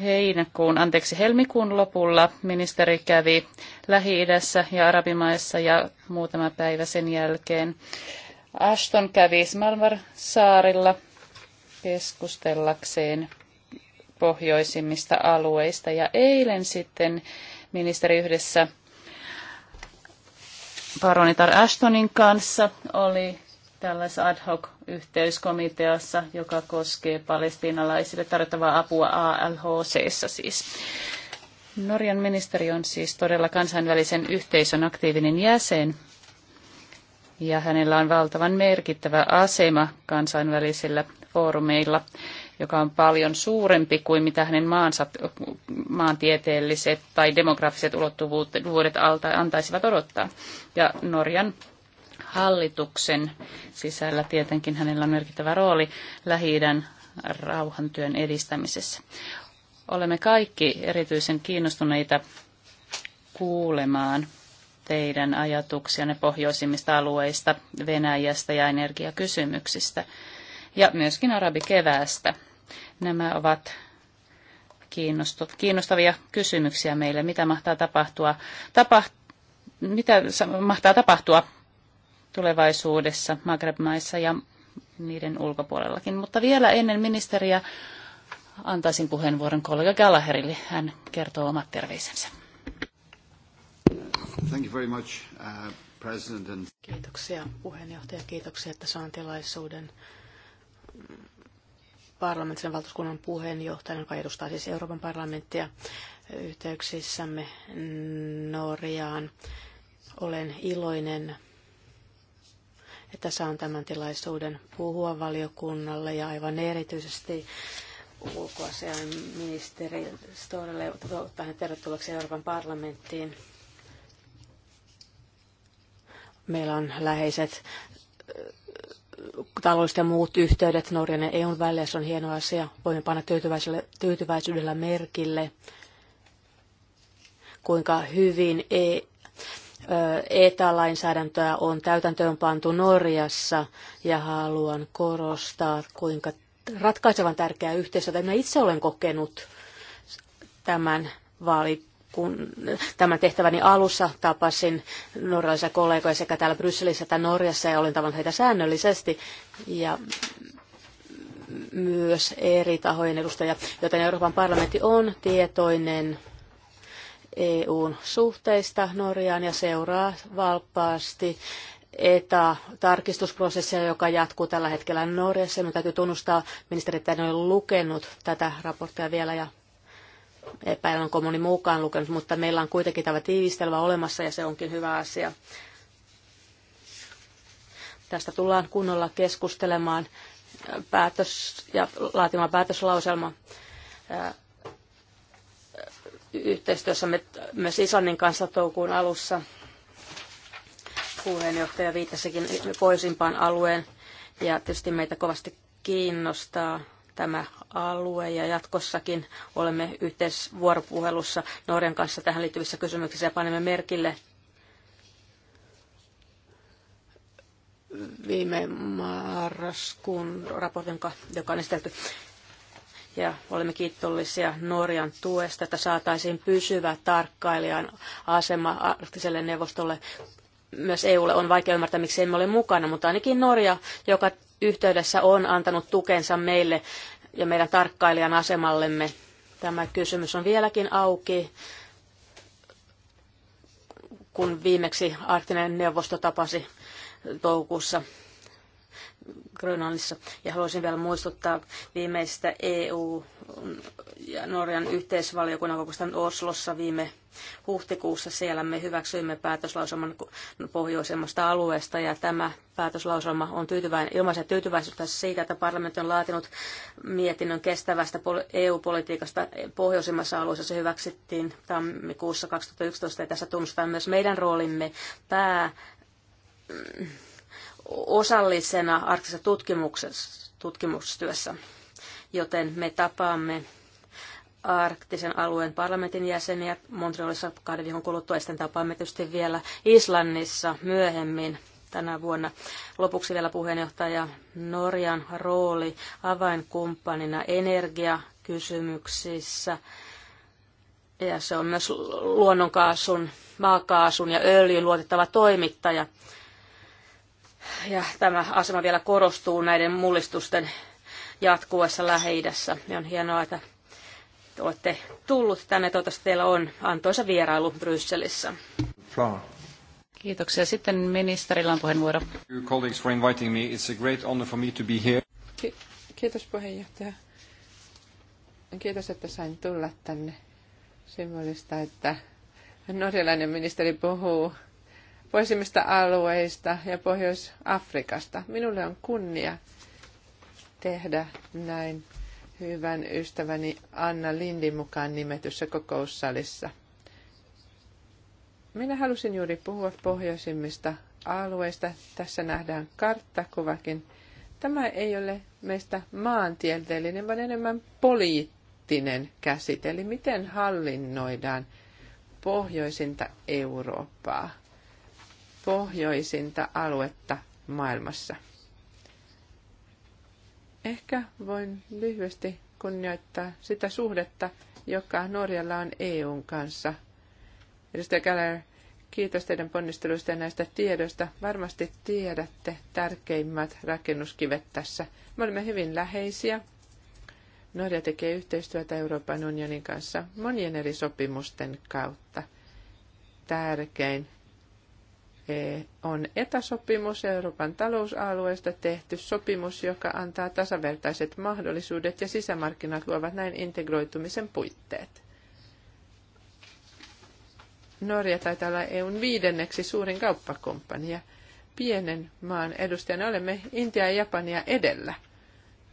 heinäkuun, anteeksi, helmikuun lopulla ministeri kävi Lähi-idässä ja Arabimaissa ja muutama päivä sen jälkeen. Ashton kävi Smalvar-saarilla keskustellakseen pohjoisimmista alueista ja eilen sitten ministeri yhdessä paronitar Ashtonin kanssa oli tällaisessa ad hoc yhteyskomiteassa, joka koskee palestiinalaisille tarjottavaa apua ALHC. siis. Norjan ministeri on siis todella kansainvälisen yhteisön aktiivinen jäsen ja hänellä on valtavan merkittävä asema kansainvälisillä foorumeilla joka on paljon suurempi kuin mitä hänen maansa maantieteelliset tai demografiset ulottuvuudet alta antaisivat odottaa. Ja Norjan hallituksen sisällä tietenkin hänellä on merkittävä rooli lähi rauhantyön edistämisessä. Olemme kaikki erityisen kiinnostuneita kuulemaan teidän ajatuksianne pohjoisimmista alueista, Venäjästä ja energiakysymyksistä ja myöskin arabikeväästä Nämä ovat kiinnostavia kysymyksiä meille. Mitä mahtaa tapahtua, tapaht, mitä mahtaa tapahtua tulevaisuudessa Maghreb-maissa ja niiden ulkopuolellakin. Mutta vielä ennen ministeriä antaisin puheenvuoron kollega Gallagherille. Hän kertoo omat terveisensä. Thank you very much, uh, President. Kiitoksia puheenjohtaja. Kiitoksia, että saan tilaisuuden parlamentin valtuuskunnan puheenjohtajana, joka edustaa siis Euroopan parlamenttia yhteyksissämme Norjaan. Olen iloinen, että saan tämän tilaisuuden puhua valiokunnalle ja erityisesti ulkoasiainministeri ministeri Storelle toivottaa tervetulleeksi Euroopan parlamenttiin. Meillä on läheiset taloudelliset ja muut yhteydet Norjan ja EUn välillä, se on hieno asia. Voimme panna tyytyväisyydellä, merkille, kuinka hyvin e, ETA-lainsäädäntöä on täytäntöön pantu Norjassa ja haluan korostaa, kuinka ratkaisevan tärkeää yhteistyötä minä itse olen kokenut tämän vaali kun tämän tehtäväni alussa tapasin norjalaisia kollegoja sekä täällä Brysselissä että Norjassa ja olin tavannut heitä säännöllisesti ja myös eri tahojen edustajia, joten Euroopan parlamentti on tietoinen EUn suhteista Norjaan ja seuraa valppaasti ETA-tarkistusprosessia, joka jatkuu tällä hetkellä Norjassa. Minun täytyy tunnustaa, ministeri, että en ole lukenut tätä raporttia vielä ja Epäilen, onko moni muukaan lukenut, mutta meillä on kuitenkin tämä tiivistelmä olemassa ja se onkin hyvä asia. Tästä tullaan kunnolla keskustelemaan päätös ja laatimaan päätöslauselma yhteistyössä myös Isannin kanssa toukuun alussa. Puheenjohtaja viittasikin poisimpaan alueen ja tietysti meitä kovasti kiinnostaa tämä alue ja jatkossakin olemme yhteisvuoropuhelussa Norjan kanssa tähän liittyvissä kysymyksissä ja panemme merkille viime marraskuun raportin, joka on esitelty. Ja olemme kiitollisia Norjan tuesta, että saataisiin pysyvä tarkkailijan asema arktiselle neuvostolle. Myös EUlle on vaikea ymmärtää, miksi emme ole mukana, mutta ainakin Norja, joka yhteydessä on antanut tukensa meille ja meidän tarkkailijan asemallemme. Tämä kysymys on vieläkin auki, kun viimeksi Arktinen neuvosto tapasi toukokuussa Grönlannissa. Ja haluaisin vielä muistuttaa viimeistä EU- ja Norjan yhteisvaliokunnan kokousta Oslossa viime huhtikuussa. Siellä me hyväksyimme päätöslauselman pohjoisemmasta alueesta ja tämä päätöslauselma on tyytyväinen, ilmaisen tyytyväisyyttä siitä, että parlamentti on laatinut mietinnön kestävästä EU-politiikasta pohjoisemmassa alueessa. Se hyväksyttiin tammikuussa 2011 ja tässä tunnustetaan myös meidän roolimme pää osallisena arktisessa tutkimustyössä, joten me tapaamme arktisen alueen parlamentin jäseniä Montrealissa kahden viikon kuluttua ja sitten tapaamme tietysti vielä Islannissa myöhemmin tänä vuonna. Lopuksi vielä puheenjohtaja Norjan rooli avainkumppanina energiakysymyksissä. Ja se on myös luonnonkaasun, maakaasun ja öljyn luotettava toimittaja ja tämä asema vielä korostuu näiden mullistusten jatkuessa lähi ja on hienoa, että olette tullut tänne. Toivottavasti teillä on antoisa vierailu Brysselissä. Kiitoksia. Sitten ministerillä on puheenvuoro. kiitos puheenjohtaja. Kiitos, että sain tulla tänne. Symbolista, että norjalainen ministeri puhuu pohjoisimmista alueista ja Pohjois-Afrikasta. Minulle on kunnia tehdä näin hyvän ystäväni Anna Lindin mukaan nimetyssä kokoussalissa. Minä halusin juuri puhua pohjoisimmista alueista. Tässä nähdään karttakuvakin. Tämä ei ole meistä maantieteellinen, vaan enemmän poliittinen käsite, eli miten hallinnoidaan pohjoisinta Eurooppaa pohjoisinta aluetta maailmassa. Ehkä voin lyhyesti kunnioittaa sitä suhdetta, joka Norjalla on EUn kanssa. Edustaja Keller, kiitos teidän ponnisteluista ja näistä tiedoista. Varmasti tiedätte tärkeimmät rakennuskivet tässä. Me olemme hyvin läheisiä. Norja tekee yhteistyötä Euroopan unionin kanssa monien eri sopimusten kautta. Tärkein E, on etäsopimus Euroopan talousalueesta tehty sopimus, joka antaa tasavertaiset mahdollisuudet ja sisämarkkinat luovat näin integroitumisen puitteet. Norja taitaa olla EUn viidenneksi suurin kauppakumppani ja pienen maan edustajana olemme Intia ja Japania edellä,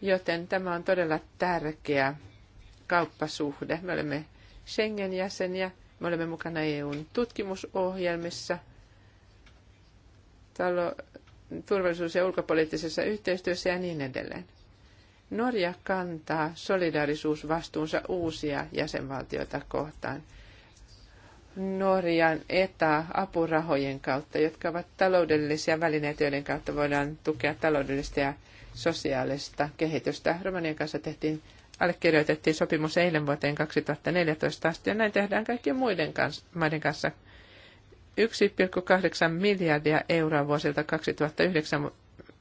joten tämä on todella tärkeä kauppasuhde. Me olemme Schengen-jäseniä, me olemme mukana EUn tutkimusohjelmissa – talo, turvallisuus- ja ulkopoliittisessa yhteistyössä ja niin edelleen. Norja kantaa solidaarisuusvastuunsa uusia jäsenvaltioita kohtaan. Norjan etäapurahojen apurahojen kautta, jotka ovat taloudellisia välineitä, joiden kautta voidaan tukea taloudellista ja sosiaalista kehitystä. Romanian kanssa tehtiin, allekirjoitettiin sopimus eilen vuoteen 2014 asti ja näin tehdään kaikkien muiden kanssa, maiden kanssa 1,8 miljardia euroa vuosilta 2009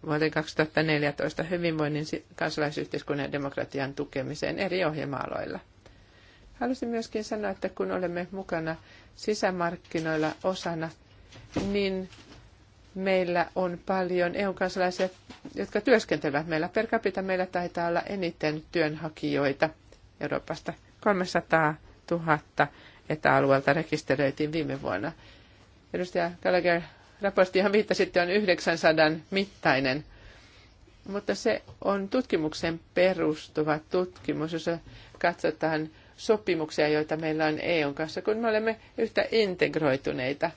vuoteen 2014 hyvinvoinnin kansalaisyhteiskunnan ja demokratian tukemiseen eri ohjelma-aloilla. Haluaisin myöskin sanoa, että kun olemme mukana sisämarkkinoilla osana, niin meillä on paljon EU-kansalaisia, jotka työskentelevät meillä. Per capita meillä taitaa olla eniten työnhakijoita Euroopasta. 300 000 etäalueelta rekisteröitiin viime vuonna edustaja Gallagher raportti, johon viittasitte, on 900 mittainen. Mutta se on tutkimuksen perustuva tutkimus, jossa katsotaan sopimuksia, joita meillä on EUn kanssa, kun me olemme yhtä integroituneita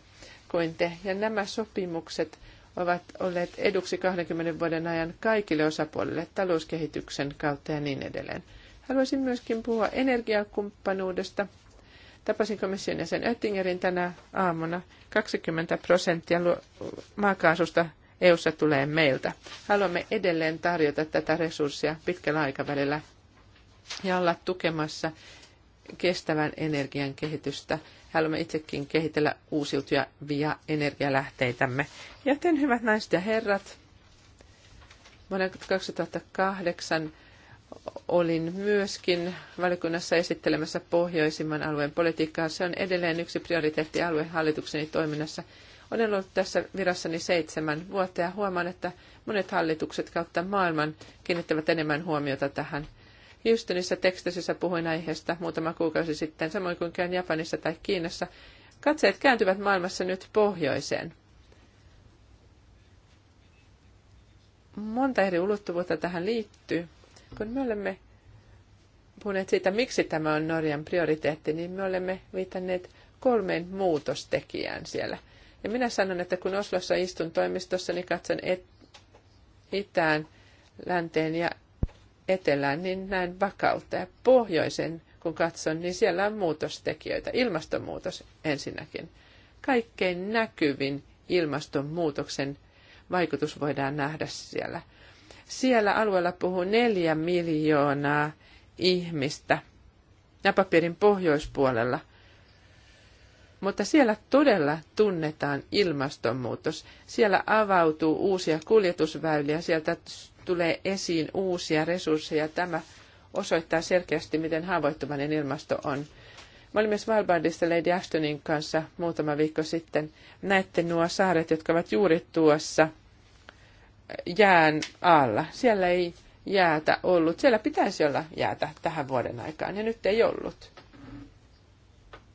kuin te. Ja nämä sopimukset ovat olleet eduksi 20 vuoden ajan kaikille osapuolille talouskehityksen kautta ja niin edelleen. Haluaisin myöskin puhua energiakumppanuudesta – Tapasin komission jäsen Oettingerin tänä aamuna. 20 prosenttia maakaasusta EU-ssa tulee meiltä. Haluamme edelleen tarjota tätä resurssia pitkällä aikavälillä ja olla tukemassa kestävän energian kehitystä. Haluamme itsekin kehitellä uusiutuvia energialähteitämme. Joten hyvät naiset ja herrat, vuonna 2008 olin myöskin valiokunnassa esittelemässä pohjoisimman alueen politiikkaa. Se on edelleen yksi prioriteetti aluehallitukseni toiminnassa. Olen ollut tässä virassani seitsemän vuotta ja huomaan, että monet hallitukset kautta maailman kiinnittävät enemmän huomiota tähän. Houstonissa tekstissä puhuin aiheesta muutama kuukausi sitten, samoin kuin käyn Japanissa tai Kiinassa. Katseet kääntyvät maailmassa nyt pohjoiseen. Monta eri ulottuvuutta tähän liittyy kun me olemme puhuneet siitä, miksi tämä on Norjan prioriteetti, niin me olemme viitanneet kolmeen muutostekijään siellä. Ja minä sanon, että kun Oslossa istun toimistossa, niin katson et, itään, länteen ja etelään, niin näen vakautta. Ja pohjoisen, kun katson, niin siellä on muutostekijöitä. Ilmastonmuutos ensinnäkin. Kaikkein näkyvin ilmastonmuutoksen vaikutus voidaan nähdä siellä – siellä alueella puhuu neljä miljoonaa ihmistä napapiirin pohjoispuolella. Mutta siellä todella tunnetaan ilmastonmuutos. Siellä avautuu uusia kuljetusväyliä, sieltä tulee esiin uusia resursseja. Tämä osoittaa selkeästi, miten haavoittuvainen ilmasto on. Mä olin myös Valbardissa Lady Ashtonin kanssa muutama viikko sitten. Näette nuo saaret, jotka ovat juuri tuossa jään alla. Siellä ei jäätä ollut. Siellä pitäisi olla jäätä tähän vuoden aikaan ja nyt ei ollut.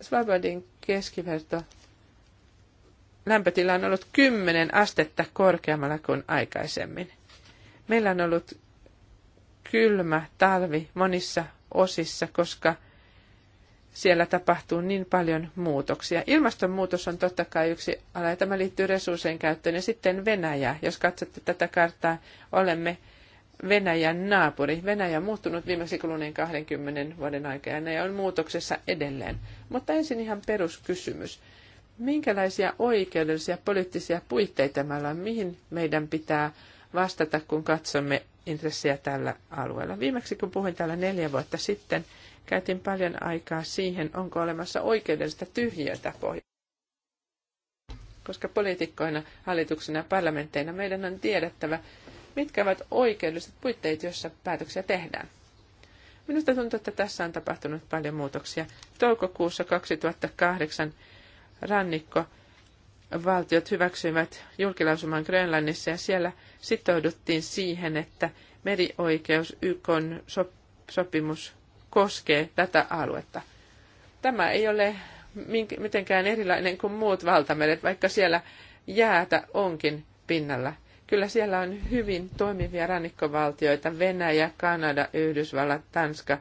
Svabadin keskiverto lämpötila on ollut 10 astetta korkeammalla kuin aikaisemmin. Meillä on ollut kylmä talvi monissa osissa, koska siellä tapahtuu niin paljon muutoksia. Ilmastonmuutos on totta kai yksi ala, ja tämä liittyy resurssien käyttöön. Ja sitten Venäjä, jos katsotte tätä karttaa, olemme Venäjän naapuri. Venäjä on muuttunut viimeksi kuluneen 20 vuoden aikana ja on muutoksessa edelleen. Mutta ensin ihan peruskysymys. Minkälaisia oikeudellisia poliittisia puitteita meillä on? Mihin meidän pitää vastata, kun katsomme intressejä tällä alueella? Viimeksi kun puhuin täällä neljä vuotta sitten – käytin paljon aikaa siihen, onko olemassa oikeudellista tyhjiötä pohjoista. Koska poliitikkoina, hallituksena ja parlamentteina meidän on tiedettävä, mitkä ovat oikeudelliset puitteet, joissa päätöksiä tehdään. Minusta tuntuu, että tässä on tapahtunut paljon muutoksia. Toukokuussa 2008 rannikko valtiot hyväksyivät julkilausuman Grönlannissa ja siellä sitouduttiin siihen, että merioikeus YK sopimus koskee tätä aluetta. Tämä ei ole mitenkään erilainen kuin muut valtameret, vaikka siellä jäätä onkin pinnalla. Kyllä siellä on hyvin toimivia rannikkovaltioita, Venäjä, Kanada, Yhdysvallat, Tanska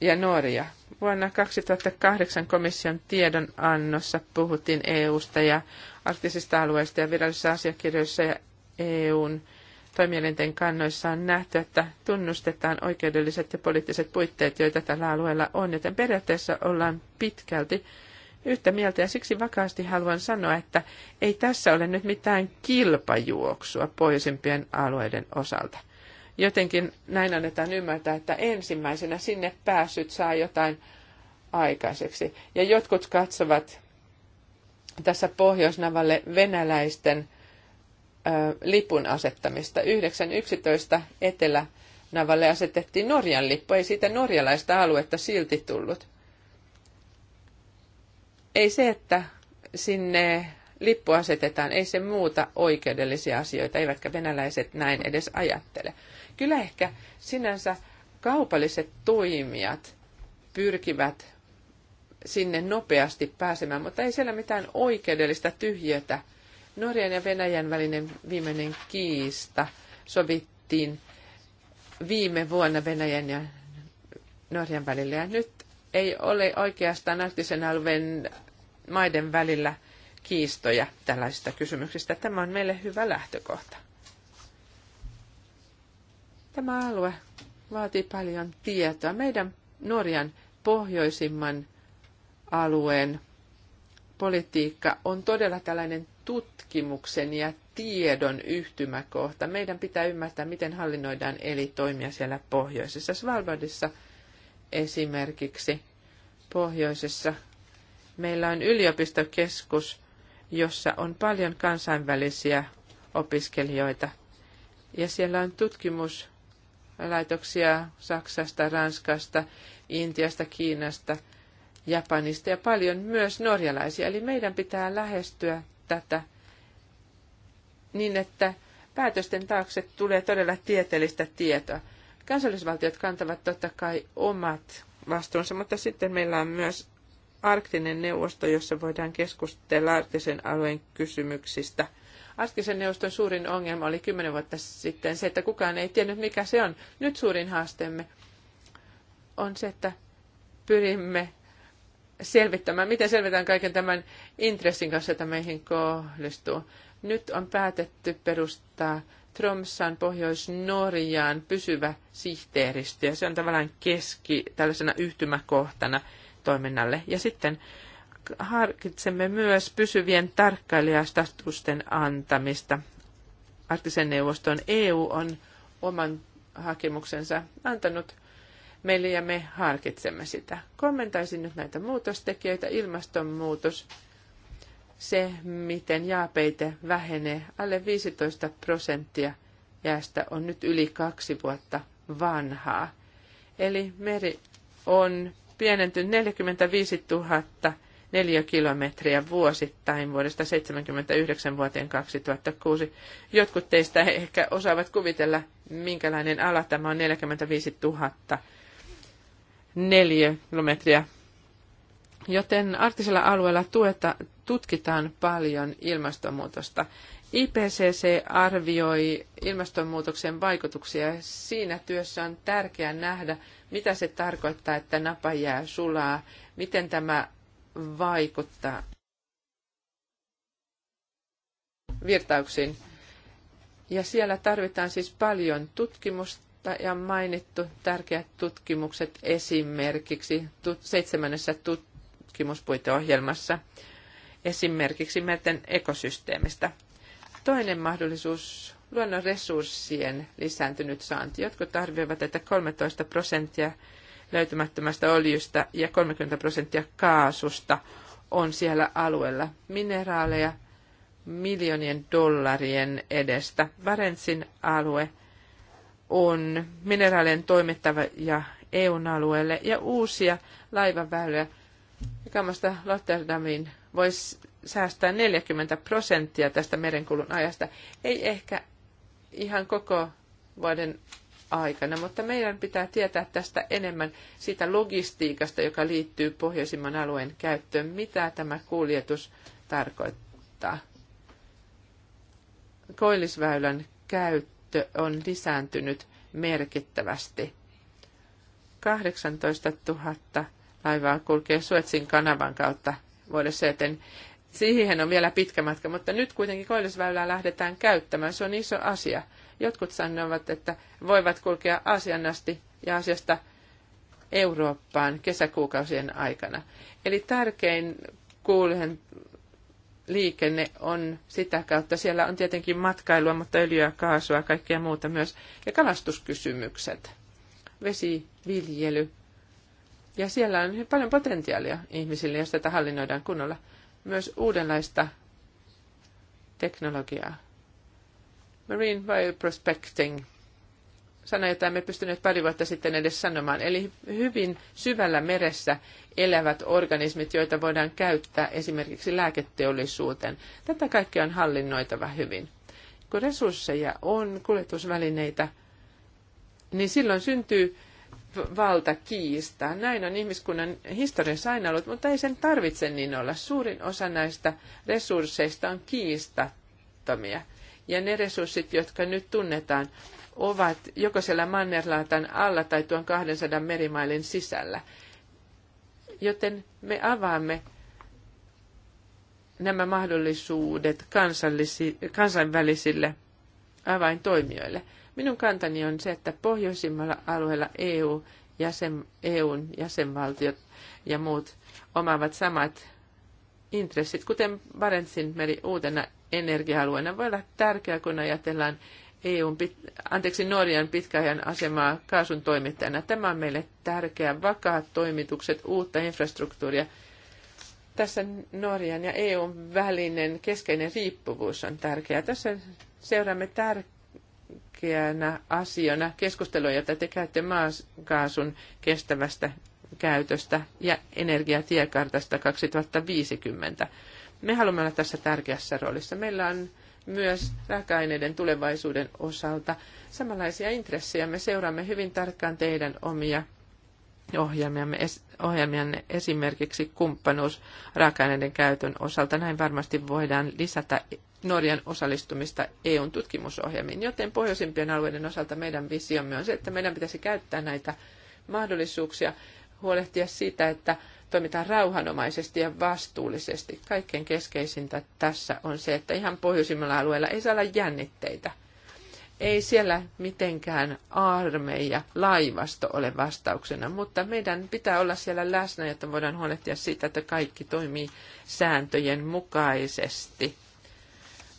ja Norja. Vuonna 2008 komission tiedonannossa puhuttiin EUsta ja arktisista alueista ja virallisissa asiakirjoissa ja EUn toimielinten kannoissa on nähty, että tunnustetaan oikeudelliset ja poliittiset puitteet, joita tällä alueella on, joten periaatteessa ollaan pitkälti yhtä mieltä ja siksi vakaasti haluan sanoa, että ei tässä ole nyt mitään kilpajuoksua pohjoisimpien alueiden osalta. Jotenkin näin annetaan ymmärtää, että ensimmäisenä sinne päässyt saa jotain aikaiseksi. Ja jotkut katsovat tässä Pohjoisnavalle venäläisten lipun asettamista. 9.11. Etelä-Navalle asetettiin Norjan lippu, ei siitä norjalaista aluetta silti tullut. Ei se, että sinne lippu asetetaan, ei se muuta oikeudellisia asioita, eivätkä venäläiset näin edes ajattele. Kyllä ehkä sinänsä kaupalliset toimijat pyrkivät sinne nopeasti pääsemään, mutta ei siellä mitään oikeudellista tyhjötä Norjan ja Venäjän välinen viimeinen kiista sovittiin viime vuonna Venäjän ja Norjan välillä. Ja nyt ei ole oikeastaan arktisen alueen maiden välillä kiistoja tällaisista kysymyksistä. Tämä on meille hyvä lähtökohta. Tämä alue vaatii paljon tietoa. Meidän Norjan pohjoisimman alueen politiikka on todella tällainen tutkimuksen ja tiedon yhtymäkohta. Meidän pitää ymmärtää, miten hallinnoidaan eli toimia siellä pohjoisessa. Svalbardissa esimerkiksi pohjoisessa meillä on yliopistokeskus, jossa on paljon kansainvälisiä opiskelijoita. Ja siellä on tutkimuslaitoksia Saksasta, Ranskasta, Intiasta, Kiinasta, Japanista ja paljon myös norjalaisia. Eli meidän pitää lähestyä tätä niin, että päätösten taakse tulee todella tieteellistä tietoa. Kansallisvaltiot kantavat totta kai omat vastuunsa, mutta sitten meillä on myös arktinen neuvosto, jossa voidaan keskustella arktisen alueen kysymyksistä. Arktisen neuvoston suurin ongelma oli kymmenen vuotta sitten se, että kukaan ei tiennyt, mikä se on. Nyt suurin haasteemme on se, että pyrimme selvittämään, miten selvitään kaiken tämän intressin kanssa, jota meihin kohdistuu. Nyt on päätetty perustaa Tromsan Pohjois-Norjaan pysyvä sihteeristö, ja se on tavallaan keski tällaisena yhtymäkohtana toiminnalle. Ja sitten harkitsemme myös pysyvien tarkkailijastatusten antamista. Arktisen neuvoston EU on oman hakemuksensa antanut meille ja me harkitsemme sitä. Kommentaisin nyt näitä muutostekijöitä. Ilmastonmuutos se, miten jääpeite vähenee. Alle 15 prosenttia jäästä on nyt yli kaksi vuotta vanhaa. Eli meri on pienentynyt 45 000 neliökilometriä vuosittain vuodesta 79 vuoteen 2006. Jotkut teistä ehkä osaavat kuvitella, minkälainen ala tämä on 45 000 neliökilometriä. Joten arktisella alueella tueta, tutkitaan paljon ilmastonmuutosta. IPCC arvioi ilmastonmuutoksen vaikutuksia. Siinä työssä on tärkeää nähdä, mitä se tarkoittaa, että jää sulaa, miten tämä vaikuttaa virtauksiin. Ja siellä tarvitaan siis paljon tutkimusta ja mainittu tärkeät tutkimukset esimerkiksi seitsemännessä tutkimuspuiteohjelmassa – esimerkiksi merten ekosysteemistä. Toinen mahdollisuus luonnon resurssien lisääntynyt saanti. Jotkut arvioivat, että 13 prosenttia löytymättömästä öljystä ja 30 prosenttia kaasusta on siellä alueella. Mineraaleja miljoonien dollarien edestä. Varensin alue on mineraalien toimittava ja EUn alueelle ja uusia laivaväyliä Kamasta Rotterdamin voisi säästää 40 prosenttia tästä merenkulun ajasta. Ei ehkä ihan koko vuoden aikana, mutta meidän pitää tietää tästä enemmän siitä logistiikasta, joka liittyy pohjoisimman alueen käyttöön, mitä tämä kuljetus tarkoittaa. Koillisväylän käyttö on lisääntynyt merkittävästi. 18 000 laivaa kulkee Suetsin kanavan kautta vuodessa, joten siihen on vielä pitkä matka, mutta nyt kuitenkin koillisväylää lähdetään käyttämään. Se on iso asia. Jotkut sanovat, että voivat kulkea Aasian asti ja asiasta Eurooppaan kesäkuukausien aikana. Eli tärkein kuulujen liikenne on sitä kautta. Siellä on tietenkin matkailua, mutta öljyä, kaasua, kaikkea muuta myös. Ja kalastuskysymykset, vesiviljely, ja siellä on paljon potentiaalia ihmisille, jos tätä hallinnoidaan kunnolla. Myös uudenlaista teknologiaa. Marine Bioprospecting. Sana, jota emme pystyneet pari vuotta sitten edes sanomaan. Eli hyvin syvällä meressä elävät organismit, joita voidaan käyttää esimerkiksi lääketeollisuuteen. Tätä kaikkea on hallinnoitava hyvin. Kun resursseja on, kuljetusvälineitä, niin silloin syntyy valtakiista. Näin on ihmiskunnan historiassa aina ollut, mutta ei sen tarvitse niin olla. Suurin osa näistä resursseista on kiistattomia. Ja ne resurssit, jotka nyt tunnetaan, ovat joko siellä Mannerlaatan alla tai tuon 200 merimailin sisällä. Joten me avaamme nämä mahdollisuudet kansainvälisille avaintoimijoille – Minun kantani on se, että pohjoisimmalla alueella EU, jäsen, EUn jäsenvaltiot ja muut omaavat samat intressit, kuten Barentsin meri uutena energia-alueena voi olla tärkeää, kun ajatellaan EUn, anteeksi, Norjan pitkäajan asemaa kaasun toimittajana. Tämä on meille tärkeä, vakaat toimitukset, uutta infrastruktuuria. Tässä Norjan ja EUn välinen keskeinen riippuvuus on tärkeää. Tässä seuraamme tärkeää tärkeänä asiana keskustelua, jota te käytte maakaasun kestävästä käytöstä ja energiatiekartasta 2050. Me haluamme olla tässä tärkeässä roolissa. Meillä on myös raaka-aineiden tulevaisuuden osalta samanlaisia intressejä. Me seuraamme hyvin tarkkaan teidän omia ohjelmianne esimerkiksi kumppanuus raaka-aineiden käytön osalta. Näin varmasti voidaan lisätä Norjan osallistumista EUn tutkimusohjelmiin, joten pohjoisimpien alueiden osalta meidän visiomme on se, että meidän pitäisi käyttää näitä mahdollisuuksia huolehtia siitä, että toimitaan rauhanomaisesti ja vastuullisesti. Kaikkein keskeisintä tässä on se, että ihan pohjoisimmilla alueilla ei saa olla jännitteitä. Ei siellä mitenkään armeija, laivasto ole vastauksena, mutta meidän pitää olla siellä läsnä, jotta voidaan huolehtia siitä, että kaikki toimii sääntöjen mukaisesti –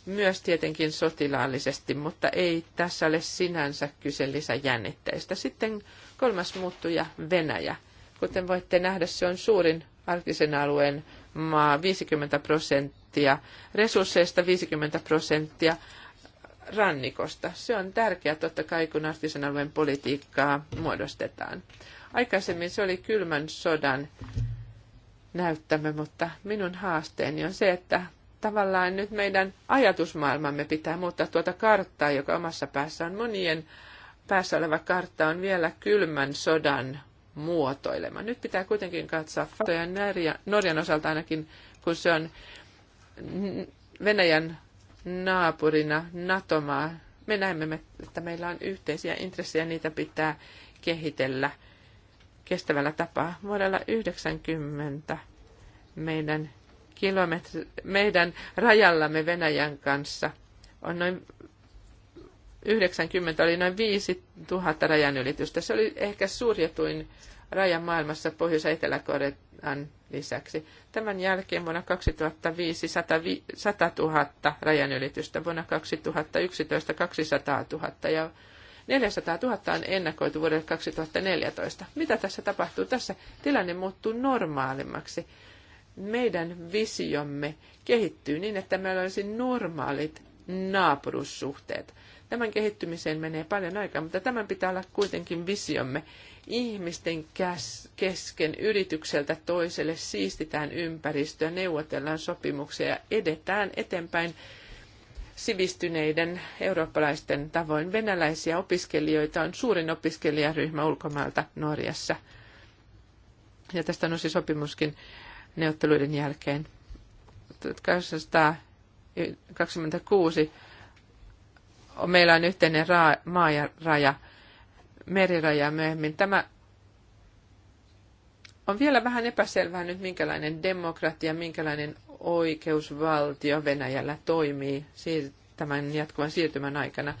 myös tietenkin sotilaallisesti, mutta ei tässä ole sinänsä kyse lisäjännitteistä. Sitten kolmas muuttuja, Venäjä. Kuten voitte nähdä, se on suurin arktisen alueen maa, 50 prosenttia resursseista, 50 prosenttia rannikosta. Se on tärkeää totta kai, kun arktisen alueen politiikkaa muodostetaan. Aikaisemmin se oli kylmän sodan näyttämä, mutta minun haasteeni on se, että tavallaan nyt meidän ajatusmaailmamme pitää muuttaa tuota karttaa, joka omassa päässä on monien päässä oleva kartta on vielä kylmän sodan muotoilema. Nyt pitää kuitenkin katsoa faktoja Norjan osalta ainakin, kun se on Venäjän naapurina Natomaa. Me näemme, että meillä on yhteisiä intressejä, niitä pitää kehitellä kestävällä tapaa. Vuodella 90 meidän kilometri, meidän rajallamme Venäjän kanssa on noin 90 oli noin 5000 rajanylitystä. Se oli ehkä suurjetuin raja maailmassa Pohjois- etelä lisäksi. Tämän jälkeen vuonna 2005 100 000 rajanylitystä, vuonna 2011 200 000 ja 400 000 on ennakoitu vuodelle 2014. Mitä tässä tapahtuu? Tässä tilanne muuttuu normaalimmaksi meidän visiomme kehittyy niin, että meillä olisi normaalit naapurussuhteet. Tämän kehittymiseen menee paljon aikaa, mutta tämän pitää olla kuitenkin visiomme. Ihmisten kesken yritykseltä toiselle siistitään ympäristöä, neuvotellaan sopimuksia ja edetään eteenpäin sivistyneiden eurooppalaisten tavoin. Venäläisiä opiskelijoita on suurin opiskelijaryhmä ulkomailta Norjassa. Ja tästä on sopimuskin neuvotteluiden jälkeen. 1826 meillä on yhteinen raa, maa ja raja, meriraja myöhemmin. Tämä on vielä vähän epäselvää nyt, minkälainen demokratia, minkälainen oikeusvaltio Venäjällä toimii tämän jatkuvan siirtymän aikana.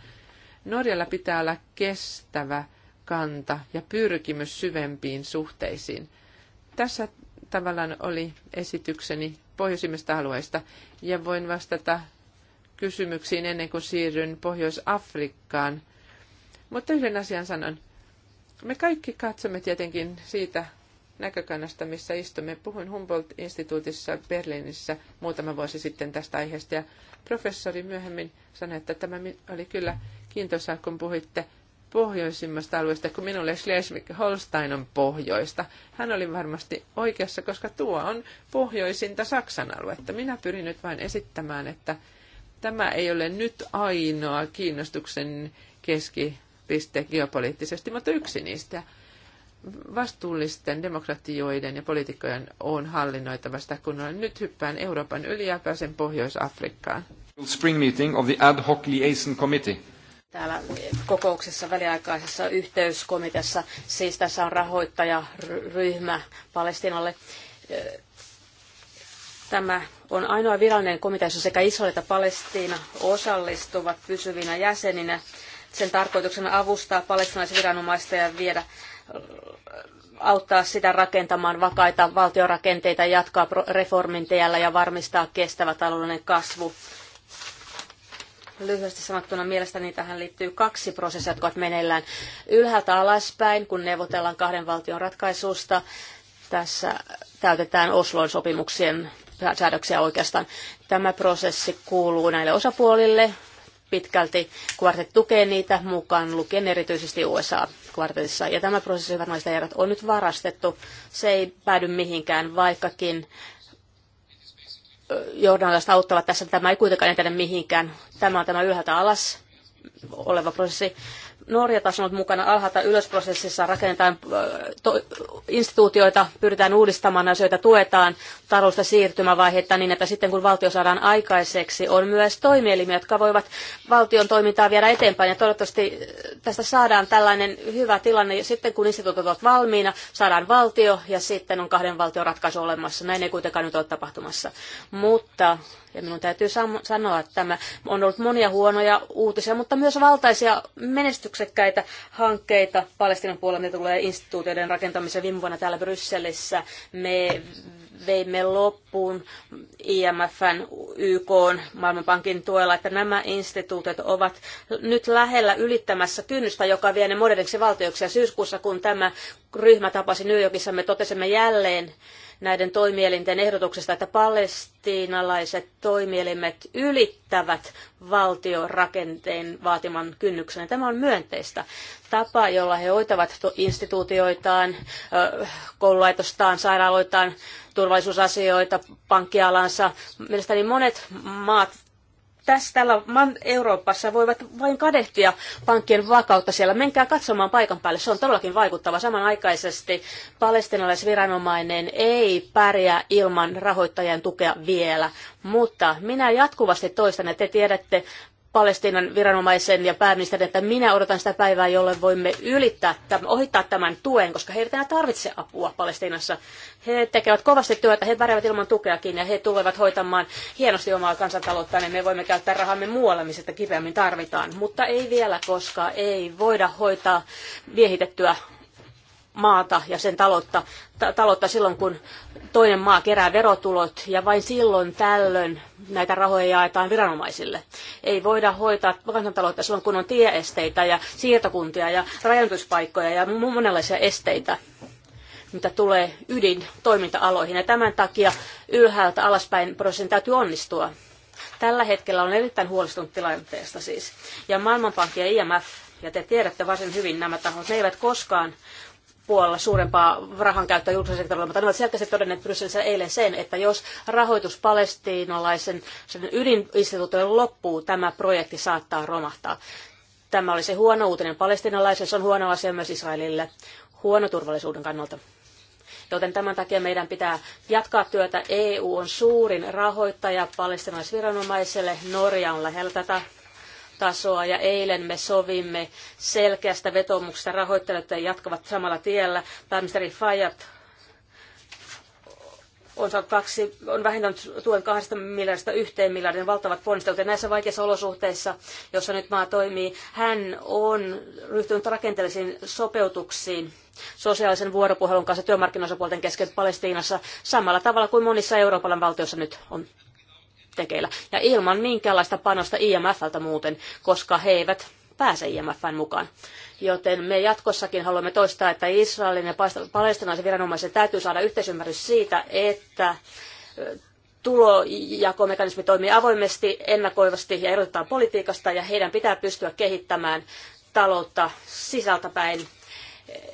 Norjalla pitää olla kestävä kanta ja pyrkimys syvempiin suhteisiin. Tässä tavallaan oli esitykseni pohjoisimmista alueista. Ja voin vastata kysymyksiin ennen kuin siirryn Pohjois-Afrikkaan. Mutta yhden asian sanon. Me kaikki katsomme tietenkin siitä näkökannasta, missä istumme. Puhuin Humboldt-instituutissa Berliinissä muutama vuosi sitten tästä aiheesta, ja professori myöhemmin sanoi, että tämä oli kyllä kiintoisaa, kun puhuitte pohjoisimmasta alueesta, kun minulle Schleswig-Holstein on pohjoista. Hän oli varmasti oikeassa, koska tuo on pohjoisinta Saksan aluetta. Minä pyrin nyt vain esittämään, että tämä ei ole nyt ainoa kiinnostuksen keskipiste geopoliittisesti, mutta yksi niistä. Vastuullisten demokratioiden ja poliitikkojen on hallinnoitava sitä, kun olen nyt hyppään Euroopan yli ja pääsen Pohjois-Afrikkaan. Spring meeting of the ad hoc liaison committee täällä kokouksessa väliaikaisessa yhteyskomiteassa. Siis tässä on rahoittajaryhmä Palestinalle. Tämä on ainoa virallinen komitea, jossa sekä Israel että Palestiina osallistuvat pysyvinä jäseninä. Sen tarkoituksena avustaa palestinaisviranomaista ja viedä auttaa sitä rakentamaan vakaita valtiorakenteita, jatkaa reformin teellä ja varmistaa kestävä taloudellinen kasvu Lyhyesti sanottuna mielestäni tähän liittyy kaksi prosessia, jotka ovat meneillään ylhäältä alaspäin, kun neuvotellaan kahden valtion ratkaisusta. Tässä täytetään Oslon sopimuksien säädöksiä oikeastaan. Tämä prosessi kuuluu näille osapuolille, pitkälti kvartet tukee niitä mukaan lukien erityisesti USA kvartetissa. Ja tämä prosessi, hyvät naiset ja herrat, on nyt varastettu. Se ei päädy mihinkään, vaikkakin johdannaiset auttavat tässä. Tämä ei kuitenkaan etene mihinkään. Tämä on tämä ylhäältä alas oleva prosessi. Norja taas on ollut mukana alhaalta ylösprosessissa, rakennetaan instituutioita, pyritään uudistamaan asioita, tuetaan taloudellista siirtymävaihetta niin, että sitten kun valtio saadaan aikaiseksi, on myös toimielimiä, jotka voivat valtion toimintaa viedä eteenpäin. Ja toivottavasti tästä saadaan tällainen hyvä tilanne, sitten kun instituutiot ovat valmiina, saadaan valtio ja sitten on kahden valtion ratkaisu olemassa. Näin ei kuitenkaan nyt ole tapahtumassa. Mutta ja minun täytyy sanoa, että tämä on ollut monia huonoja uutisia, mutta myös valtaisia menesty- menestyksekkäitä hankkeita Palestinan puolella, mitä tulee instituutioiden rakentamiseen. Viime vuonna täällä Brysselissä me veimme loppuun IMFn, YK, Maailmanpankin tuella, että nämä instituutiot ovat nyt lähellä ylittämässä kynnystä, joka vie ne moderniksi valtioiksi. Ja syyskuussa, kun tämä ryhmä tapasi New Yorkissa, me totesimme jälleen, näiden toimielinten ehdotuksesta, että palestiinalaiset toimielimet ylittävät valtiorakenteen vaatiman kynnyksen. Tämä on myönteistä. Tapa, jolla he hoitavat instituutioitaan, koululaitostaan, sairaaloitaan, turvallisuusasioita, pankkialansa. Mielestäni monet maat tässä täällä Euroopassa voivat vain kadehtia pankkien vakautta siellä. Menkää katsomaan paikan päälle, se on todellakin vaikuttava. Samanaikaisesti palestinalaisviranomainen ei pärjää ilman rahoittajien tukea vielä, mutta minä jatkuvasti toistan, että te tiedätte Palestiinan viranomaisen ja pääministerin, että minä odotan sitä päivää, jolloin voimme ylittää, ohittaa tämän tuen, koska he eivät enää tarvitse apua Palestiinassa. He tekevät kovasti työtä, he pärjäävät ilman tukeakin ja he tulevat hoitamaan hienosti omaa kansantalouttaan niin ja me voimme käyttää rahamme muualla, missä sitä kipeämmin tarvitaan. Mutta ei vielä, koska ei voida hoitaa miehitettyä maata ja sen taloutta, ta- taloutta silloin, kun toinen maa kerää verotulot ja vain silloin tällöin näitä rahoja jaetaan viranomaisille. Ei voida hoitaa kansantaloutta silloin, kun on tieesteitä ja siirtokuntia ja rajoituspaikkoja ja monenlaisia esteitä mitä tulee toiminta aloihin Ja tämän takia ylhäältä alaspäin prosessin täytyy onnistua. Tällä hetkellä on erittäin huolestunut tilanteesta siis. Ja Maailmanpankki ja IMF, ja te tiedätte varsin hyvin nämä tahot, ne eivät koskaan puolella suurempaa rahankäyttöä julkisella sektorilla, mutta ne ovat selkeästi todenneet Brysselissä eilen sen, että jos rahoitus palestiinalaisen sen ydininstituutioon loppuu, tämä projekti saattaa romahtaa. Tämä oli se huono uutinen palestinalaisille, se on huono asia myös Israelille, huono turvallisuuden kannalta. Joten tämän takia meidän pitää jatkaa työtä. EU on suurin rahoittaja palestinaisviranomaiselle. Norja on lähellä tätä tasoa ja eilen me sovimme selkeästä vetomuksesta rahoittajille, että jatkavat samalla tiellä. Pääministeri Fajat on, kaksi, on vähentänyt tuen kahdesta miljardista yhteen miljardin valtavat ponnistelut. Ja näissä vaikeissa olosuhteissa, joissa nyt maa toimii, hän on ryhtynyt rakenteellisiin sopeutuksiin sosiaalisen vuoropuhelun kanssa työmarkkinoisapuolten kesken Palestiinassa samalla tavalla kuin monissa Euroopan valtioissa nyt on tekeillä. Ja ilman minkäänlaista panosta IMFltä muuten, koska he eivät pääse IMFn mukaan. Joten me jatkossakin haluamme toistaa, että Israelin ja palestinaisen viranomaisen täytyy saada yhteisymmärrys siitä, että tulojakomekanismi toimii avoimesti, ennakoivasti ja erotetaan politiikasta, ja heidän pitää pystyä kehittämään taloutta sisältäpäin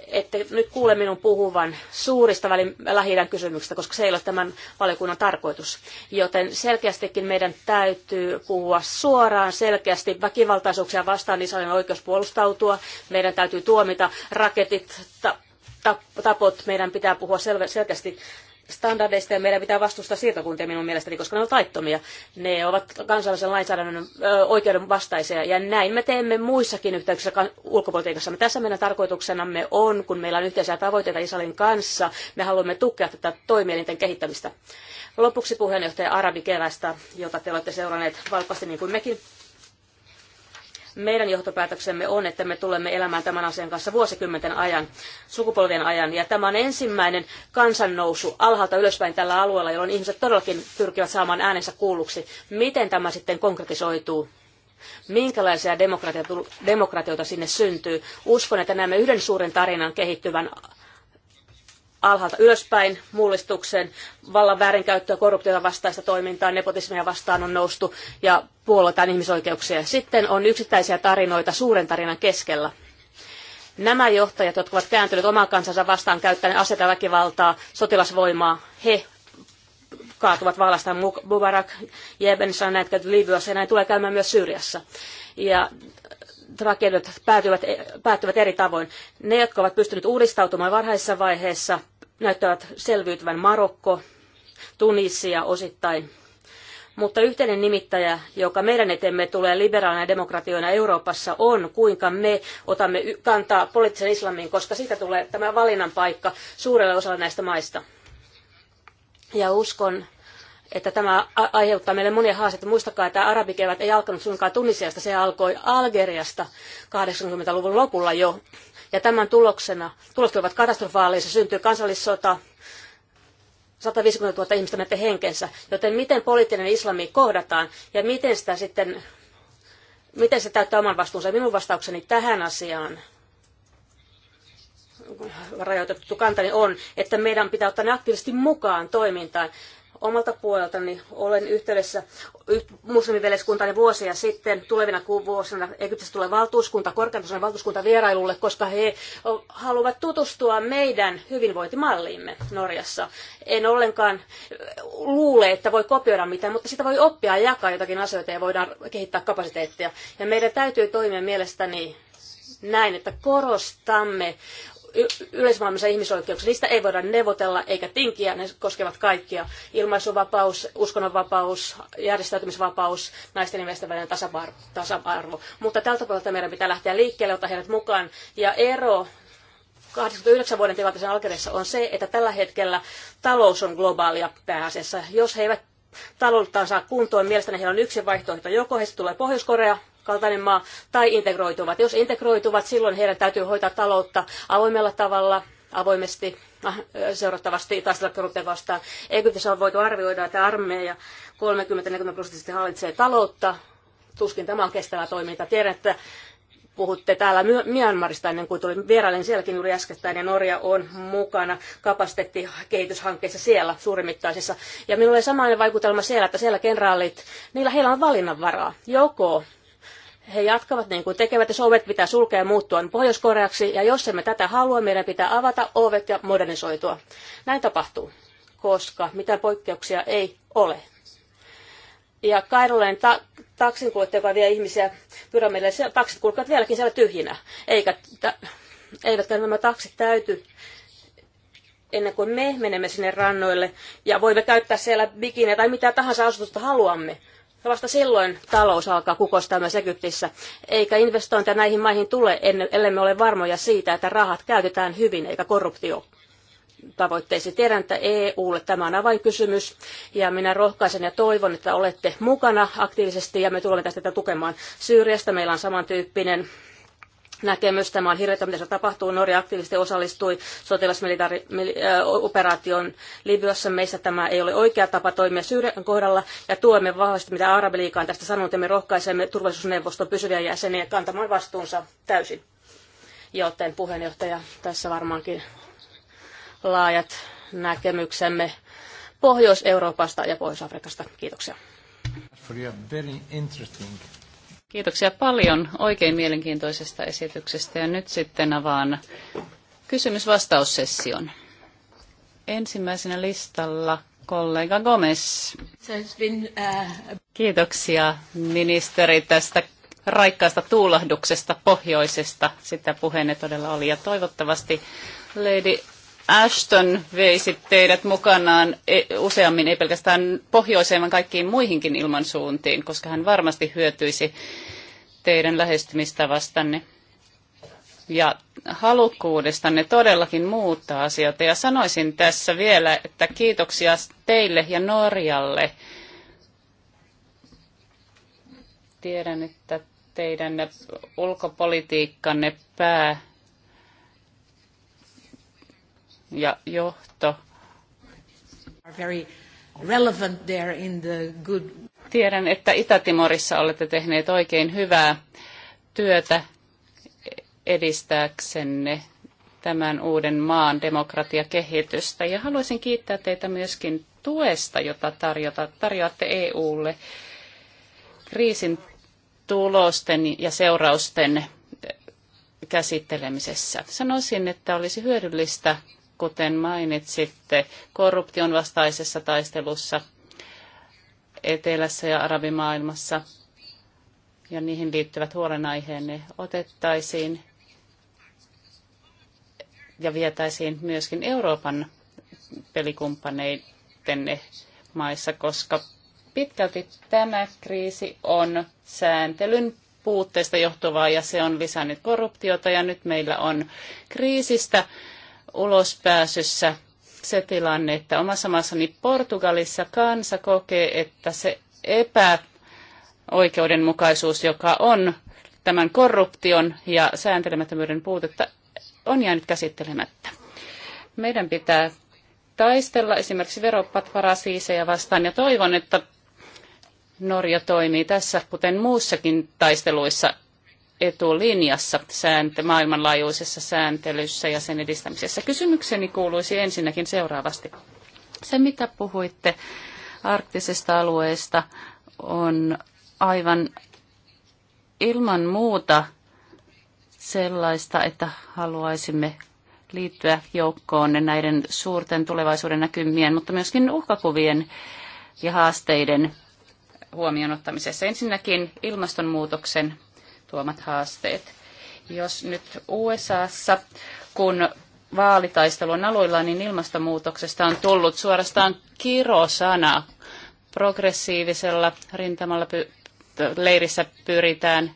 ette nyt kuule minun puhuvan suurista lähi kysymyksistä, koska se ei ole tämän valiokunnan tarkoitus. Joten selkeästikin meidän täytyy puhua suoraan selkeästi väkivaltaisuuksia vastaan, Israelin oikeus puolustautua. Meidän täytyy tuomita raketit, tapot, meidän pitää puhua selkeästi standardeista ja meidän pitää vastustaa siirtokuntia minun mielestäni, koska ne ovat laittomia. Ne ovat kansallisen lainsäädännön oikeuden vastaisia ja näin me teemme muissakin yhteyksissä ulkopolitiikassa. Tässä meidän tarkoituksenamme on, kun meillä on yhteisiä tavoitteita Israelin kanssa, me haluamme tukea tätä toimielinten kehittämistä. Lopuksi puheenjohtaja kevästä, jota te olette seuranneet valpaasti niin kuin mekin. Meidän johtopäätöksemme on, että me tulemme elämään tämän asian kanssa vuosikymmenten ajan, sukupolvien ajan. Ja tämä on ensimmäinen kansannousu alhaalta ylöspäin tällä alueella, jolloin ihmiset todellakin pyrkivät saamaan äänensä kuulluksi. Miten tämä sitten konkretisoituu? minkälaisia demokratioita sinne syntyy. Uskon, että näemme yhden suuren tarinan kehittyvän alhaalta ylöspäin mullistukseen, vallan väärinkäyttöä, korruptiota vastaista toimintaa, nepotismia vastaan on noustu ja puoluetaan ihmisoikeuksia. Sitten on yksittäisiä tarinoita suuren tarinan keskellä. Nämä johtajat, jotka ovat kääntyneet omaa kansansa vastaan käyttäen aseita väkivaltaa, sotilasvoimaa, he kaatuvat vallasta Mubarak, Jebenissä, näitä Libyassa ja näin tulee käymään myös Syyriassa. Ja tragediat päätyvät, päättyvät eri tavoin. Ne, jotka ovat pystyneet uudistautumaan varhaisessa vaiheessa, näyttävät selviytyvän Marokko, Tunisia osittain. Mutta yhteinen nimittäjä, joka meidän eteemme tulee liberaalina demokratioina Euroopassa, on kuinka me otamme kantaa poliittisen islamiin, koska siitä tulee tämä valinnan paikka suurelle osalle näistä maista. Ja uskon, että tämä aiheuttaa meille monia haasteita. Muistakaa, että arabikevät ei alkanut suinkaan Tunisiasta, se alkoi Algeriasta 80-luvun lopulla jo. Ja tämän tuloksena, tulokset olivat katastrofaalisia, syntyi kansallissota, 150 000 ihmistä menetti henkensä. Joten miten poliittinen islami kohdataan ja miten sitä sitten, miten se täyttää oman vastuunsa? Minun vastaukseni tähän asiaan rajoitettu kantani on, että meidän pitää ottaa ne aktiivisesti mukaan toimintaan. Omalta puoleltani olen yhteydessä muslimiveljeskuntaani vuosia sitten. Tulevina vuosina Egyptissä tulee valtuuskunta, korkeantasoinen valtuuskunta vierailulle, koska he haluavat tutustua meidän hyvinvointimalliimme Norjassa. En ollenkaan luule, että voi kopioida mitään, mutta sitä voi oppia ja jakaa jotakin asioita ja voidaan kehittää kapasiteettia. Ja meidän täytyy toimia mielestäni näin, että korostamme yleismaailmassa ihmisoikeuksia. Niistä ei voida neuvotella eikä tinkiä, ne koskevat kaikkia. Ilmaisuvapaus, uskonnonvapaus, järjestäytymisvapaus, naisten ja miesten välinen tasa-arvo. Mutta tältä puolelta meidän pitää lähteä liikkeelle, ottaa heidät mukaan. Ja ero 89 vuoden tilanteessa Algeriassa on se, että tällä hetkellä talous on globaalia pääasiassa. Jos he eivät talouttaan saa kuntoon, mielestäni heillä on yksi vaihtoehto. Joko heistä tulee Pohjois-Korea kaltainen maa, tai integroituvat. Jos integroituvat, silloin heidän täytyy hoitaa taloutta avoimella tavalla, avoimesti, äh, seurattavasti taistella korruptia vastaan. Egyptissä on voitu arvioida, että armeija 30-40 prosenttisesti hallitsee taloutta. Tuskin tämä on kestävä toimintaa. Tiedän, että puhutte täällä Myanmarista ennen kuin tulin vierailen sielläkin juuri äskettäin ja Norja on mukana kapasiteettikehityshankkeessa siellä suurimittaisessa. Ja minulla oli samanlainen vaikutelma siellä, että siellä kenraalit, niillä heillä on valinnanvaraa. Joko he jatkavat niin kuin tekevät, jos ovet pitää sulkea ja muuttua Pohjois-Koreaksi, ja jos emme tätä halua, meidän pitää avata ovet ja modernisoitua. Näin tapahtuu, koska mitään poikkeuksia ei ole. Ja Kairolainen ta- taksinkuljettaja, joka vie ihmisiä pyramideille, taksit kulkevat vieläkin siellä tyhjinä. Eikä ta- eivätkä nämä taksit täyty ennen kuin me menemme sinne rannoille ja voimme käyttää siellä bikinä tai mitä tahansa asutusta haluamme ja vasta silloin talous alkaa kukostaa myös Egyptissä, eikä investointeja näihin maihin tule, ellei ole varmoja siitä, että rahat käytetään hyvin eikä korruptio tavoitteisiin. Tiedän, että EUlle tämä on avainkysymys ja minä rohkaisen ja toivon, että olette mukana aktiivisesti ja me tulemme tästä tukemaan. Syyriasta meillä on samantyyppinen näkemys. Tämä on hirveätä, mitä se tapahtuu. Norja aktiivisesti osallistui sotilasoperaatioon Libyassa. Meissä tämä ei ole oikea tapa toimia Syyrian kohdalla ja tuemme vahvasti, mitä Arabiliika on tästä sanonut, ja me rohkaisemme turvallisuusneuvoston pysyviä jäseniä kantamaan vastuunsa täysin. Joten puheenjohtaja, tässä varmaankin laajat näkemyksemme Pohjois-Euroopasta ja Pohjois-Afrikasta. Kiitoksia. Kiitoksia paljon oikein mielenkiintoisesta esityksestä ja nyt sitten avaan kysymysvastaussession. Ensimmäisenä listalla kollega Gomez. Äh, Kiitoksia ministeri tästä raikkaasta tuulahduksesta pohjoisesta. Sitä puheenne todella oli ja toivottavasti Lady Ashton veisi teidät mukanaan e, useammin, ei pelkästään pohjoiseen, vaan kaikkiin muihinkin ilmansuuntiin, koska hän varmasti hyötyisi teidän lähestymistavastanne ja halukkuudestanne todellakin muuttaa asioita. Ja sanoisin tässä vielä, että kiitoksia teille ja Norjalle. Tiedän, että teidän ulkopolitiikkanne pää ja johto. Tiedän, että Itä-Timorissa olette tehneet oikein hyvää työtä edistääksenne tämän uuden maan demokratiakehitystä. Ja haluaisin kiittää teitä myöskin tuesta, jota tarjota, tarjoatte EUlle kriisin tulosten ja seurausten käsittelemisessä. Sanoisin, että olisi hyödyllistä kuten mainitsitte, korruption vastaisessa taistelussa etelässä ja arabimaailmassa ja niihin liittyvät huolenaiheenne otettaisiin ja vietäisiin myöskin Euroopan pelikumppaneiden maissa, koska pitkälti tämä kriisi on sääntelyn puutteesta johtuvaa ja se on lisännyt korruptiota ja nyt meillä on kriisistä ulospääsyssä se tilanne, että omassa maassani Portugalissa kansa kokee, että se epäoikeudenmukaisuus, joka on tämän korruption ja sääntelemättömyyden puutetta, on jäänyt käsittelemättä. Meidän pitää taistella esimerkiksi veroparasiiseja vastaan ja toivon, että Norja toimii tässä, kuten muussakin taisteluissa etulinjassa sääntö, maailmanlaajuisessa sääntelyssä ja sen edistämisessä. Kysymykseni kuuluisi ensinnäkin seuraavasti. Se, mitä puhuitte arktisesta alueesta, on aivan ilman muuta sellaista, että haluaisimme liittyä joukkoon näiden suurten tulevaisuuden näkymien, mutta myöskin uhkakuvien ja haasteiden huomioon ottamisessa. Ensinnäkin ilmastonmuutoksen tuomat haasteet. Jos nyt USAssa, kun vaalitaistelu on aloillaan, niin ilmastonmuutoksesta on tullut suorastaan kirosana. Progressiivisella rintamalla leirissä pyritään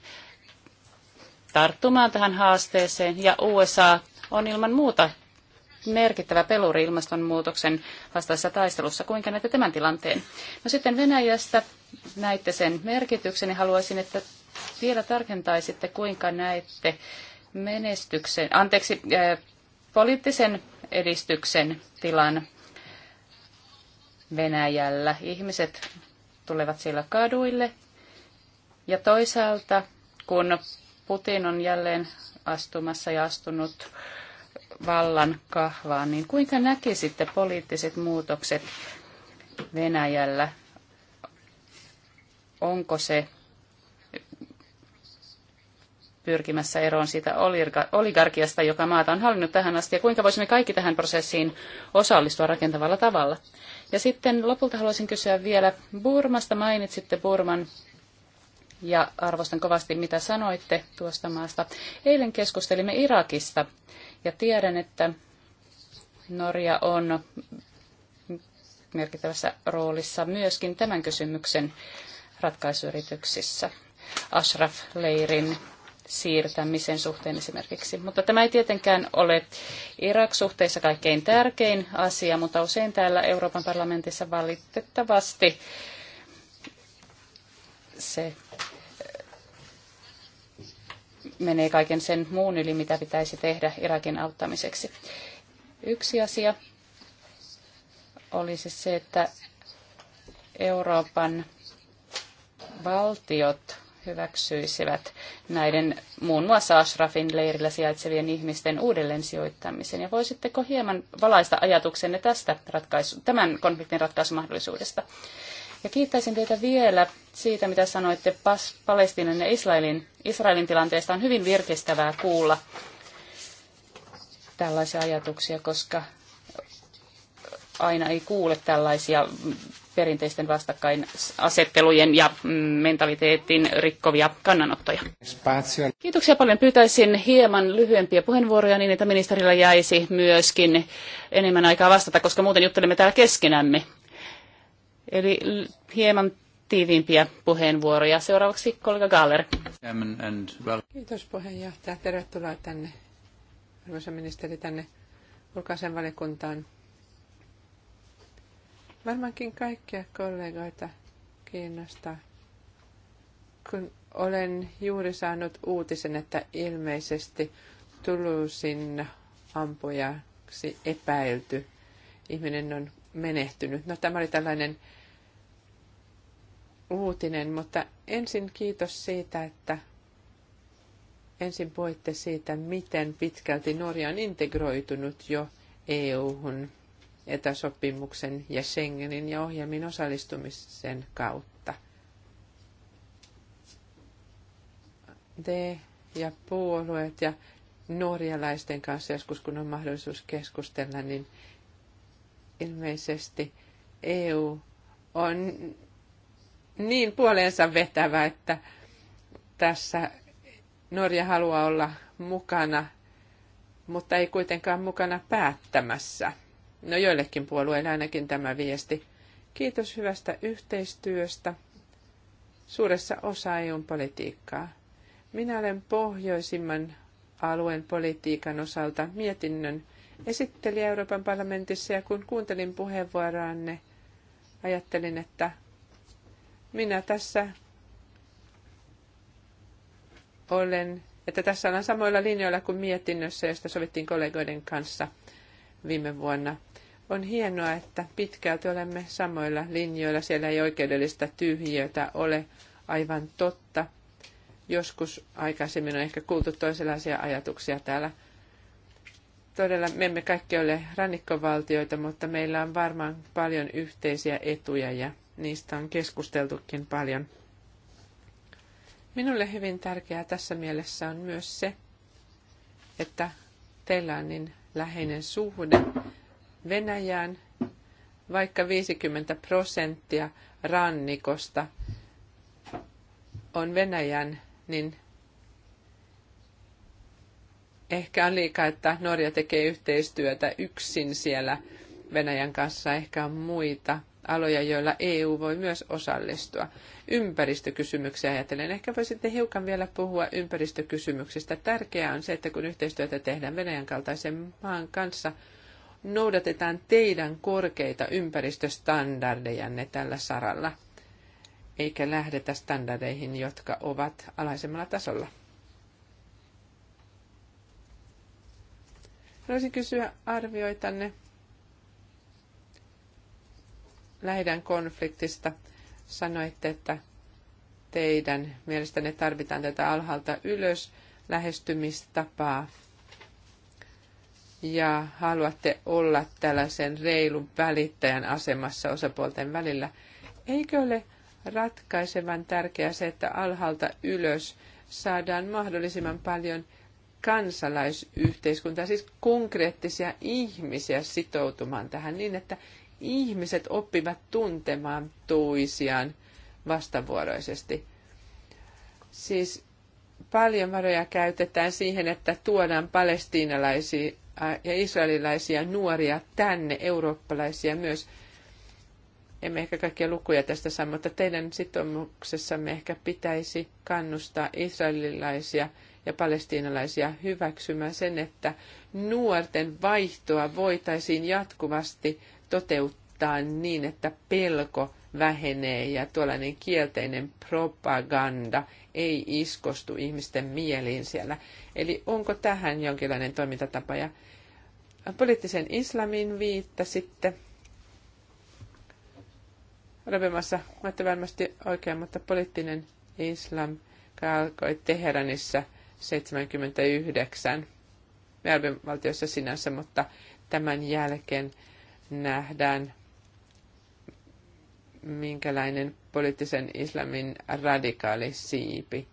tarttumaan tähän haasteeseen ja USA on ilman muuta merkittävä peluri ilmastonmuutoksen vastaisessa taistelussa. Kuinka näette tämän tilanteen? No sitten Venäjästä näitte sen merkityksen ja haluaisin, että vielä tarkentaisitte, kuinka näette menestyksen, anteeksi, äh, poliittisen edistyksen tilan Venäjällä. Ihmiset tulevat siellä kaduille ja toisaalta kun Putin on jälleen astumassa ja astunut vallan kahvaan, niin kuinka näkisitte poliittiset muutokset Venäjällä? Onko se pyrkimässä eroon siitä oligarkiasta, joka maata on hallinnut tähän asti, ja kuinka voisimme kaikki tähän prosessiin osallistua rakentavalla tavalla. Ja sitten lopulta haluaisin kysyä vielä Burmasta. Mainitsitte Burman ja arvostan kovasti, mitä sanoitte tuosta maasta. Eilen keskustelimme Irakista ja tiedän, että Norja on merkittävässä roolissa myöskin tämän kysymyksen ratkaisuyrityksissä. Ashraf-leirin siirtämisen suhteen esimerkiksi. Mutta tämä ei tietenkään ole Irak-suhteissa kaikkein tärkein asia, mutta usein täällä Euroopan parlamentissa valitettavasti se eh, menee kaiken sen muun yli, mitä pitäisi tehdä Irakin auttamiseksi. Yksi asia olisi se, että Euroopan valtiot hyväksyisivät näiden muun muassa Ashrafin leirillä sijaitsevien ihmisten uudelleen sijoittamisen. Ja voisitteko hieman valaista ajatuksenne tästä ratkaisu, tämän konfliktin ratkaisumahdollisuudesta? Ja kiittäisin teitä vielä siitä, mitä sanoitte Pas, Palestinan ja Israelin, Israelin tilanteesta. On hyvin virkistävää kuulla tällaisia ajatuksia, koska aina ei kuule tällaisia perinteisten vastakkainasettelujen ja mentaliteetin rikkovia kannanottoja. Kiitoksia paljon. Pyytäisin hieman lyhyempiä puheenvuoroja niin, että ministerillä jäisi myöskin enemmän aikaa vastata, koska muuten juttelemme täällä keskenämme. Eli hieman tiiviimpiä puheenvuoroja. Seuraavaksi kollega Galler. Kiitos puheenjohtaja. Tervetuloa tänne, arvoisa ministeri, tänne ulkoisen valiokuntaan. Varmaankin kaikkia kollegoita kiinnostaa, kun olen juuri saanut uutisen, että ilmeisesti Tulusin ampujaksi epäilty ihminen on menehtynyt. No tämä oli tällainen uutinen, mutta ensin kiitos siitä, että ensin puhuitte siitä, miten pitkälti Norja on integroitunut jo EU-hun etäsopimuksen ja Schengenin ja ohjelmin osallistumisen kautta. Te ja puolueet ja norjalaisten kanssa joskus, kun on mahdollisuus keskustella, niin ilmeisesti EU on niin puoleensa vetävä, että tässä Norja haluaa olla mukana, mutta ei kuitenkaan mukana päättämässä – no joillekin puolueille ainakin tämä viesti. Kiitos hyvästä yhteistyöstä suuressa osa EUn politiikkaa. Minä olen pohjoisimman alueen politiikan osalta mietinnön esittelijä Euroopan parlamentissa ja kun kuuntelin puheenvuoroanne, ajattelin, että minä tässä olen, että tässä ollaan samoilla linjoilla kuin mietinnössä, josta sovittiin kollegoiden kanssa viime vuonna on hienoa, että pitkälti olemme samoilla linjoilla. Siellä ei oikeudellista tyhjiötä ole aivan totta. Joskus aikaisemmin on ehkä kuultu toisenlaisia ajatuksia täällä. Todella me emme kaikki ole rannikkovaltioita, mutta meillä on varmaan paljon yhteisiä etuja ja niistä on keskusteltukin paljon. Minulle hyvin tärkeää tässä mielessä on myös se, että teillä on niin läheinen suhde Venäjään, vaikka 50 prosenttia rannikosta on Venäjän, niin ehkä on liikaa, että Norja tekee yhteistyötä yksin siellä Venäjän kanssa, ehkä on muita aloja, joilla EU voi myös osallistua. Ympäristökysymyksiä ajatellen. Ehkä voisitte hiukan vielä puhua ympäristökysymyksistä. Tärkeää on se, että kun yhteistyötä tehdään Venäjän kaltaisen maan kanssa, noudatetaan teidän korkeita ympäristöstandardejanne tällä saralla, eikä lähdetä standardeihin, jotka ovat alaisemmalla tasolla. Haluaisin kysyä arvioitanne lähidän konfliktista. Sanoitte, että teidän mielestänne tarvitaan tätä alhaalta ylös lähestymistapaa ja haluatte olla tällaisen reilun välittäjän asemassa osapuolten välillä, eikö ole ratkaisevan tärkeää se, että alhaalta ylös saadaan mahdollisimman paljon kansalaisyhteiskuntaa, siis konkreettisia ihmisiä sitoutumaan tähän niin, että ihmiset oppivat tuntemaan toisiaan vastavuoroisesti. Siis paljon varoja käytetään siihen, että tuodaan palestiinalaisia ja israelilaisia nuoria tänne, eurooppalaisia myös. Emme ehkä kaikkia lukuja tästä saa, mutta teidän sitoumuksessamme ehkä pitäisi kannustaa israelilaisia ja palestiinalaisia hyväksymään sen, että nuorten vaihtoa voitaisiin jatkuvasti toteuttaa muuttaa niin, että pelko vähenee ja tuollainen kielteinen propaganda ei iskostu ihmisten mieliin siellä. Eli onko tähän jonkinlainen toimintatapa? Ja poliittisen islamin viitta sitten. Rabemassa, olette varmasti oikein, mutta poliittinen islam alkoi Teheranissa 79 Arabin valtiossa sinänsä, mutta tämän jälkeen nähdään minkälainen poliittisen islamin radikaali siipi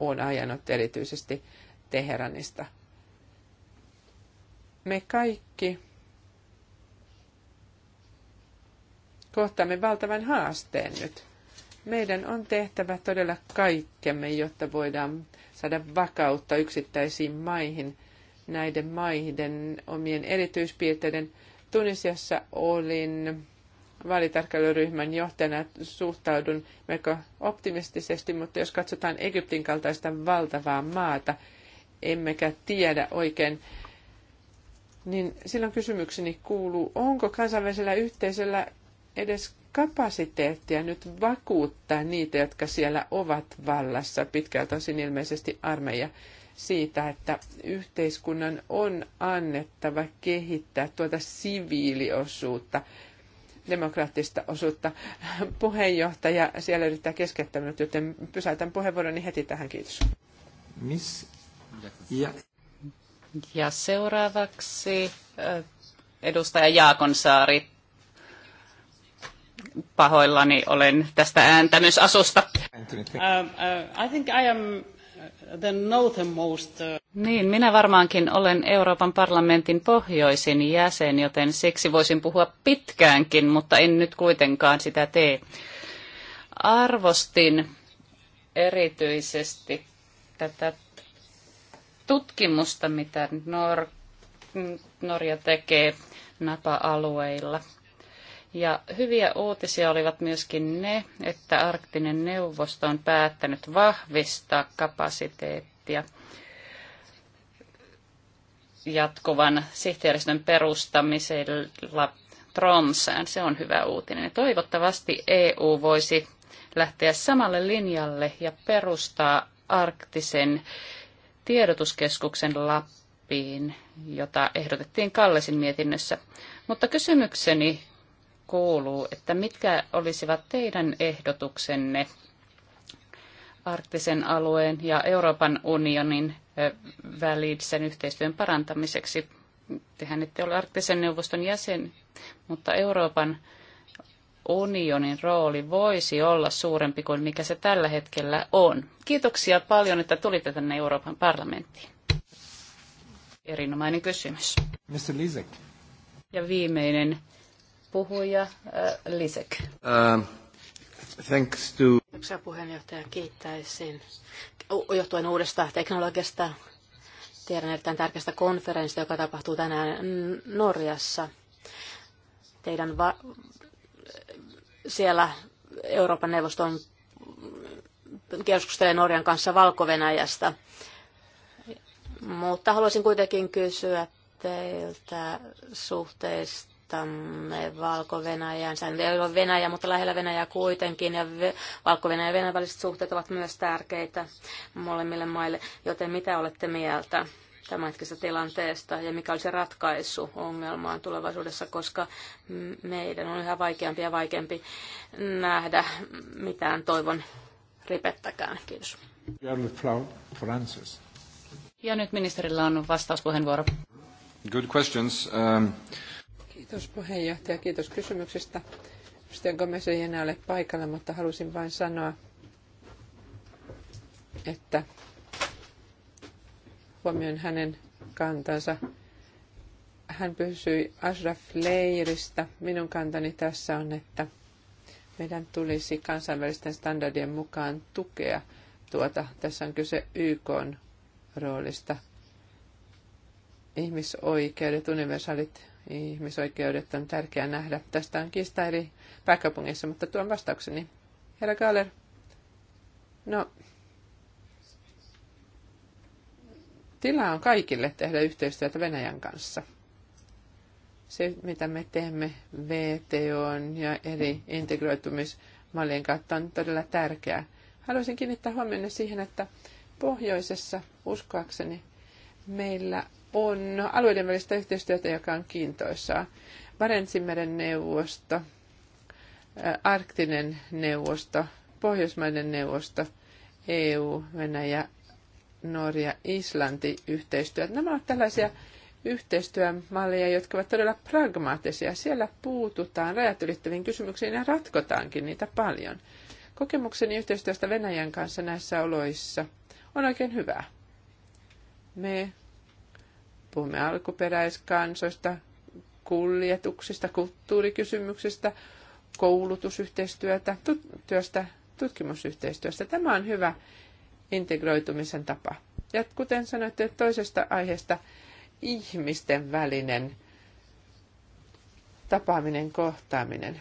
on ajanut erityisesti Teheranista. Me kaikki kohtaamme valtavan haasteen nyt. Meidän on tehtävä todella kaikkemme, jotta voidaan saada vakautta yksittäisiin maihin, näiden maiden omien erityispiirteiden. Tunisiassa olin vaalitarkkailuryhmän johtajana suhtaudun melko optimistisesti, mutta jos katsotaan Egyptin kaltaista valtavaa maata, emmekä tiedä oikein, niin silloin kysymykseni kuuluu, onko kansainvälisellä yhteisöllä edes kapasiteettia nyt vakuuttaa niitä, jotka siellä ovat vallassa, pitkältä osin ilmeisesti armeija, siitä, että yhteiskunnan on annettava kehittää tuota siviiliosuutta demokraattista osuutta. Puheenjohtaja siellä yrittää keskeyttää minut, joten pysäytän puheenvuoroni heti tähän. Kiitos. Miss? Ja. ja seuraavaksi äh, edustaja Jaakonsaari. Pahoillani olen tästä ääntämysasusta. Um, uh, I think I am the northernmost uh... Niin, minä varmaankin olen Euroopan parlamentin pohjoisin jäsen, joten siksi voisin puhua pitkäänkin, mutta en nyt kuitenkaan sitä tee. Arvostin erityisesti tätä tutkimusta, mitä Nor- Norja tekee napa-alueilla. Ja hyviä uutisia olivat myöskin ne, että arktinen neuvosto on päättänyt vahvistaa kapasiteettia jatkuvan sihteeristön perustamisella Tromsään. Se on hyvä uutinen. toivottavasti EU voisi lähteä samalle linjalle ja perustaa arktisen tiedotuskeskuksen Lappiin, jota ehdotettiin Kallesin mietinnössä. Mutta kysymykseni kuuluu, että mitkä olisivat teidän ehdotuksenne arktisen alueen ja Euroopan unionin välisen yhteistyön parantamiseksi. Tehän ette ole arktisen neuvoston jäsen, mutta Euroopan unionin rooli voisi olla suurempi kuin mikä se tällä hetkellä on. Kiitoksia paljon, että tulitte tänne Euroopan parlamenttiin. Erinomainen kysymys. Mr. Lisek. Ja viimeinen puhuja, äh, Lisek. Uh, thanks to... Kiitoksia puheenjohtaja. Kiittäisin johtuen uudesta teknologiasta. Tiedän erittäin tärkeästä konferenssista, joka tapahtuu tänään Norjassa. Teidän va- siellä Euroopan neuvoston keskustelee Norjan kanssa valko -Venäjästä. Mutta haluaisin kuitenkin kysyä teiltä suhteesta noudatamme Valko-Venäjän sääntöjä, ei ole Venäjä, mutta lähellä Venäjää kuitenkin, ja Valko-Venäjä ja Venäjän väliset suhteet ovat myös tärkeitä molemmille maille, joten mitä olette mieltä? hetkisestä tilanteesta ja mikä olisi ratkaisu ongelmaan tulevaisuudessa, koska meidän on yhä vaikeampi ja vaikeampi nähdä mitään toivon ripettäkään. Kiitos. Ja nyt ministerillä on vastauspuheenvuoro. Good questions. Um... Kiitos puheenjohtaja, kiitos kysymyksestä. Edustaja Gomez ei enää ole paikalla, mutta halusin vain sanoa, että huomioin hänen kantansa. Hän pysyi Ashraf Leiristä. Minun kantani tässä on, että meidän tulisi kansainvälisten standardien mukaan tukea tuota. Tässä on kyse YK roolista. Ihmisoikeudet, universaalit ihmisoikeudet on tärkeää nähdä. Tästä on kiista eri pääkaupungeissa, mutta tuon vastaukseni. Herra Kaaler, no tilaa on kaikille tehdä yhteistyötä Venäjän kanssa. Se, mitä me teemme VTO ja eri integroitumismallien kautta on todella tärkeää. Haluaisin kiinnittää huomioon siihen, että pohjoisessa uskoakseni meillä on alueiden välistä yhteistyötä, joka on kiintoisaa. Barentsinmeren neuvosto, Arktinen neuvosto, Pohjoismaiden neuvosto, EU, Venäjä, Norja, Islanti yhteistyöt. Nämä ovat tällaisia yhteistyömalleja, jotka ovat todella pragmaattisia. Siellä puututaan rajat ylittäviin kysymyksiin ja ratkotaankin niitä paljon. Kokemukseni yhteistyöstä Venäjän kanssa näissä oloissa on oikein hyvää. Me puhumme alkuperäiskansoista, kuljetuksista, kulttuurikysymyksistä, koulutusyhteistyötä, tut- työstä, tutkimusyhteistyöstä. Tämä on hyvä integroitumisen tapa. Ja kuten sanoitte toisesta aiheesta, ihmisten välinen tapaaminen, kohtaaminen.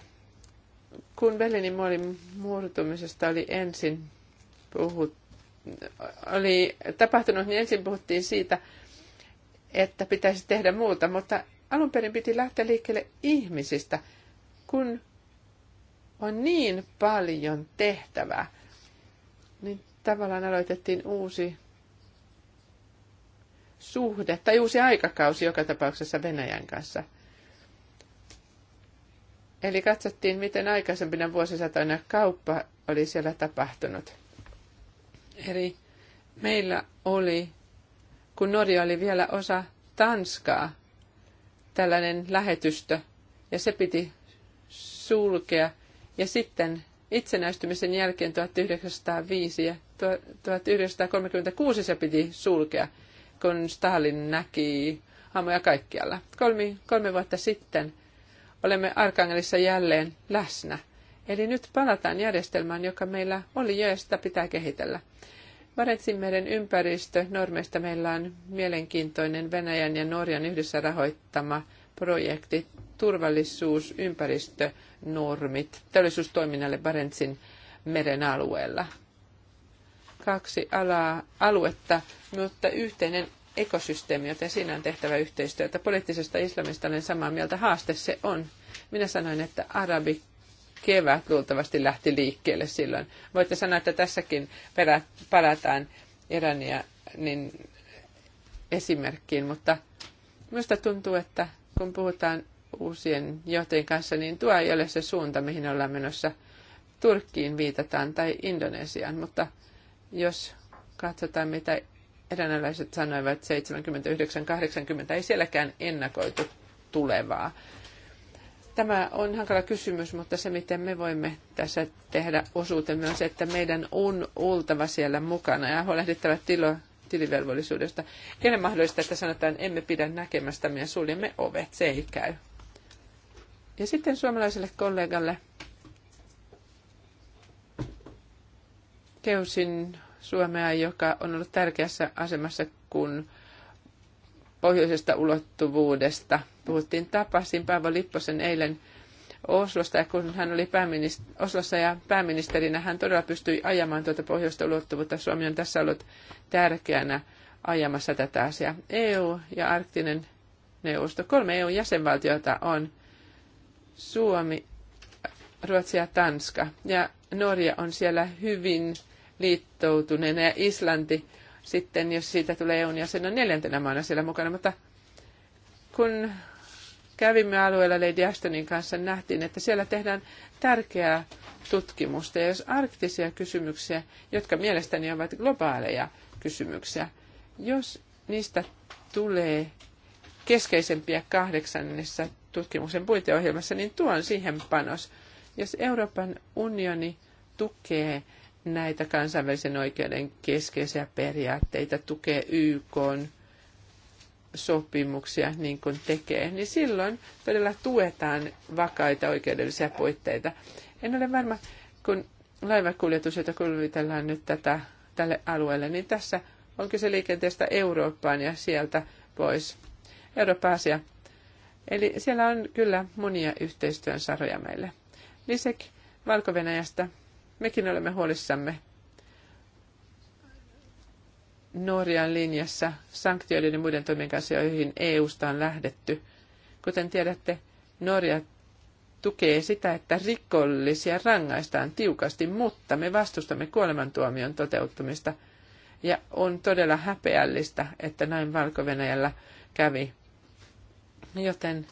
Kun Berliinin muodin murtumisesta oli ensin puhut, oli tapahtunut, niin ensin puhuttiin siitä, että pitäisi tehdä muuta, mutta alun perin piti lähteä liikkeelle ihmisistä, kun on niin paljon tehtävää, niin tavallaan aloitettiin uusi suhde tai uusi aikakausi joka tapauksessa Venäjän kanssa. Eli katsottiin, miten aikaisempina vuosisatoina kauppa oli siellä tapahtunut. Eli meillä oli kun Norja oli vielä osa Tanskaa, tällainen lähetystö, ja se piti sulkea. Ja sitten itsenäistymisen jälkeen 1905 ja 1936 se piti sulkea, kun Stalin näki haamuja kaikkialla. Kolme, kolme vuotta sitten olemme Arkangelissa jälleen läsnä. Eli nyt palataan järjestelmään, joka meillä oli ja sitä pitää kehitellä. Varetsinmeren ympäristönormeista meillä on mielenkiintoinen Venäjän ja Norjan yhdessä rahoittama projekti turvallisuus, ympäristönormit teollisuustoiminnalle Barentsin meren alueella. Kaksi alaa, aluetta, mutta yhteinen ekosysteemi, joten siinä on tehtävä yhteistyötä. Poliittisesta islamista olen samaa mieltä, haaste se on. Minä sanoin, että arabi kevät luultavasti lähti liikkeelle silloin. Voitte sanoa, että tässäkin palataan Irania niin esimerkkiin, mutta minusta tuntuu, että kun puhutaan uusien johtajien kanssa, niin tuo ei ole se suunta, mihin ollaan menossa. Turkkiin viitataan tai Indonesiaan, mutta jos katsotaan, mitä eräänalaiset sanoivat 79-80, ei sielläkään ennakoitu tulevaa. Tämä on hankala kysymys, mutta se miten me voimme tässä tehdä osuutemme on se, että meidän on oltava siellä mukana ja huolehdittava tilo, tilivelvollisuudesta. Kenen mahdollista, että sanotaan, emme pidä näkemästämme ja suljemme ovet, se ei käy. Ja sitten suomalaiselle kollegalle keusin Suomea, joka on ollut tärkeässä asemassa, kun pohjoisesta ulottuvuudesta – puhuttiin. Tapasin Paavo Lipposen eilen Oslosta ja kun hän oli pääminist- Oslossa ja pääministerinä, hän todella pystyi ajamaan tuota pohjoista ulottuvuutta. Suomi on tässä ollut tärkeänä ajamassa tätä asiaa. EU ja arktinen neuvosto. Kolme EU-jäsenvaltiota on Suomi, Ruotsi ja Tanska. Ja Norja on siellä hyvin liittoutuneena ja Islanti sitten, jos siitä tulee EU jäsen, on neljäntenä maana siellä mukana. Mutta kun kävimme alueella Lady Ashtonin kanssa, nähtiin, että siellä tehdään tärkeää tutkimusta. Ja jos arktisia kysymyksiä, jotka mielestäni ovat globaaleja kysymyksiä, jos niistä tulee keskeisempiä kahdeksannessa tutkimuksen puiteohjelmassa, niin tuon siihen panos. Jos Euroopan unioni tukee näitä kansainvälisen oikeuden keskeisiä periaatteita, tukee YK sopimuksia niin kuin tekee, niin silloin todella tuetaan vakaita oikeudellisia puitteita. En ole varma, kun laivakuljetus, jota kuljetellaan nyt tätä, tälle alueelle, niin tässä on kyse liikenteestä Eurooppaan ja sieltä pois. Eurooppa-asia. Eli siellä on kyllä monia yhteistyön saroja meille. Lisek Valko-Venäjästä. Mekin olemme huolissamme Norjan linjassa sanktioiden ja muiden toimien kanssa, joihin EUsta on lähdetty. Kuten tiedätte, Norja tukee sitä, että rikollisia rangaistaan tiukasti, mutta me vastustamme kuolemantuomion toteuttamista. Ja on todella häpeällistä, että näin valko kävi. Joten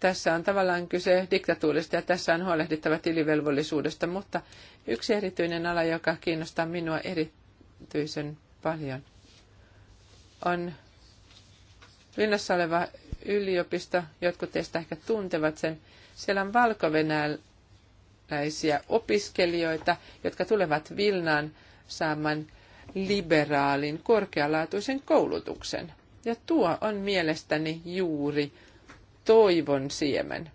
tässä on tavallaan kyse diktatuurista ja tässä on huolehdittava tilivelvollisuudesta, mutta yksi erityinen ala, joka kiinnostaa minua erittäin, erityisen paljon, on linnassa oleva yliopisto, jotkut teistä ehkä tuntevat sen. Siellä on valko opiskelijoita, jotka tulevat Vilnaan saamaan liberaalin korkealaatuisen koulutuksen. Ja tuo on mielestäni juuri toivon siemen.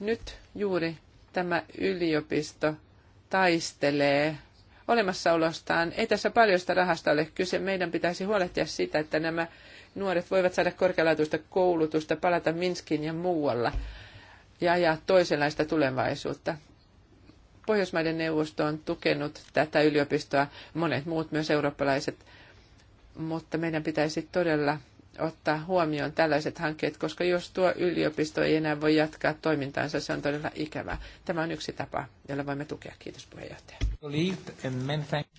Nyt juuri tämä yliopisto taistelee olemassaolostaan. Ei tässä paljosta rahasta ole kyse. Meidän pitäisi huolehtia siitä, että nämä nuoret voivat saada korkealaatuista koulutusta, palata Minskin ja muualla ja ajaa toisenlaista tulevaisuutta. Pohjoismaiden neuvosto on tukenut tätä yliopistoa, monet muut myös eurooppalaiset, mutta meidän pitäisi todella ottaa huomioon tällaiset hankkeet, koska jos tuo yliopisto ei enää voi jatkaa toimintaansa, se on todella ikävää. Tämä on yksi tapa, jolla voimme tukea. Kiitos puheenjohtaja.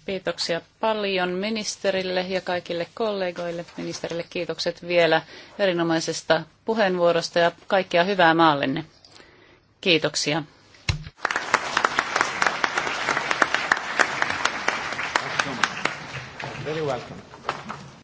Kiitoksia paljon ministerille ja kaikille kollegoille. Ministerille kiitokset vielä erinomaisesta puheenvuorosta ja kaikkea hyvää maallenne. Kiitoksia. Very welcome.